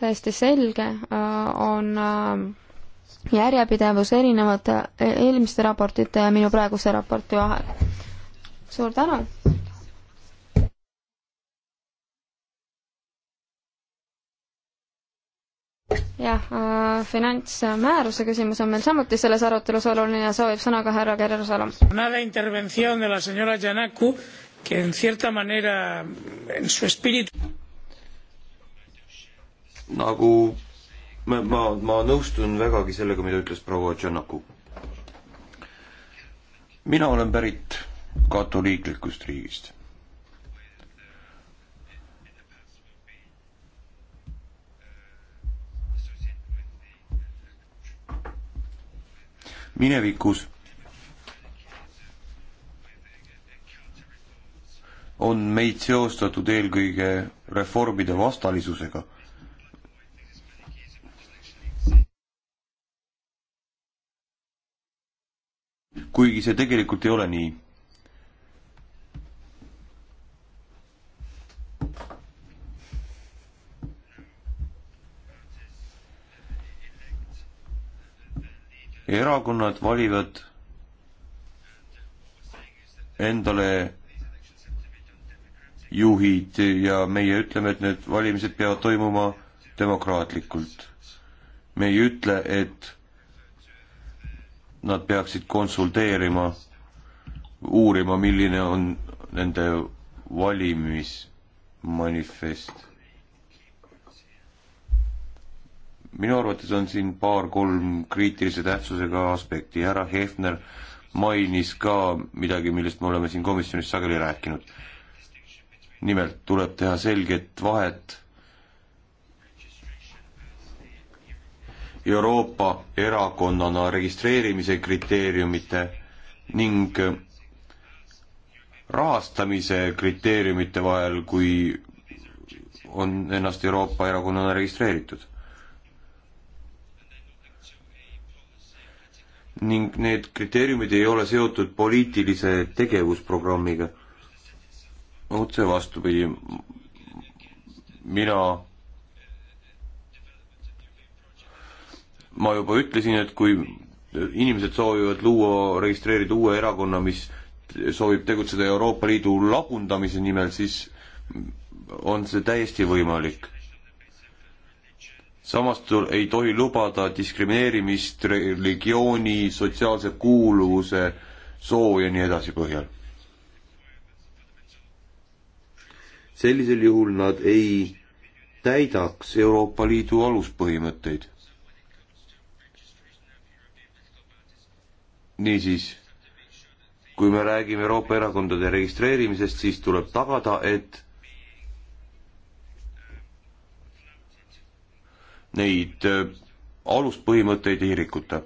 täiesti selge äh, on äh, järjepidevus erinevate e-, eelmiste raportite ja minu praeguse raporti vahel. suur tänu jah äh,, finantsmääruse küsimus on meil samuti selles arutelus oluline ja soovib sõna ka härra Gerero Salom. que en cierta manera en su espíritu nagu ma, ma, ma nõustun vägagi sellega, mida ütles proua Tšernaku. mina olen pärit katoliiklikust riigist minevikus on meid seostatud eelkõige reformide vastalisusega. kuigi see tegelikult ei ole nii erakonnad valivad endale juhid ja meie ütleme, et need valimised peavad toimuma demokraatlikult. me ei ütle, et nad peaksid konsulteerima, uurima, milline on nende valimismanifest minu arvates on siin paar-kolm kriitilise tähtsusega aspekti, härra Hefner mainis ka midagi, millest me oleme siin komisjonis sageli rääkinud. nimelt tuleb teha selget vahet Euroopa erakonnana registreerimise kriteeriumite ning rahastamise kriteeriumite vahel, kui on ennast Euroopa erakonnana registreeritud ning need kriteeriumid ei ole seotud poliitilise tegevusprogrammiga. otse vastupidi, mina ma juba ütlesin, et kui inimesed soovivad luua, registreerida uue erakonna, mis soovib tegutseda Euroopa Liidu lagundamise nimel, siis on see täiesti võimalik samas ei tohi lubada diskrimineerimist religiooni, sotsiaalse kuuluvuse, soo ja nii edasi põhjal. sellisel juhul nad ei täidaks Euroopa Liidu aluspõhimõtteid. niisiis, kui me räägime Euroopa erakondade registreerimisest, siis tuleb tagada, et neid äh, aluspõhimõtteid ei rikuta.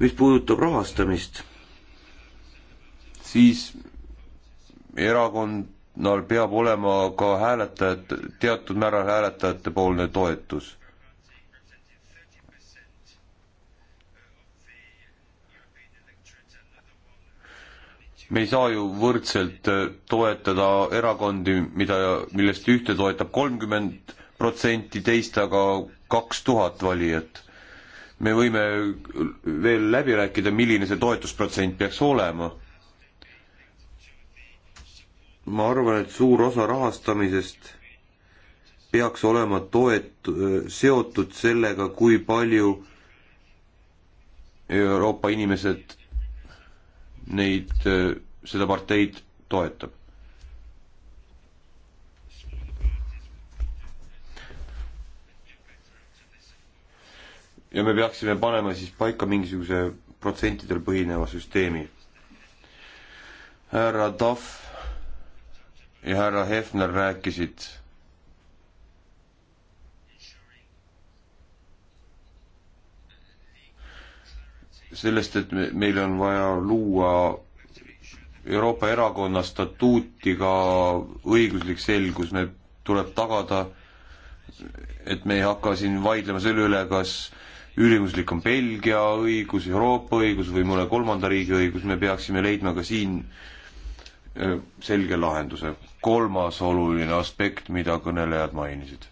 mis puudutab rahastamist, siis erakonnal peab olema ka hääletajate, teatud määral hääletajate poolne toetus. me ei saa ju võrdselt äh, toetada erakondi, mida, millest ühte toetab kolmkümmend protsenti, teist aga kaks tuhat valijat. me võime veel läbi rääkida, milline see toetusprotsent peaks olema. ma arvan, et suur osa rahastamisest peaks olema toet-, seotud sellega, kui palju Euroopa inimesed neid, seda parteid toetab. ja me peaksime panema siis paika mingisuguse protsentidel põhineva süsteemi. härra Tahv ja härra Hefner rääkisid sellest, et me, meil on vaja luua Euroopa erakonna statuutiga õiguslik selgus, me tuleb tagada, et me ei hakka siin vaidlema selle üle, kas ülimuslik on Belgia õigus, Euroopa õigus või mõne kolmanda riigi õigus, me peaksime leidma ka siin selge lahenduse. kolmas oluline aspekt, mida kõnelejad mainisid.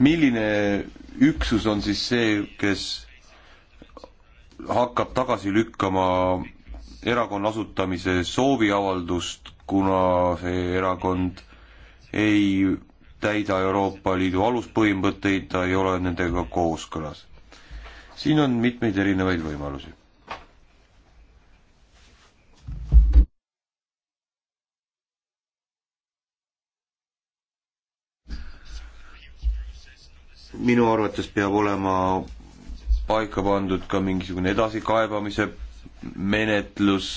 milline üksus on siis see, kes hakkab tagasi lükkama erakonna asutamise sooviavaldust, kuna see erakond ei täida Euroopa Liidu aluspõhimõtteid, ta ei ole nendega kooskõlas. siin on mitmeid erinevaid võimalusi. minu arvates peab olema paika pandud ka mingisugune edasikaebamise menetlus,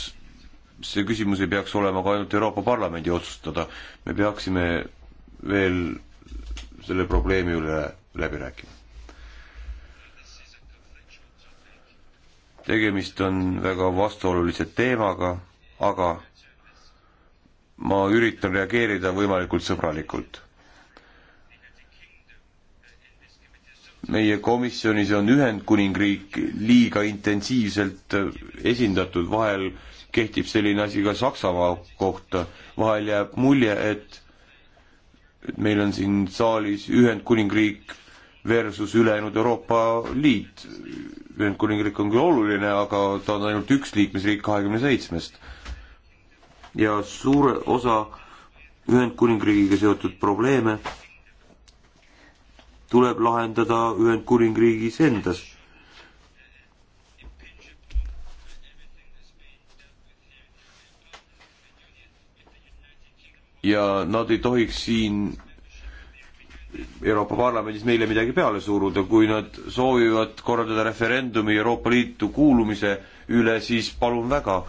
see küsimus ei peaks olema ka ainult Euroopa Parlamendi otsustada, me peaksime veel selle probleemi üle läbi rääkima. tegemist on väga vastuolulise teemaga, aga ma üritan reageerida võimalikult sõbralikult meie komisjonis on Ühendkuningriik liiga intensiivselt esindatud, vahel kehtib selline asi ka Saksamaa kohta, vahel jääb mulje, et et meil on siin saalis Ühendkuningriik versus ülejäänud Euroopa Liit. Ühendkuningriik on küll oluline, aga ta on ainult üks liikmesriik kahekümne seitsmest. ja suure osa Ühendkuningriigiga seotud probleeme tuleb lahendada Ühendkuningriigis endas. ja nad ei tohiks siin Euroopa Parlamendis meile midagi peale suruda, kui nad soovivad korraldada referendumi Euroopa Liitu kuulumise üle, siis palun väga.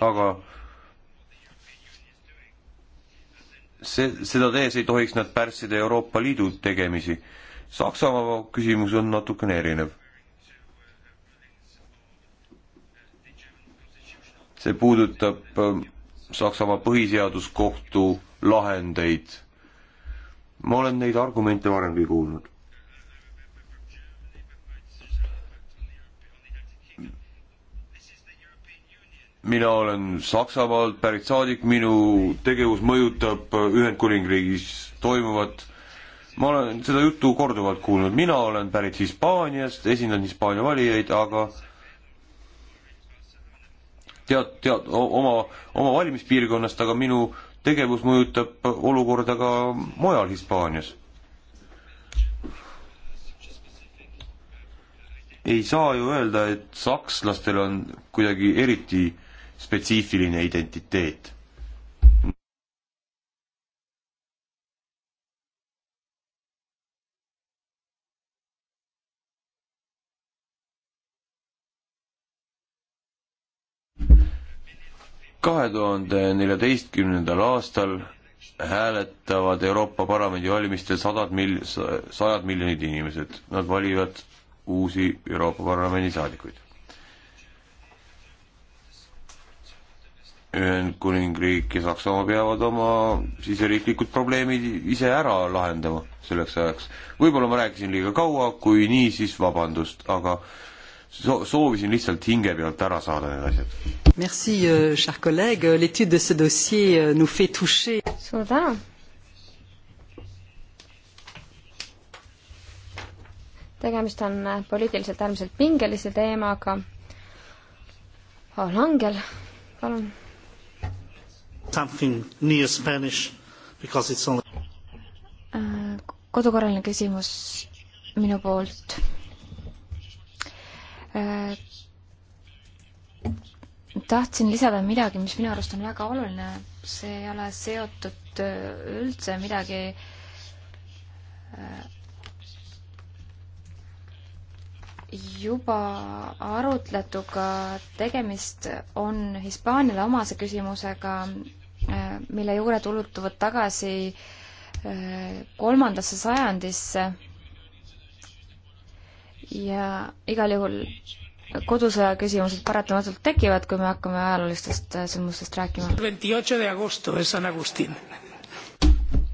aga see, seda tehes ei tohiks nad pärssida Euroopa Liidu tegemisi. Saksamaa küsimus on natukene erinev. see puudutab ähm, Saksamaa põhiseaduskohtu lahendeid. ma olen neid argumente varemgi kuulnud mina olen Saksamaalt pärit saadik, minu tegevus mõjutab Ühendkuningriigis toimuvat. ma olen seda juttu korduvalt kuulnud, mina olen pärit Hispaaniast, esindan Hispaania valijaid, aga tead, tead oma, oma valimispiirkonnast, aga minu tegevus mõjutab olukorda ka mujal Hispaanias. ei saa ju öelda, et sakslastel on kuidagi eriti äh, spetsiifiline identiteet. kahe tuhande neljateistkümnendal aastal hääletavad Euroopa Parlamendi valimistel sadad mil-, sajad miljonid inimesed, nad valivad uusi Euroopa Parlamendi saadikuid Ühendkuningriik ja Saksamaa peavad oma siseriiklikud probleemid ise ära lahendama selleks ajaks. võib-olla ma rääkisin liiga kaua, kui nii, siis vabandust, aga so-, soovisin lihtsalt hinge pealt ära saada need asjad. Merci, euh, cher collègue, l'étude de ce dossier euh, nous fait toucher. suur tänu. tegemist on äh, poliitiliselt äärmiselt pingelise teemaga. Paul Angel, palun something near Spanish because it's only äh, kodukorraline küsimus minu poolt. Äh, tahtsin lisada midagi, mis minu arust on väga oluline, see ei ole seotud äh, üldse midagi juba arutletuga, tegemist on Hispaaniale omase küsimusega Äh, mille juured ulatuvad tagasi äh, kolmandasse sajandisse ja igal juhul kodusõja küsimused paratamatult tekivad, kui me hakkame ajaloolistest äh, sündmustest rääkima.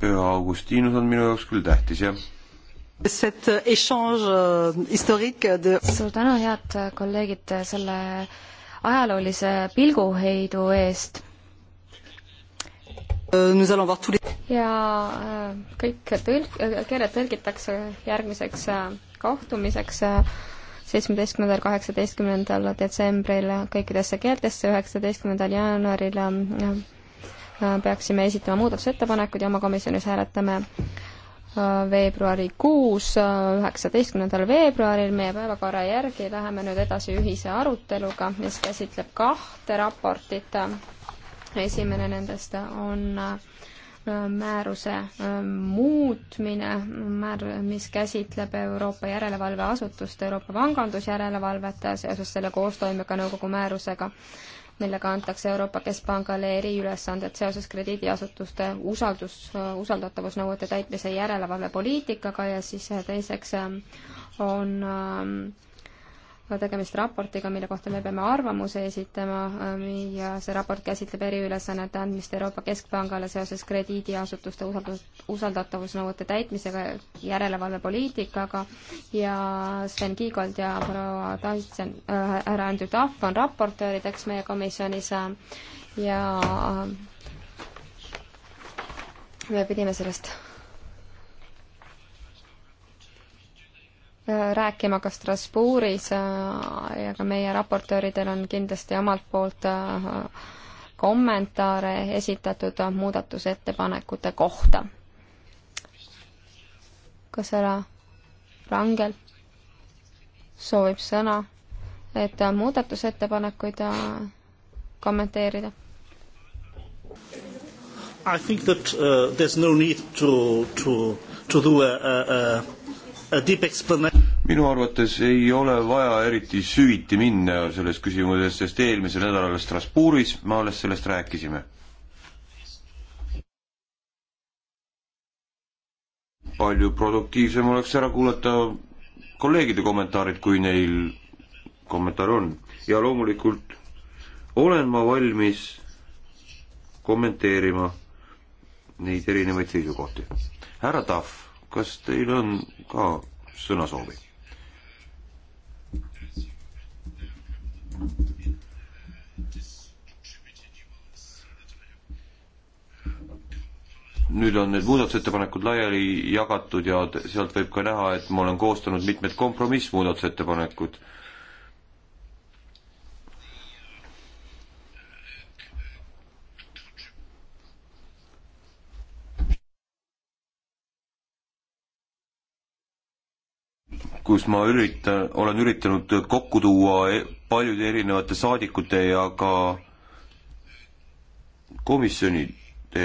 püha Augustinus on minu jaoks küll tähtis, jah. Euh, suur tänu, head kolleegid, selle ajaloolise pilguheidu eest Euh, ja äh, kõik tõlk-, äh, keeled tõlgitakse järgmiseks äh, kohtumiseks seitsmeteistkümnendal, kaheksateistkümnendal detsembril kõikidesse keeltesse, üheksateistkümnendal jaanuaril peaksime esitama muudatusettepanekud ja oma komisjonis hääletame veebruarikuus, üheksateistkümnendal veebruaril meie päevakorra järgi läheme nüüd edasi ühise aruteluga, mis käsitleb kahte raportit esimene nendest on äh, määruse äh, muutmine, määr, mis käsitleb Euroopa järelevalveasutust, Euroopa pangandusjärelevalvet äh, seoses selle koostoimega nõukogu määrusega, millega antakse Euroopa Keskpangale eriülesanded seoses krediidiasutuste usaldus, usaldatavusnõuete täitmise järelevalvepoliitikaga ja siis teiseks on tegemist raportiga, mille kohta me peame arvamuse esitama ähm, ja see raport käsitleb eriülesannete andmist Euroopa Keskpangale seoses krediidiasutuste usaldus, usaldatavusnõuete täitmisega, järelevalvepoliitikaga ja Sven Kiigold ja proua Taitsen äh,, härra Andrew Tahv on raportöörideks meie komisjonis äh, ja äh, me pidime sellest rääkima ka Strasbourgis äh, ja ka meie raportööridel on kindlasti omalt poolt äh, kommentaare esitatud muudatusettepanekute kohta. kas härra Rangel soovib sõna, et äh, muudatusettepanekuid kommenteerida? I think that uh, there's no need to, to, to do a, a, a minu arvates ei ole vaja eriti süviti minna selles küsimuses, sest eelmisel nädalal Strasbourgis me alles sellest rääkisime. palju produktiivsem oleks ära kuulata kolleegide kommentaarid, kui neil kommentaare on. ja loomulikult olen ma valmis kommenteerima neid erinevaid seisukohti. härra Tahv kas teil on ka sõnasoovi? nüüd on need muudatusettepanekud laiali jagatud ja sealt võib ka näha, et ma olen koostanud mitmed kompromissmuudatusettepanekud kus ma üritan, olen üritanud kokku tuua e-, paljude erinevate saadikute ja ka komisjonide,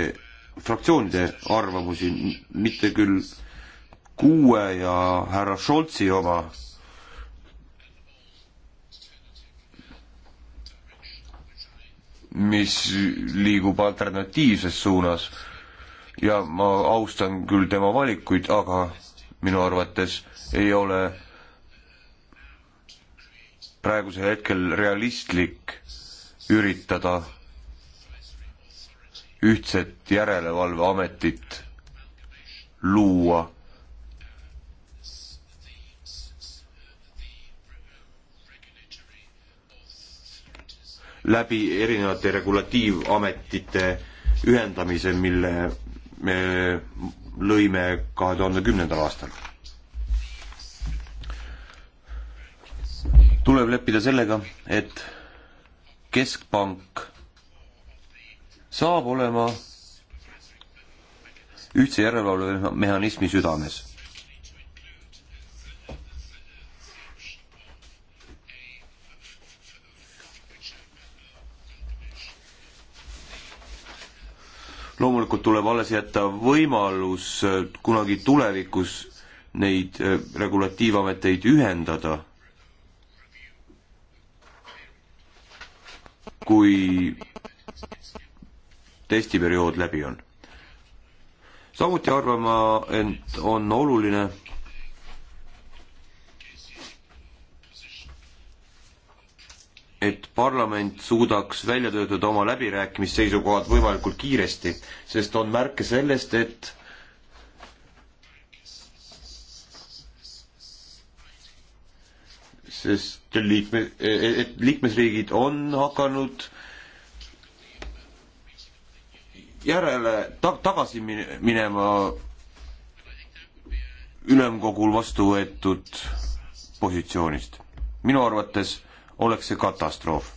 fraktsioonide arvamusi, mitte küll kuue ja härra Scholzi oma, mis liigub alternatiivses suunas ja ma austan küll tema valikuid, aga minu arvates ei ole praegusel hetkel realistlik üritada ühtset järelevalveametit luua. läbi erinevate regulatiivametite ühendamise, mille me lõime kahe tuhande kümnendal aastal. tuleb leppida sellega, et keskpank saab olema ühtse järelevalvemehhanismi südames loomulikult tuleb alles jätta võimalus äh, kunagi tulevikus neid äh, regulatiivameteid ühendada, kui testiperiood läbi on. samuti arvan ma, et on oluline et parlament suudaks välja töötada oma läbirääkimisseisukohad võimalikult kiiresti, sest on märke sellest, et sest liikme, et liikmesriigid on hakanud järele ta-, tagasi minema ülemkogul vastu võetud positsioonist. minu arvates oleks see katastroof.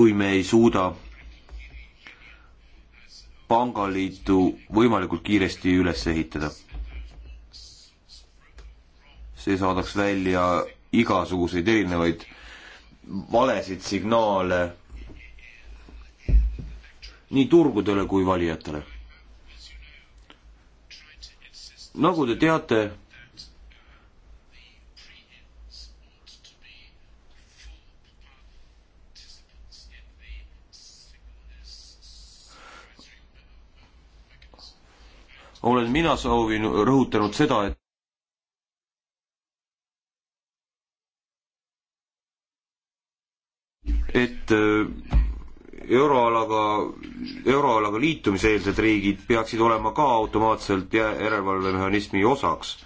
kui me ei suuda pangaliitu võimalikult kiiresti üles ehitada. see saadaks välja igasuguseid erinevaid valesid signaale nii turgudele kui valijatele nagu te teate, olen mina soovinud, rõhutanud seda, et et äh, euroalaga, euroalaga liitumiseelsed riigid peaksid olema ka automaatselt järelevalvemehhanismi osaks.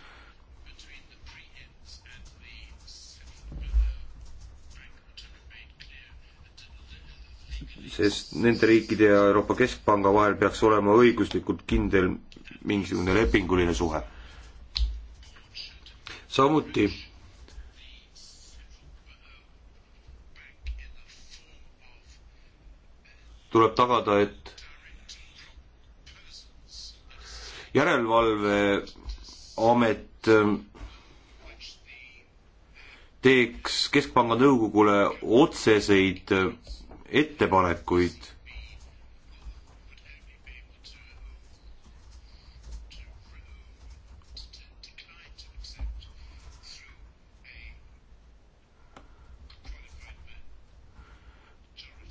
sest nende riikide ja Euroopa Keskpanga vahel peaks olema õiguslikult kindel mingisugune lepinguline suhe. samuti tuleb tagada, et järelevalveamet ähm, teeks Keskpanga nõukogule otseseid äh, ettepanekuid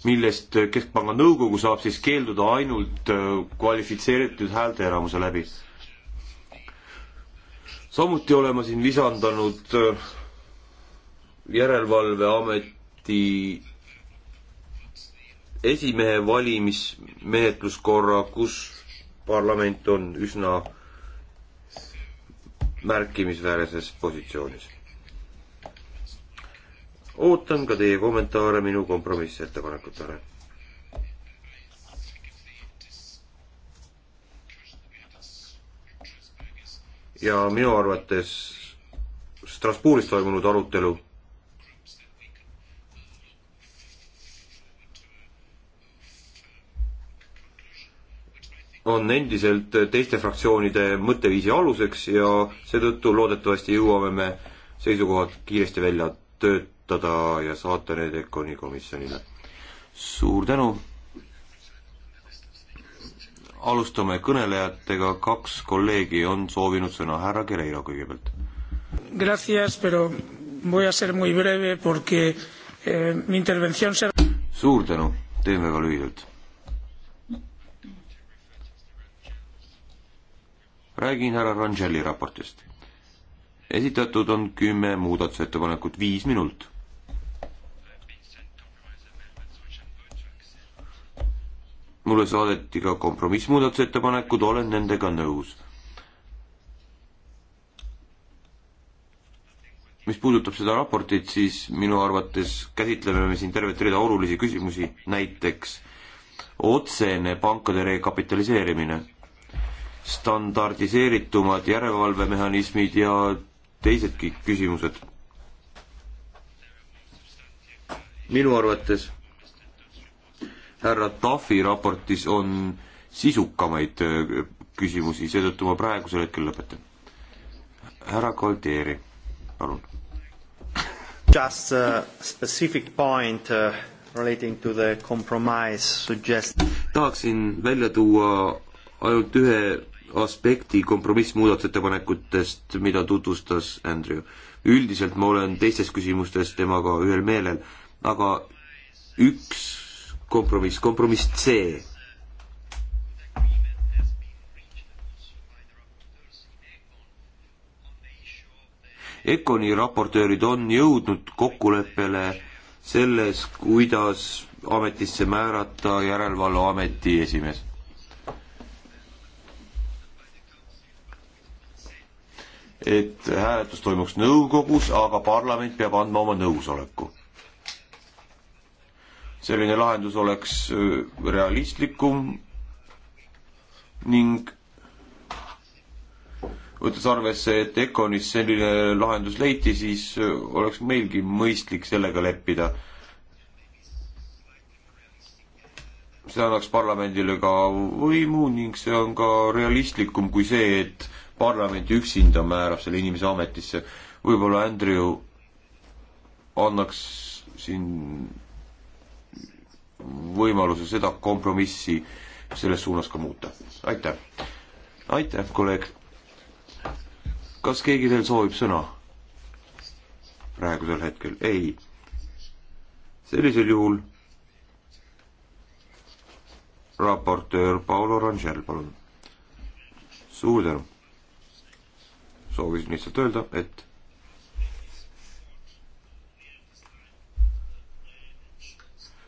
millest Keskpanga nõukogu saab siis keelduda ainult äh, kvalifitseeritud häälteenamuse läbi. samuti olen ma siin lisandanud äh, järelevalveameti esimehe valimismenetluskorra, kus parlament on üsna märkimisväärses positsioonis ootan ka teie kommentaare minu kompromissettepanekutele. ja minu arvates Strasbourgis toimunud arutelu on endiselt teiste fraktsioonide mõtteviisi aluseks ja seetõttu loodetavasti jõuame me seisukohad kiiresti välja töötada arutada ja saata need ECONi komisjonile. suur tänu! alustame kõnelejatega, kaks kolleegi on soovinud sõna, härra Guerreiro kõigepealt. Gracias, pero voy a ser muy breve porque eh, mi intervención será suur tänu, teen väga lühidalt. räägin härra Rangeli raportist. esitatud on kümme muudatusettepanekut, viis minut mulle saadeti ka kompromissmuudatusettepanekud, olen nendega nõus. mis puudutab seda raportit, siis minu arvates käsitleme me siin tervet rida olulisi küsimusi, näiteks otsene pankade rekapitaliseerimine, standardiseeritumad järelevalvemehhanismid ja teisedki küsimused. minu arvates härra Tafi raportis on sisukamaid äh, küsimusi, seetõttu ma praegusel hetkel lõpetan. härra Koldeeri, palun. Just a specific point uh, relating to the compromise suggest-. tahaksin välja tuua ainult ühe aspekti kompromissmuudatusettepanekutest, mida tutvustas Andrew. üldiselt ma olen teistes küsimustes temaga ühel meelel, aga üks kompromiss, kompromiss C. Econi raportöörid on jõudnud kokkuleppele selles, kuidas ametisse määrata järelevalveameti esimees. et hääletus toimuks nõukogus, aga parlament peab andma oma nõusoleku selline lahendus oleks äh, realistlikum ning võttes arvesse, et Econis selline lahendus leiti, siis äh, oleks meilgi mõistlik sellega leppida. see annaks parlamendile ka võimu ning see on ka realistlikum kui see, et parlament üksinda määrab selle inimese ametisse. võib-olla Andrew annaks siin võimaluse seda kompromissi selles suunas ka muuta. aitäh. aitäh, kolleeg. kas keegi veel soovib sõna? praegusel hetkel ei. sellisel juhul raportöör Paolo Rangel, palun. suur tänu. soovisin lihtsalt öelda, et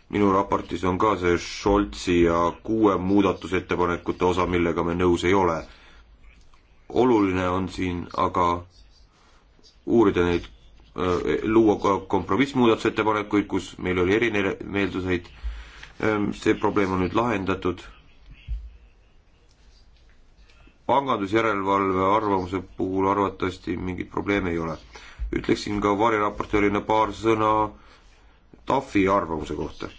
minu raportis on ka see Scholzi ja kuue muudatusettepanekute osa, millega me nõus ei ole. oluline on siin aga uurida neid, äh, luua ka kompromissmuudatusettepanekuid, kus meil oli erimeelsuseid, ähm, see probleem on nüüd lahendatud. pangandusjärelevalve arvamuse puhul arvatavasti mingeid probleeme ei ole. ütleksin ka variraportöörina paar sõna Tafi arvamuse kohta.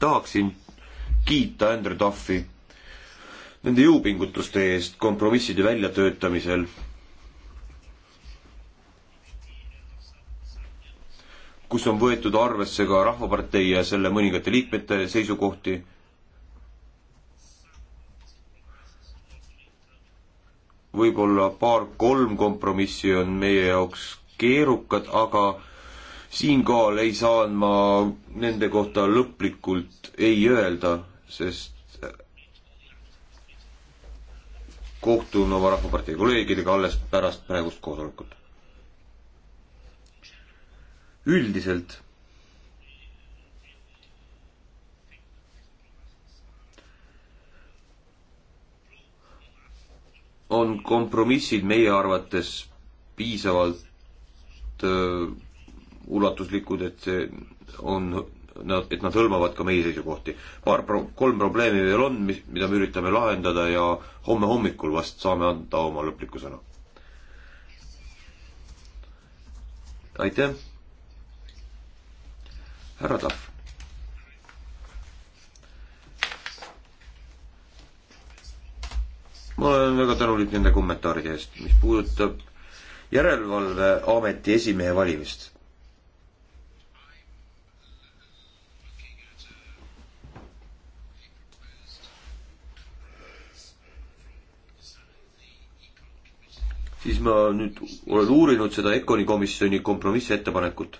tahaksin kiita Andrew Duffy nende jõupingutuste eest kompromisside väljatöötamisel. kus on võetud arvesse ka Rahvapartei ja selle mõningate liikmete seisukohti võib-olla paar-kolm kompromissi on meie jaoks keerukad, aga siinkohal ei saa ma nende kohta lõplikult ei öelda, sest kohtun oma Rahvapartei kolleegidega alles pärast praegust koosolekut. üldiselt on kompromissid meie arvates piisavalt öö, äh, ulatuslikud, et see on, nad, et nad hõlmavad ka meie seisukohti. paar pro-, kolm probleemi veel on, mis, mida me üritame lahendada ja homme hommikul vast saame anda oma lõpliku sõna. aitäh! härra Tahv ma olen väga tänulik nende kommentaaride eest, mis puudutab järelevalveameti esimehe valimist. siis ma nüüd olen uurinud seda Econi komisjoni kompromissettepanekut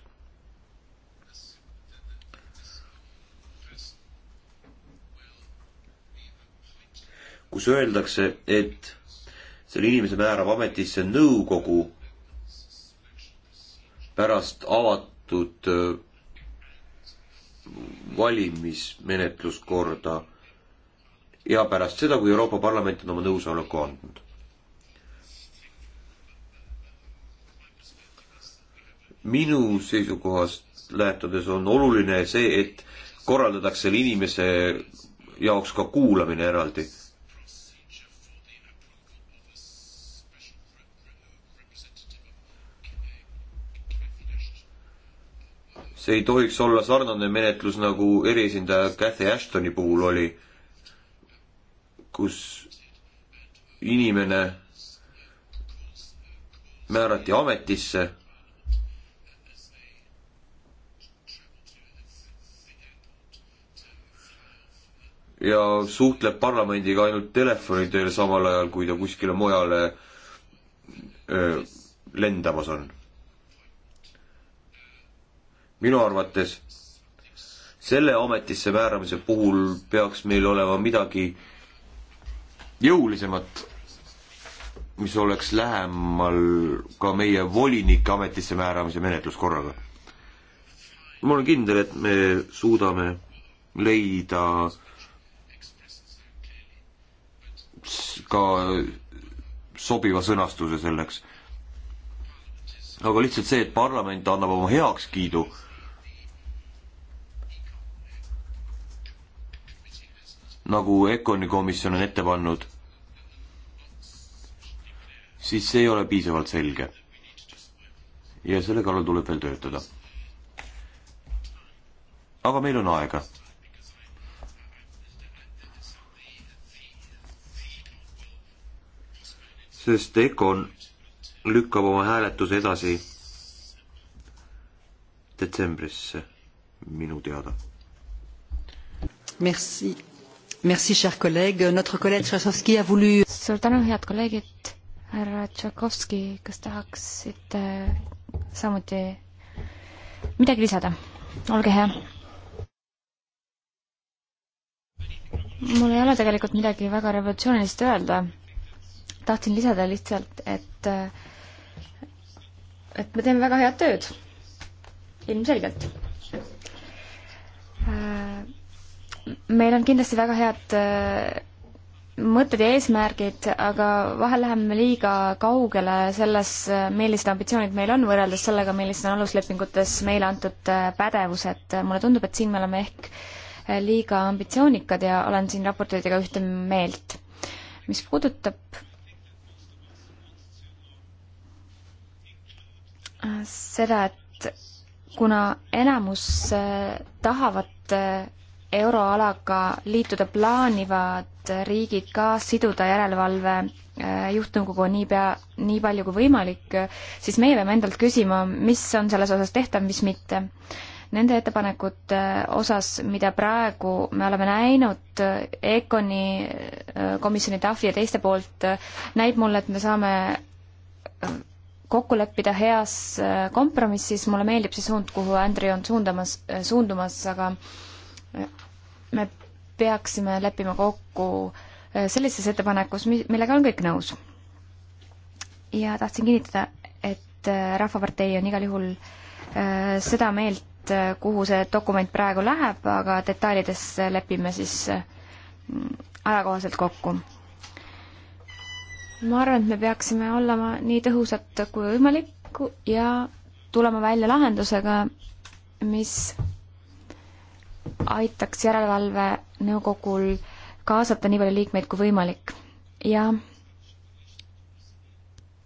kus öeldakse, et selle inimese määrab ametisse nõukogu pärast avatud äh, valimismenetluskorda ja pärast seda, kui Euroopa Parlament on oma nõusoleku andnud. minu seisukohast lähtudes on oluline see, et korraldatakse selle inimese jaoks ka kuulamine eraldi see ei tohiks olla sarnane menetlus, nagu eriesindaja Cathy Ashtoni puhul oli, kus inimene määrati ametisse ja suhtleb parlamendiga ainult telefoni teel, samal ajal kui ta kuskile mujale öö, lendamas on minu arvates selle ametisse määramise puhul peaks meil olema midagi jõulisemat, mis oleks lähemal ka meie volinike ametisse määramise menetluskorraga. ma olen kindel, et me suudame leida ka sobiva sõnastuse selleks. aga lihtsalt see, et parlament annab oma heakskiidu nagu Econi komisjon on ette pannud, siis see ei ole piisavalt selge. ja selle kallal tuleb veel töötada. aga meil on aega. sest Econ lükkab oma hääletuse edasi detsembrisse minu teada. Merci Merci, cher collègue. Notre collègue Tchaikovsky a voulu... Suur tänu, head kolleegid. Härra Tchaikovsky, kas tahaksite samuti midagi lisada? Olge hea. Mul ei ole tegelikult midagi väga revolutsioonilist öelda. Tahtsin lisada lihtsalt, et, et me teeme väga head tööd. Ilmselgelt. meil on kindlasti väga head äh, mõtted ja eesmärgid, aga vahel läheme liiga kaugele selles, äh, millised ambitsioonid meil on, võrreldes sellega, millised on aluslepingutes meile antud äh, pädevused. mulle tundub, et siin me oleme ehk liiga ambitsioonikad ja olen siin raportööridega ühte meelt. mis puudutab seda, et kuna enamus tahavad euroalaga liituda plaanivad riigid ka siduda järelevalve äh, juhtnõukogu niipea, nii palju kui võimalik, siis meie peame endalt küsima, mis on selles osas tehtav, mis mitte. Nende ettepanekute äh, osas, mida praegu me oleme näinud äh, EKONi, komisjoni TAFi ja teiste poolt, näib mulle, et me saame kokku leppida heas kompromissis, mulle meeldib see suund, kuhu Andri on suundamas, suundumas, aga äh, me peaksime leppima kokku eh, sellises ettepanekus, millega on kõik nõus. ja tahtsin kinnitada, et eh, Rahvapartei on igal juhul eh, seda meelt, kuhu see dokument praegu läheb, aga detailides lepime siis ajakohaselt kokku. ma arvan, et me peaksime olema nii tõhusad kui võimalik ja tulema välja lahendusega, mis aitaks järelevalvenõukogul kaasata nii palju liikmeid kui võimalik ja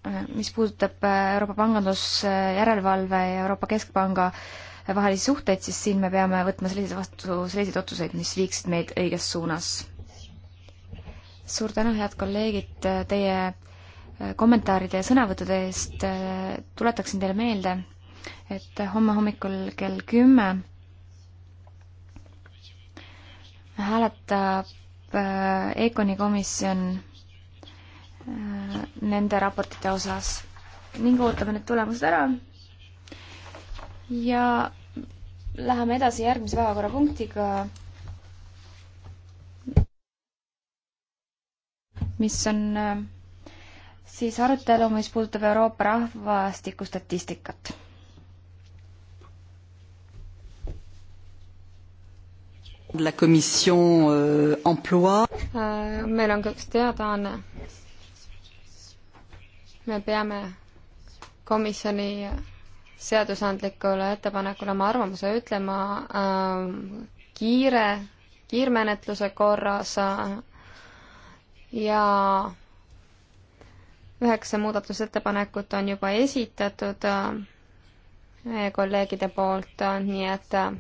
äh, mis puudutab äh, Euroopa Pangandusjärelevalve ja Euroopa Keskpanga vahelisi suhteid, siis siin me peame võtma selliseid vastu, selliseid otsuseid, mis viiksid meid õiges suunas. suur tänu, head kolleegid, äh, teie kommentaaride ja sõnavõttude eest, tuletaksin teile meelde, et homme hommikul kell kümme 10 hääletab äh, EKONi komisjon äh, nende raportite osas ning ootame need tulemused ära. ja läheme edasi järgmise päevakorrapunktiga, mis on äh, siis arutelu, mis puudutab Euroopa rahvastikustatistikat La Commission euh, emploi. Euh, meil on ka üks teadaanne. me peame komisjoni seadusandlikule ettepanekule oma arvamuse ütlema äh, kiire, kiirmenetluse korras äh, ja üheksa muudatusettepanekut on juba esitatud äh, meie kolleegide poolt, äh, nii et äh,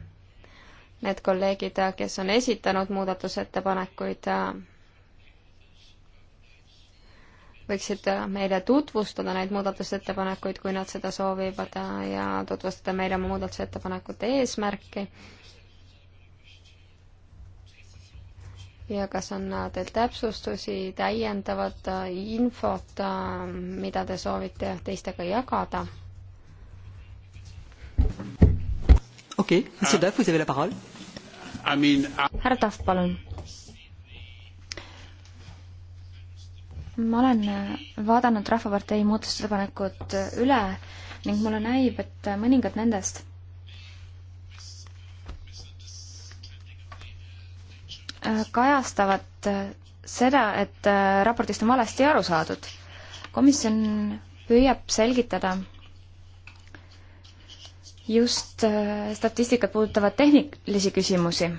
need kolleegid, kes on esitanud muudatusettepanekuid, võiksid meile tutvustada neid muudatusettepanekuid, kui nad seda soovivad ja tutvustada meile oma muudatusettepanekute eesmärki. ja kas on teil täpsustusi, täiendavat infot, mida te soovite teistega jagada? okei okay., monsieur Duff, vous avez la parole härra Tahv, palun. ma olen vaadanud Rahvapartei muudatusettepanekud üle ning mulle näib, et mõningad nendest kajastavad seda, et raportist on valesti aru saadud. komisjon püüab selgitada just äh, statistikat puudutavad tehnilisi küsimusi.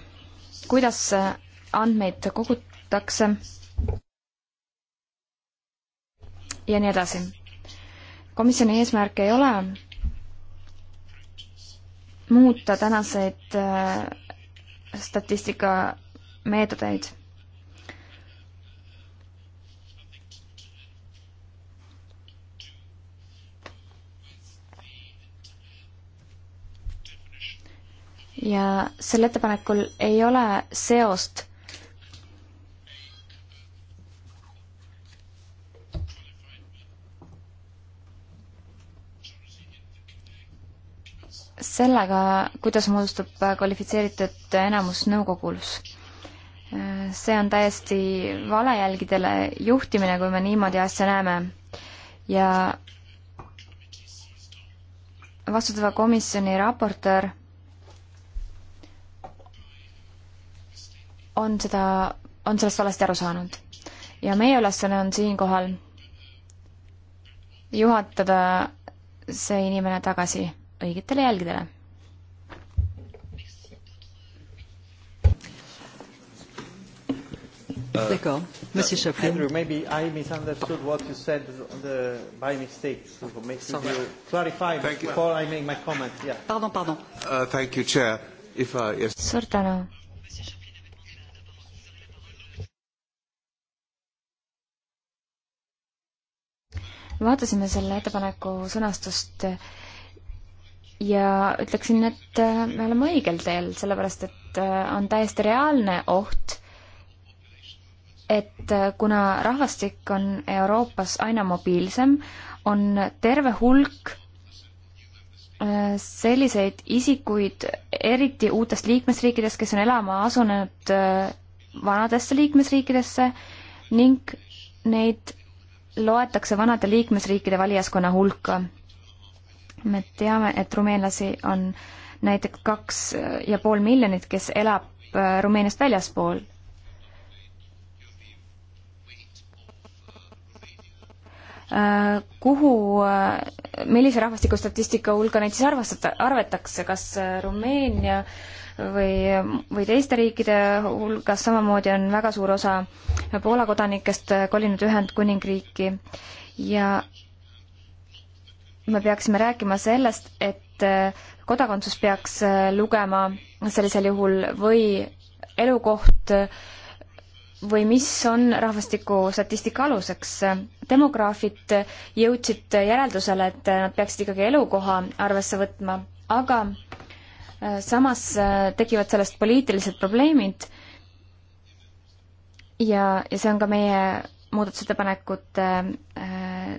kuidas äh, andmeid kogutakse ja nii edasi. komisjoni eesmärk ei ole muuta tänaseid äh, statistikameetodeid ja sel ettepanekul ei ole seost sellega, kuidas moodustub kvalifitseeritud enamus nõukogus. see on täiesti valejälgidele juhtimine, kui me niimoodi asja näeme. ja vastutava komisjoni raportöör on seda, on sellest valesti aru saanud. ja meie ülesanne on siinkohal juhatada see inimene tagasi õigetele jälgedele. D'accord. Uh, Monsieur Chaplin. Andrew, maybe I misunderstood what you said the, by mistake. So maybe you clarify thank before you. I make my comment. Yeah. Pardon, pardon. Uh, thank you, Chair. If I, yes. Suur tänu vaatasime selle ettepaneku sõnastust ja ütleksin, et äh, me oleme õigel teel, sellepärast et äh, on täiesti reaalne oht, et äh, kuna rahvastik on Euroopas aina mobiilsem, on terve hulk selliseid isikuid, eriti uutest liikmesriikidest, kes on elama asunud vanadesse liikmesriikidesse ning neid loetakse vanade liikmesriikide valijaskonna hulka. me teame, et rumeenlasi on näiteks kaks ja pool miljonit, kes elab äh, Rumeeniast väljaspool Äh, kuhu, äh, millise rahvastikustatistika hulka neid siis arvestata, arvetakse, kas äh, Rumeenia või, või teiste riikide hulgas, samamoodi on väga suur osa Poola kodanikest kolinud Ühendkuningriiki ja me peaksime rääkima sellest, et kodakondsus peaks lugema sellisel juhul või elukoht äh, või mis on rahvastikustatistika aluseks. demograafid jõudsid järeldusele, et nad peaksid ikkagi elukoha arvesse võtma, aga äh, samas äh, tekivad sellest poliitilised probleemid ja, ja see on ka meie muudatusettepanekute äh,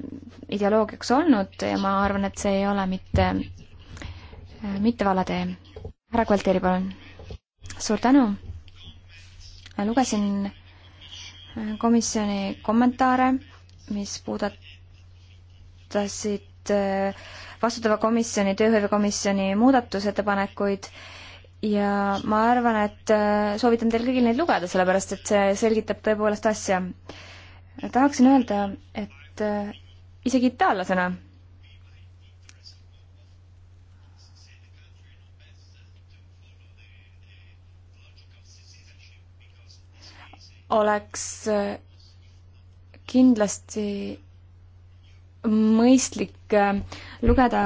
ideoloogiaks olnud ja ma arvan, et see ei ole mitte äh,, mitte vale tee. härra Kvalteeri, palun. suur tänu. lugesin komisjoni kommentaare, mis puudutasid äh, vastutava komisjoni, tööhõivekomisjoni muudatusettepanekuid ja ma arvan, et äh, soovitan teil kõigil neid lugeda, sellepärast et see selgitab tõepoolest asja. tahaksin öelda, et äh, isegi itaallasena oleks kindlasti mõistlik äh, lugeda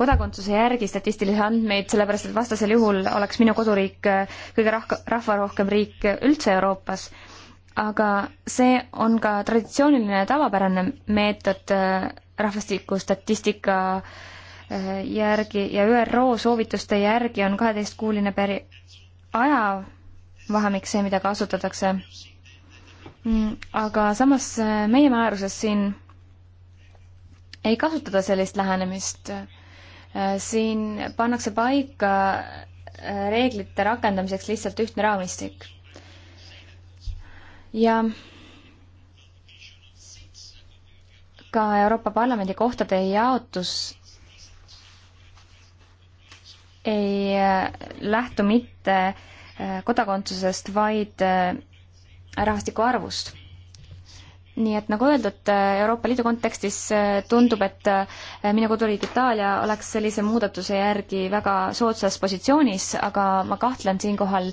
kodakondsuse järgi statistilisi andmeid, sellepärast et vastasel juhul oleks minu koduriik äh, kõige rahva, rahvarohkem riik äh, üldse Euroopas. aga see on ka traditsiooniline ja tavapärane meetod rahvastikustatistika järgi ja ÜRO soovituste järgi on kaheteistkuuline peri-, aja vahemik, see, mida kasutatakse. Mm, aga samas äh, meie määruses siin ei kasutata sellist lähenemist. Äh, siin pannakse paika äh, reeglite rakendamiseks lihtsalt ühtne raamistik. ja ka Euroopa Parlamendi kohtade jaotus ei lähtu mitte kodakondsusest, vaid äh, rahvastiku arvust. nii et nagu öeldud, äh, Euroopa Liidu kontekstis äh, tundub, et minu koduriik Itaalia oleks sellise muudatuse järgi väga soodsas positsioonis, aga ma kahtlen siinkohal,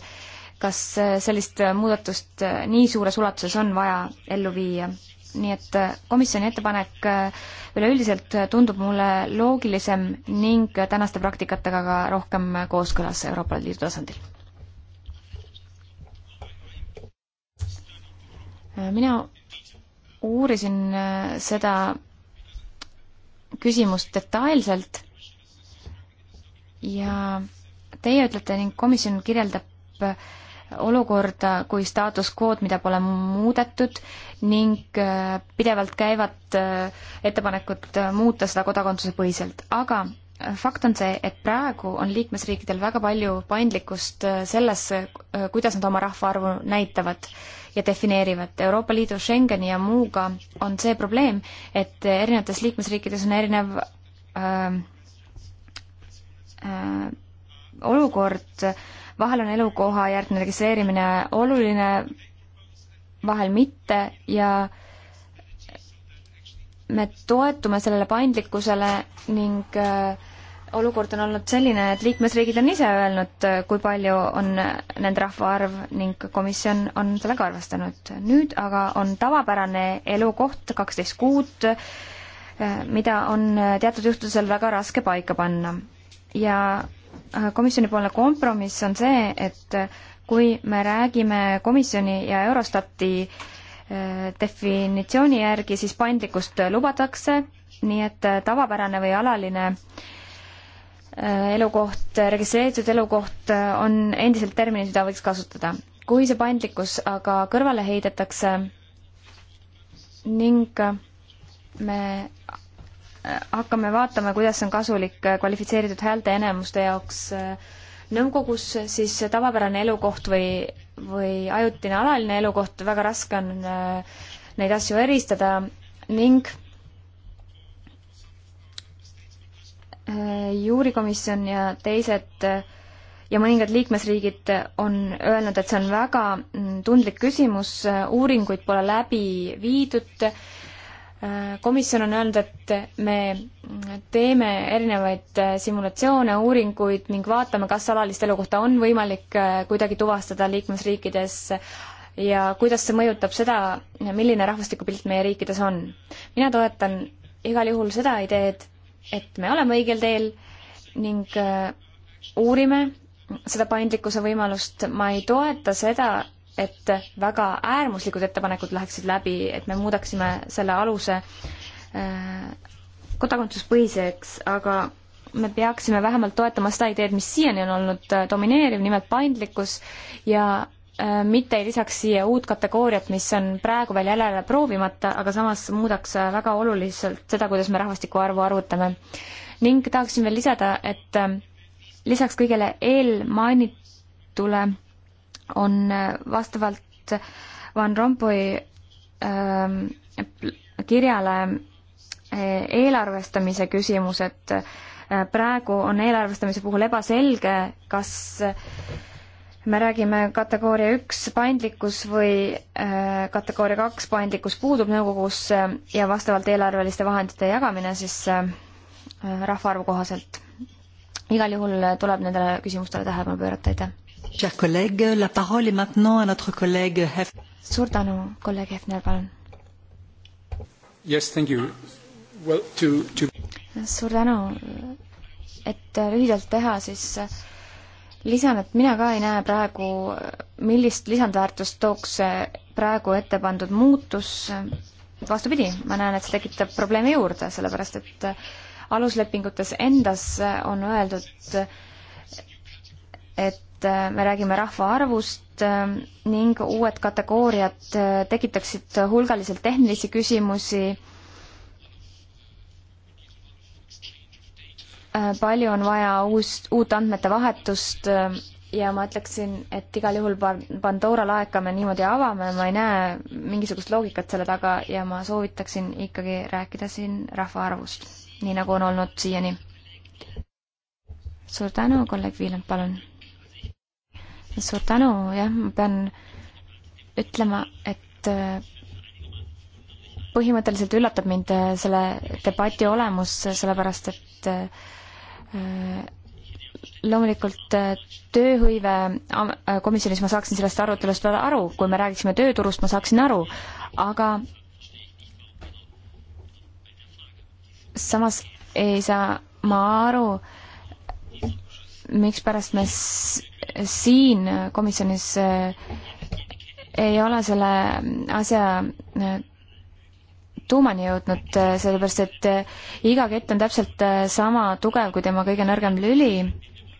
kas sellist muudatust nii suures ulatuses on vaja ellu viia nii et komisjoni ettepanek üleüldiselt tundub mulle loogilisem ning tänaste praktikatega ka rohkem kooskõlas Euroopa Liidu tasandil. mina uurisin äh, seda küsimust detailselt ja teie ütlete ning komisjon kirjeldab äh, olukorda kui staatus quo'd, mida pole muudetud ning äh, pidevalt käivad ettepanekud muuta seda kodakondsusepõhiselt, aga fakt on see, et praegu on liikmesriikidel väga palju paindlikkust äh, selles, äh, kuidas nad oma rahvaarvu näitavad ja defineerivad. Euroopa Liidu Schengeni ja muuga on see probleem, et erinevates liikmesriikides on erinev äh, äh, olukord, vahel on elukohajärgne registreerimine oluline, vahel mitte ja me toetume sellele paindlikkusele ning äh, olukord on olnud selline, et liikmesriigid on ise öelnud, äh, kui palju on nende rahvaarv ning komisjon on sellega arvestanud. nüüd aga on tavapärane elukoht kaksteist kuud, äh, mida on äh, teatud juhtudel väga raske paika panna. ja komisjonipoolne kompromiss on see, et kui me räägime komisjoni ja Eurostati definitsiooni järgi, siis paindlikkust lubatakse, nii et tavapärane või alaline äh, Äh, elukoht, registreeritud elukoht äh, on endiselt termin, mida võiks kasutada. kui see paindlikkus aga kõrvale heidetakse ning äh, me hakkame vaatama, kuidas on kasulik kvalifitseeritud häälteenamuste jaoks nõukogus, siis tavapärane elukoht või, või ajutine alaline elukoht, väga raske on neid asju eristada ning Äh, juurikomisjon ja teised äh, ja mõningad liikmesriigid on öelnud, et see on väga mm, tundlik küsimus, äh, uuringuid pole läbi viidud, komisjon on öelnud, et me mm, teeme erinevaid simulatsioone, uuringuid ning vaatame, kas alalist elukohta on võimalik kuidagi tuvastada liikmesriikides ja kuidas see mõjutab seda, milline rahvastikupilt meie riikides on. mina toetan igal juhul seda ideed et me oleme õigel teel ning äh, uurime seda paindlikkuse võimalust. ma ei toeta seda, et väga äärmuslikud ettepanekud läheksid läbi, et me muudaksime selle aluse äh, kodakondsuspõhiseks, aga me peaksime vähemalt toetama seda ideed, mis siiani on olnud äh, domineeriv, nimelt paindlikkus ja Äh, mitte ei lisaks siia uut kategooriat, mis on praegu veel jälle proovimata, aga samas muudaks äh, väga oluliselt seda, kuidas me rahvastiku arvu arvutame. ning tahaksin veel lisada, et äh, lisaks kõigele eelmainitule on vastavalt Van Rompuy ähm, kirjale eelarvestamise küsimus, et praegu on eelarvestamise puhul ebaselge, kas äh, me räägime kategooria üks paindlikkus või äh, kategooria kaks paindlikkus puudub nõukogus ja vastavalt eelarveliste vahendite jagamine siis äh, rahvaarvu kohaselt. igal juhul äh, tuleb nendele küsimustele tähelepanu pöörata, aitäh. suur tänu, kolleeg Hefner, palun. Yes, thank you. Well, to, to... suur tänu, et lühidalt teha, siis lisan, et mina ka ei näe praegu, millist lisandväärtust tooks praegu ette pandud muutus. vastupidi, ma näen, et see tekitab probleeme juurde, sellepärast et aluslepingutes endas on öeldud, et me räägime rahvaarvust ning uued kategooriad tekitaksid hulgaliselt tehnilisi küsimusi Äh, palju on vaja uust, uut andmete vahetust äh, ja ma ütleksin, et igal juhul Pandora laeka me niimoodi avame, ma ei näe mingisugust loogikat selle taga ja ma soovitaksin ikkagi rääkida siin rahvaarvust, nii nagu on olnud siiani. suur tänu, kolleeg Viiland, palun. suur tänu, jah, ma pean ütlema, et äh, põhimõtteliselt üllatab mind selle debati olemus, sellepärast et äh, Äh, loomulikult äh, tööhõive äh, komisjonis ma saaksin sellest arutelust veel aru, kui me räägiksime tööturust, ma saaksin aru, aga samas ei saa ma aru, mikspärast me siin komisjonis ei ole selle asja tuumani jõudnud, äh, sellepärast et äh, iga kett on täpselt äh, sama tugev kui tema kõige nõrgem lüli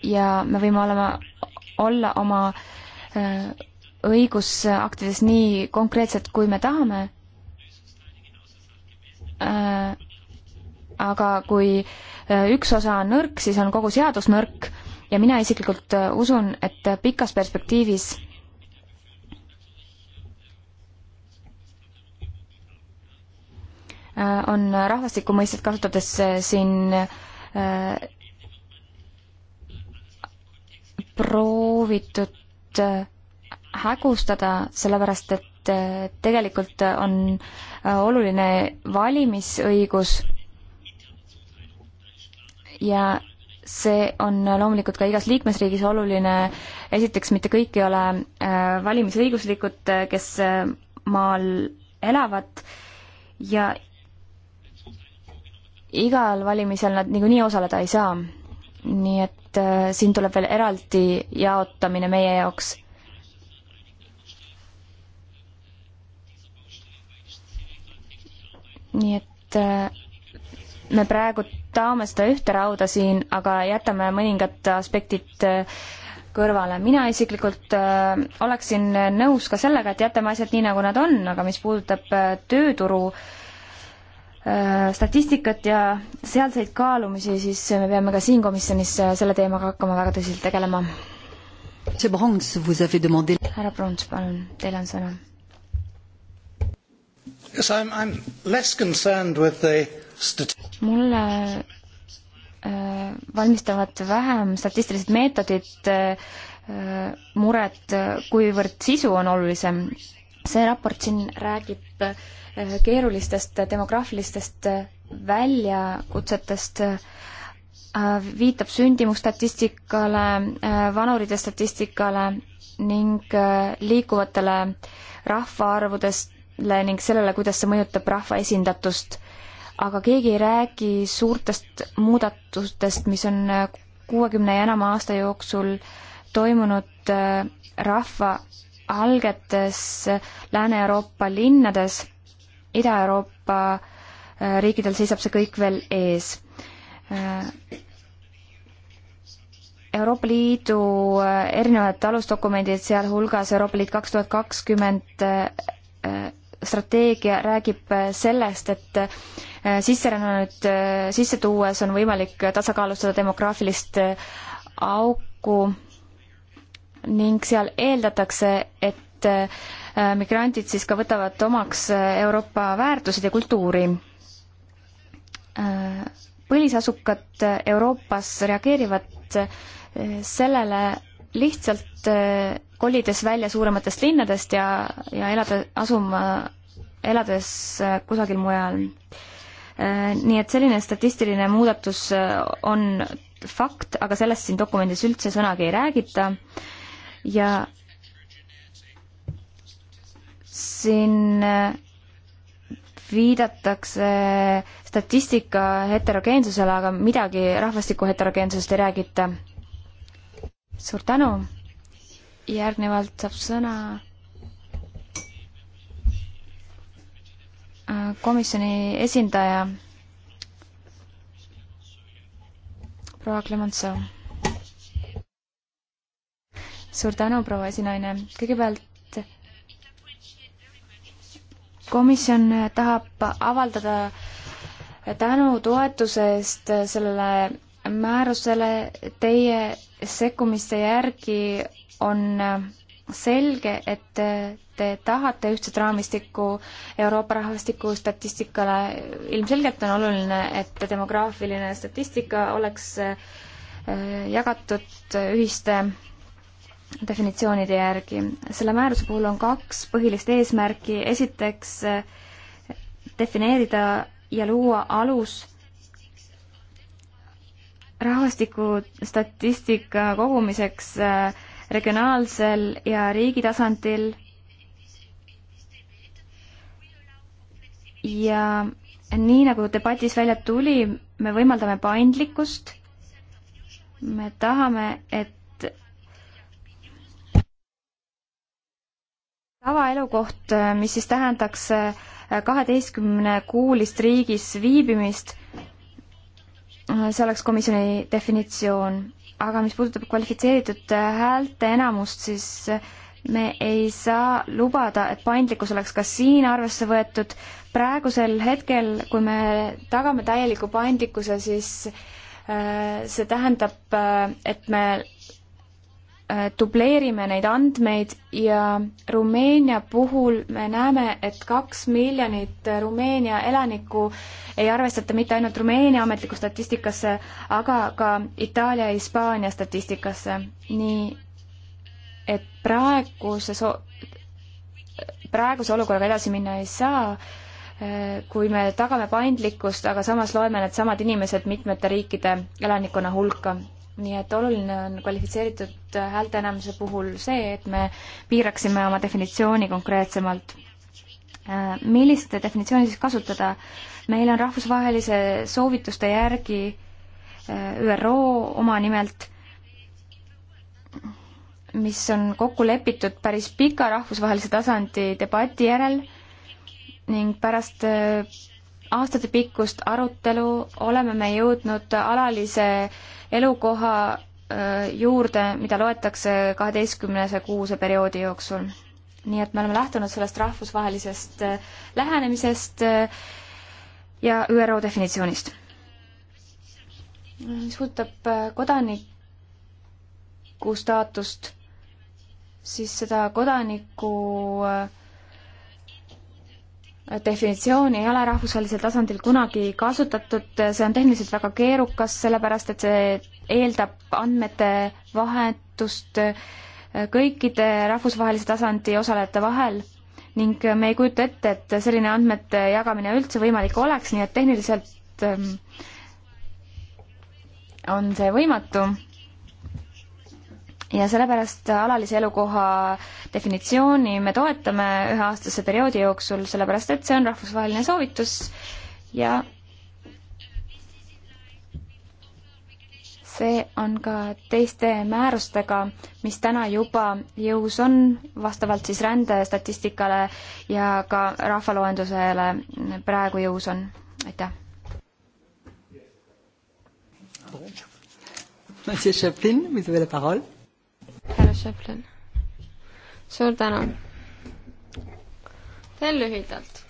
ja me võime olema, olla oma õigusaktides nii konkreetsed, kui me tahame, aga kui üks osa on nõrk, siis on kogu seadus nõrk ja mina isiklikult usun, et pikas perspektiivis Äh, on rahvastiku mõistet kasutades äh, siin äh, proovitud hägustada, sellepärast et tegelikult on oluline valimisõigus ja see on loomulikult ka igas liikmesriigis oluline, esiteks mitte kõik ei ole valimisõiguslikud, kes maal elavad ja igal valimisel nad niikuinii osaleda ei saa. nii et äh, siin tuleb veel eraldi jaotamine meie jaoks. nii et äh, me praegu taome seda ühte rauda siin, aga jätame mõningad aspektid äh, kõrvale. mina isiklikult äh, oleksin nõus ka sellega, et jätame asjad nii, nagu nad on, aga mis puudutab äh, tööturu äh, Äh, statistikat ja sealseid kaalumisi, siis me peame ka siin komisjonis äh, selle teemaga hakkama väga tõsiselt tegelema. härra Brons, palun, teil on sõna. Yes, I'm, I'm less concerned with the mulle äh, äh, valmistavad vähem statistilised meetodid äh, muret, kuivõrd sisu on olulisem. see raport siin räägib äh, Äh, keerulistest demograafilistest väljakutsetest äh, viitab sündimusstatistikale, äh, vanurite statistikale ning liikuvatele rahvaarvudele ning sellele, kuidas see mõjutab rahva esindatust. aga keegi ei räägi suurtest muudatustest, mis on kuuekümne ja enama aasta jooksul toimunud rahva algetes Lääne-Euroopa linnades Ida-Euroopa äh, riikidel seisab see kõik veel ees. Äh, Euroopa Liidu äh, erinevad alusdokumendid, sealhulgas Euroopa Liit kaks tuhat kakskümmend strateegia räägib sellest, et sisserännu nüüd sisse tuues on võimalik tasakaalustada demograafilist auku ning seal eeldatakse, et Äh, migrandid siis ka võtavad omaks äh, Euroopa väärtused ja kultuuri. Äh, põlisasukad Euroopas reageerivad sellele lihtsalt kolides välja suurematest linnadest ja, ja elada, asuma, elades kusagil mujal. nii et selline statistiline muudatus on fakt, aga sellest siin dokumendis üldse sõnagi ei räägita ja siin äh, viidatakse statistika heterogeensusele, aga midagi rahvastiku heterogeensusest ei räägita. suur tänu. järgnevalt saab sõna äh, komisjoni esindaja proua Clemenceau. suur tänu, proua esinaine. kõigepealt komisjon tahab avaldada tänu toetuse eest sellele määrusele teie sekkumiste järgi on selge, et te tahate ühtset raamistikku Euroopa rahvastikustatistikale. ilmselgelt on oluline, et demograafiline statistika oleks äh, jagatud ühiste definitsioonide järgi. selle määruse puhul on kaks põhilist eesmärki, esiteks eh, defineerida ja luua alus rahvastikustatistika kogumiseks eh, regionaalsel ja riigi tasandil ja nii, nagu debatis välja tuli, me võimaldame paindlikkust, me tahame, et tavaelukoht, mis siis tähendaks äh, kaheteistkümnekuulist riigis viibimist, see oleks komisjoni definitsioon. aga mis puudutab kvalifitseeritud äh, häälteenamust, siis äh, me ei saa lubada, et paindlikkus oleks ka siin arvesse võetud. praegusel hetkel, kui me tagame täieliku paindlikkuse, siis see tähendab, et me Äh, dubleerime neid andmeid ja Rumeenia puhul me näeme, et kaks miljonit äh, Rumeenia elanikku ei arvestata mitte ainult Rumeenia ametlikku statistikasse, aga ka Itaalia ja Hispaania statistikasse. nii et praeguses, praeguse olukorraga edasi minna ei saa, äh, kui me tagame paindlikkust, aga samas loeme needsamad inimesed mitmete riikide elanikkonna hulka nii et oluline on kvalifitseeritud häälteenamuse puhul see, et me piiraksime oma definitsiooni konkreetsemalt. Äh, millist definitsiooni siis kasutada? meil on rahvusvahelise soovituste järgi äh, ÜRO oma nimelt, mis on kokku lepitud päris pika rahvusvahelise tasandi debati järel ning pärast äh, aastate pikkust arutelu oleme me jõudnud alalise elukoha juurde, mida loetakse kaheteistkümnese kuuse perioodi jooksul. nii et me oleme lähtunud sellest rahvusvahelisest lähenemisest ja ÜRO definitsioonist. mis puudutab kodaniku staatust, siis seda kodaniku äh, definitsiooni ei ole rahvusvahelisel tasandil kunagi kasutatud, see on tehniliselt väga keerukas, sellepärast et see eeldab andmete vahetust äh, kõikide rahvusvahelise tasandi osalejate vahel ning me ei kujuta ette, et selline andmete jagamine üldse võimalik oleks, nii et tehniliselt ähm, on see võimatu ja sellepärast alalise elukoha definitsiooni me toetame üheaastase perioodi jooksul, sellepärast et see on rahvusvaheline soovitus ja see on ka teiste määrustega, mis täna juba jõus on, vastavalt siis rändestatistikale ja ka rahvaloendusele praegu jõus on, aitäh. Monsieur Chaplin, vous avez la parole härra Šeflin. suur tänu. teen lühidalt.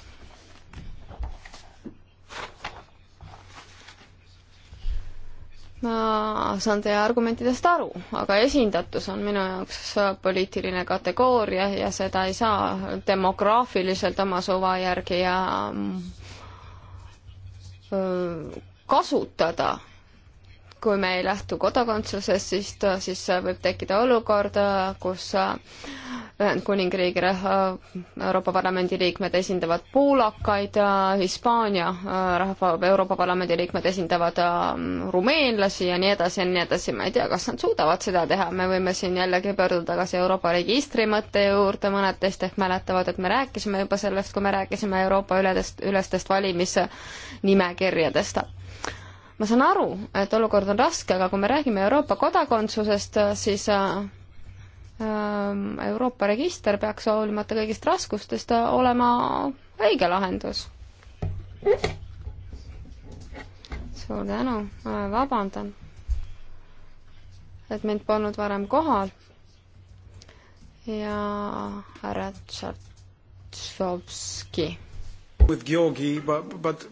ma saan teie argumentidest aru, aga esindatus on minu jaoks poliitiline kategooria ja seda ei saa demograafiliselt oma suva järgi ja mm, kasutada kui me ei lähtu kodakondsusest, siis ta, siis võib tekkida olukord, kus äh, Ühendkuningriigi äh, Euroopa Parlamendi liikmed esindavad poolakaid, äh, Hispaania rahva, Euroopa Parlamendi liikmed esindavad rumeenlasi ja nii edasi ja nii edasi, ma ei tea, kas nad suudavad seda teha, me võime siin jällegi pöörduda tagasi Euroopa registri mõtte juurde, mõned teist ehk mäletavad, et me rääkisime juba sellest, kui me rääkisime Euroopa üledest, ülestest valimisnimekirjadest ma saan aru, et olukord on raske, aga kui me räägime Euroopa kodakondsusest, siis äh, ähm, Euroopa register peaks hoolimata kõigist raskustest äh, olema õige lahendus. suur tänu, äh, vabandan, et mind polnud varem kohal. ja härra Tšartšovski. With Georgi, but, but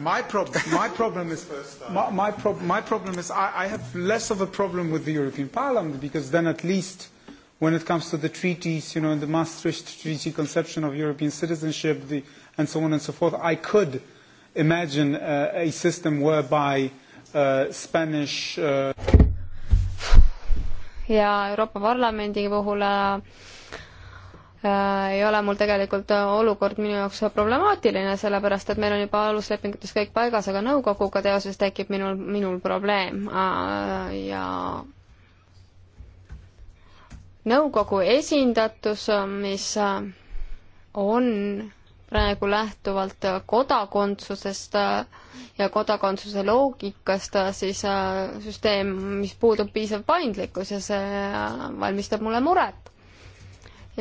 my problem, my problem is, my, my, prob- my problem is, I, I have less of a problem with the European Parliament because then at least when it comes to the treaties, you know, and the Maastricht Treaty conception of European citizenship, the, and so on and so forth, I could imagine uh, a system whereby uh, Spanish. Uh, ja Euroopa Parlamendi puhul uh, Äh, ei ole mul tegelikult äh, olukord minu jaoks problemaatiline, sellepärast et meil on juba aluslepingutes kõik paigas, aga nõukoguga teoses tekib minul, minul probleem äh, ja nõukogu esindatus, mis on praegu lähtuvalt kodakondsusest ja kodakondsuse loogikast, siis süsteem, mis puudub piisav paindlikkus ja see valmistab mulle muret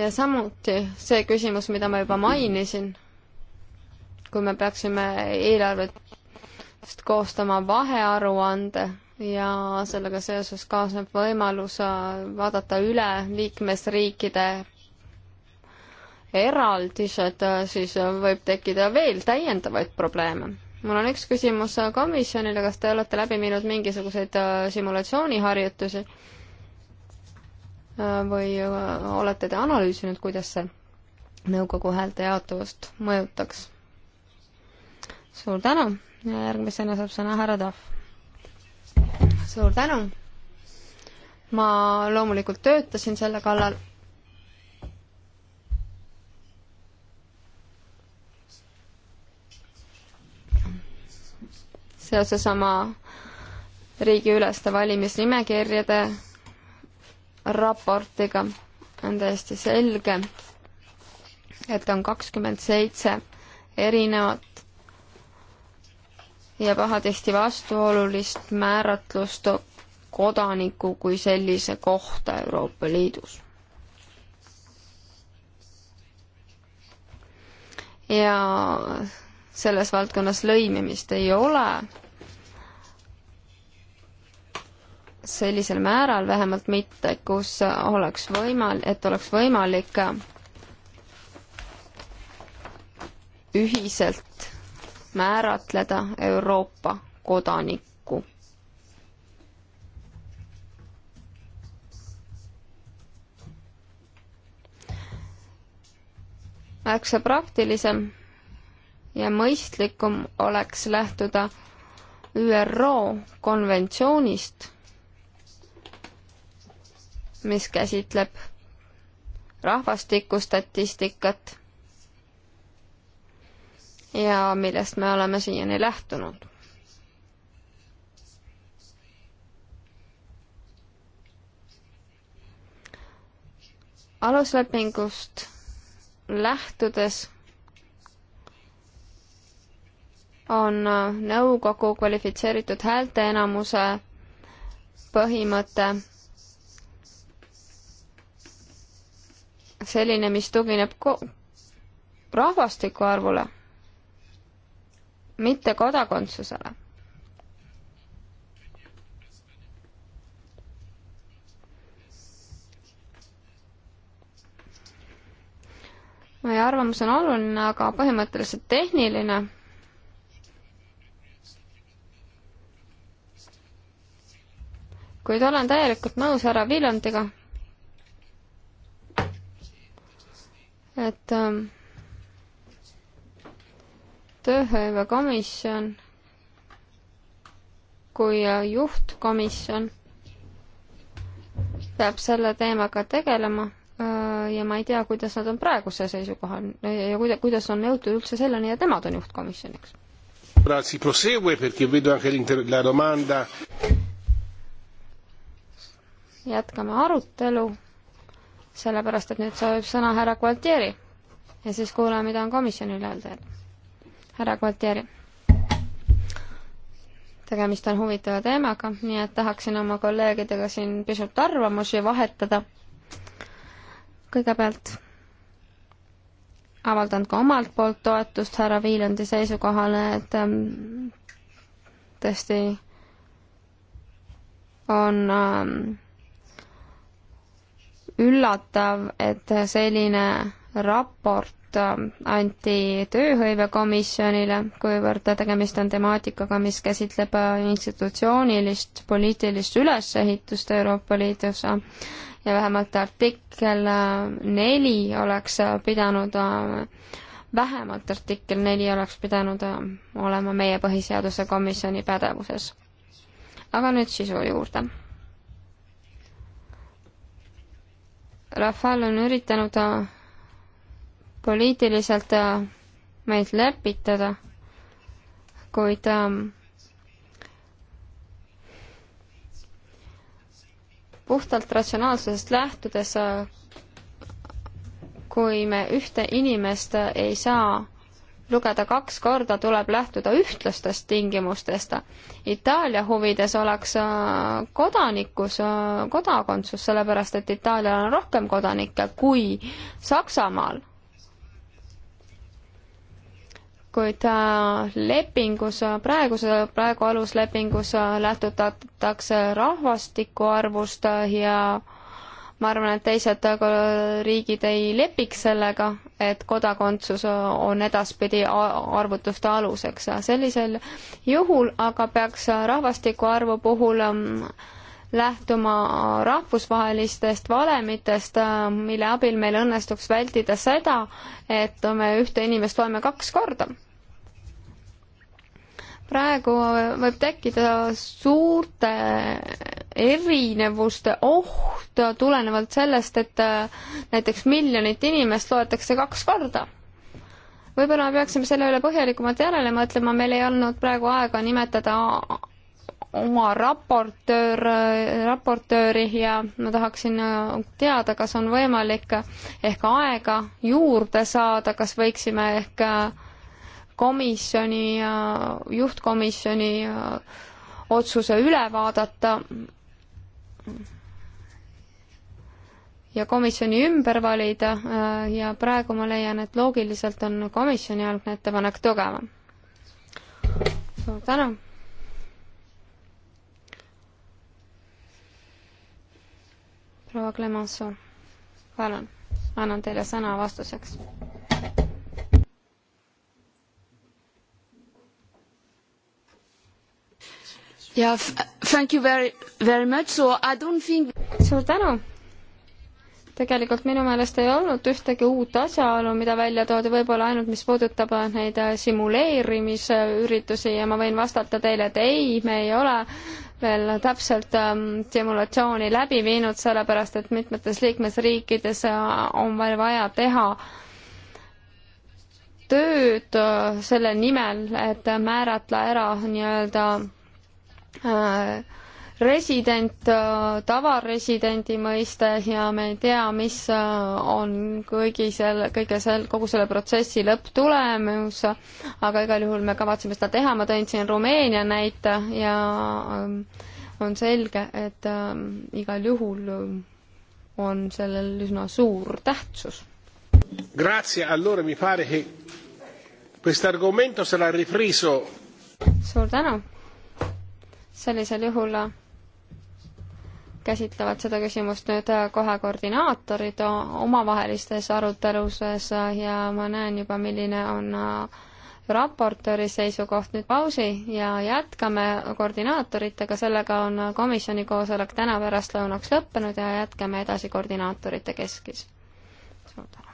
ja samuti see küsimus, mida ma juba mainisin, kui me peaksime eelarvest koostama vahearuande ja sellega seoses kaasneb võimalus äh, vaadata üle liikmesriikide eraldised, äh, siis äh, võib tekkida veel täiendavaid probleeme. mul on üks küsimus komisjonile, kas te olete läbi viinud mingisuguseid simulatsiooniharjutusi? või olete te analüüsinud, kuidas see nõukogu häälte jaotavust mõjutaks? suur tänu ja järgmisena saab sõna härra Tahv. suur tänu! ma loomulikult töötasin selle kallal seoses oma riigiüleste valimisnimekirjade raportiga on täiesti selge, et on kakskümmend seitse erinevat ja pahatihti vastuolulist määratlust kodaniku kui sellise kohta Euroopa Liidus. ja selles valdkonnas lõimimist ei ole sellisel määral vähemalt mitte, kus oleks võimal-, et oleks võimalik ühiselt määratleda Euroopa kodanikku. märksa praktilisem ja mõistlikum oleks lähtuda ÜRO konventsioonist mis käsitleb rahvastikustatistikat ja millest me oleme siiani lähtunud. aluslepingust lähtudes on nõukogu kvalifitseeritud häälteenamuse põhimõte selline, mis tugineb ko-, rahvastiku arvule, mitte kodakondsusele. meie arvamus on oluline, aga põhimõtteliselt tehniline kuid olen täielikult nõus härra Villandiga. et ähm, tööhõivekomisjon kui äh, juhtkomisjon peab selle teemaga tegelema äh, ja ma ei tea, kuidas nad on praeguse seisukoha ja kuida-, kuidas on jõutud üldse selleni, et nemad on juhtkomisjoniks. jätkame arutelu sellepärast et nüüd soovib sõna härra Gualtieri ja siis kuulame, mida on komisjonil öelda. härra Gualtieri. tegemist on huvitava teemaga, nii et tahaksin oma kolleegidega siin pisut arvamusi vahetada. kõigepealt avaldan ka omalt poolt toetust härra Viilandi seisukohale, et ähm, tõesti on ähm, üllatav, et selline raport ähm, anti tööhõivekomisjonile, kuivõrd tegemist on temaatikaga, mis käsitleb äh, institutsioonilist poliitilist ülesehitust Euroopa Liidus ja vähemalt artikkel äh, neli oleks äh, pidanud, vähemalt artikkel neli oleks pidanud olema meie põhiseaduse komisjoni pädevuses. aga nüüd sisu juurde Rafal on üritanud äh, poliitiliselt äh, meid lepitada, kuid ähm, puhtalt ratsionaalsusest lähtudes, äh, kui me ühte inimest ei saa lugeda kaks korda, tuleb lähtuda ühtlastest tingimustest. Itaalia huvides oleks äh, kodanikus äh, kodakondsus, sellepärast et Itaalial on rohkem kodanikke kui Saksamaal. kuid äh, lepingus, praeguse, praegu aluslepingus lähtutatakse rahvastiku arvust ja ma arvan, et teised riigid ei lepiks sellega, et kodakondsus on edaspidi arvutuste aluseks. sellisel juhul aga peaks rahvastiku arvu puhul mm, lähtuma rahvusvahelistest valemitest, mille abil meil õnnestuks vältida seda, et me ühte inimest loeme kaks korda praegu võib tekkida suurte erinevuste oht tulenevalt sellest, et äh, näiteks miljonit inimest loetakse kaks korda. võib-olla me peaksime selle üle põhjalikumalt järele mõtlema, meil ei olnud praegu aega nimetada oma raportöör, raportööri ja ma tahaksin äh, teada, kas on võimalik ehk aega juurde saada, kas võiksime ehk äh, komisjoni, juhtkomisjoni otsuse üle vaadata ja komisjoni ümber valida äh, ja praegu ma leian, et loogiliselt on komisjoni algne ettepanek tugevam. suur tänu! proua Clemenceau, palun, annan teile sõna vastuseks jah, thank you very, very much, so I don't think suur tänu! tegelikult minu meelest ei olnud ühtegi uut asjaolu, mida välja toodi, võib-olla ainult, mis puudutab neid äh, simuleerimisüritusi ja ma võin vastata teile, et ei, me ei ole veel täpselt ähm, simulatsiooni läbi viinud, sellepärast et mitmetes liikmesriikides äh, on veel vaja teha tööd äh, selle nimel, et määrata ära nii-öelda Äh, resident, äh, tavaresidendi mõiste ja me ei tea, mis äh, on kõigi selle, kõige sel-, kogu selle protsessi lõpptulemus, aga igal juhul me kavatseme seda teha, ma tõin siin Rumeenia näite ja on selge, et igal juhul on sellel üsna suur tähtsus. Grazie, allora mi pare che quest'argomento sarà ripreso. suur tänu sellisel juhul käsitlevad seda küsimust nüüd kohe koordinaatorid omavahelistes aruteluses ja ma näen juba, milline on raportööri seisukoht nüüd pausi ja jätkame koordinaatoritega, sellega on komisjoni koosolek täna pärastlõunaks lõppenud ja jätkame edasi koordinaatorite keskis. suur tänu!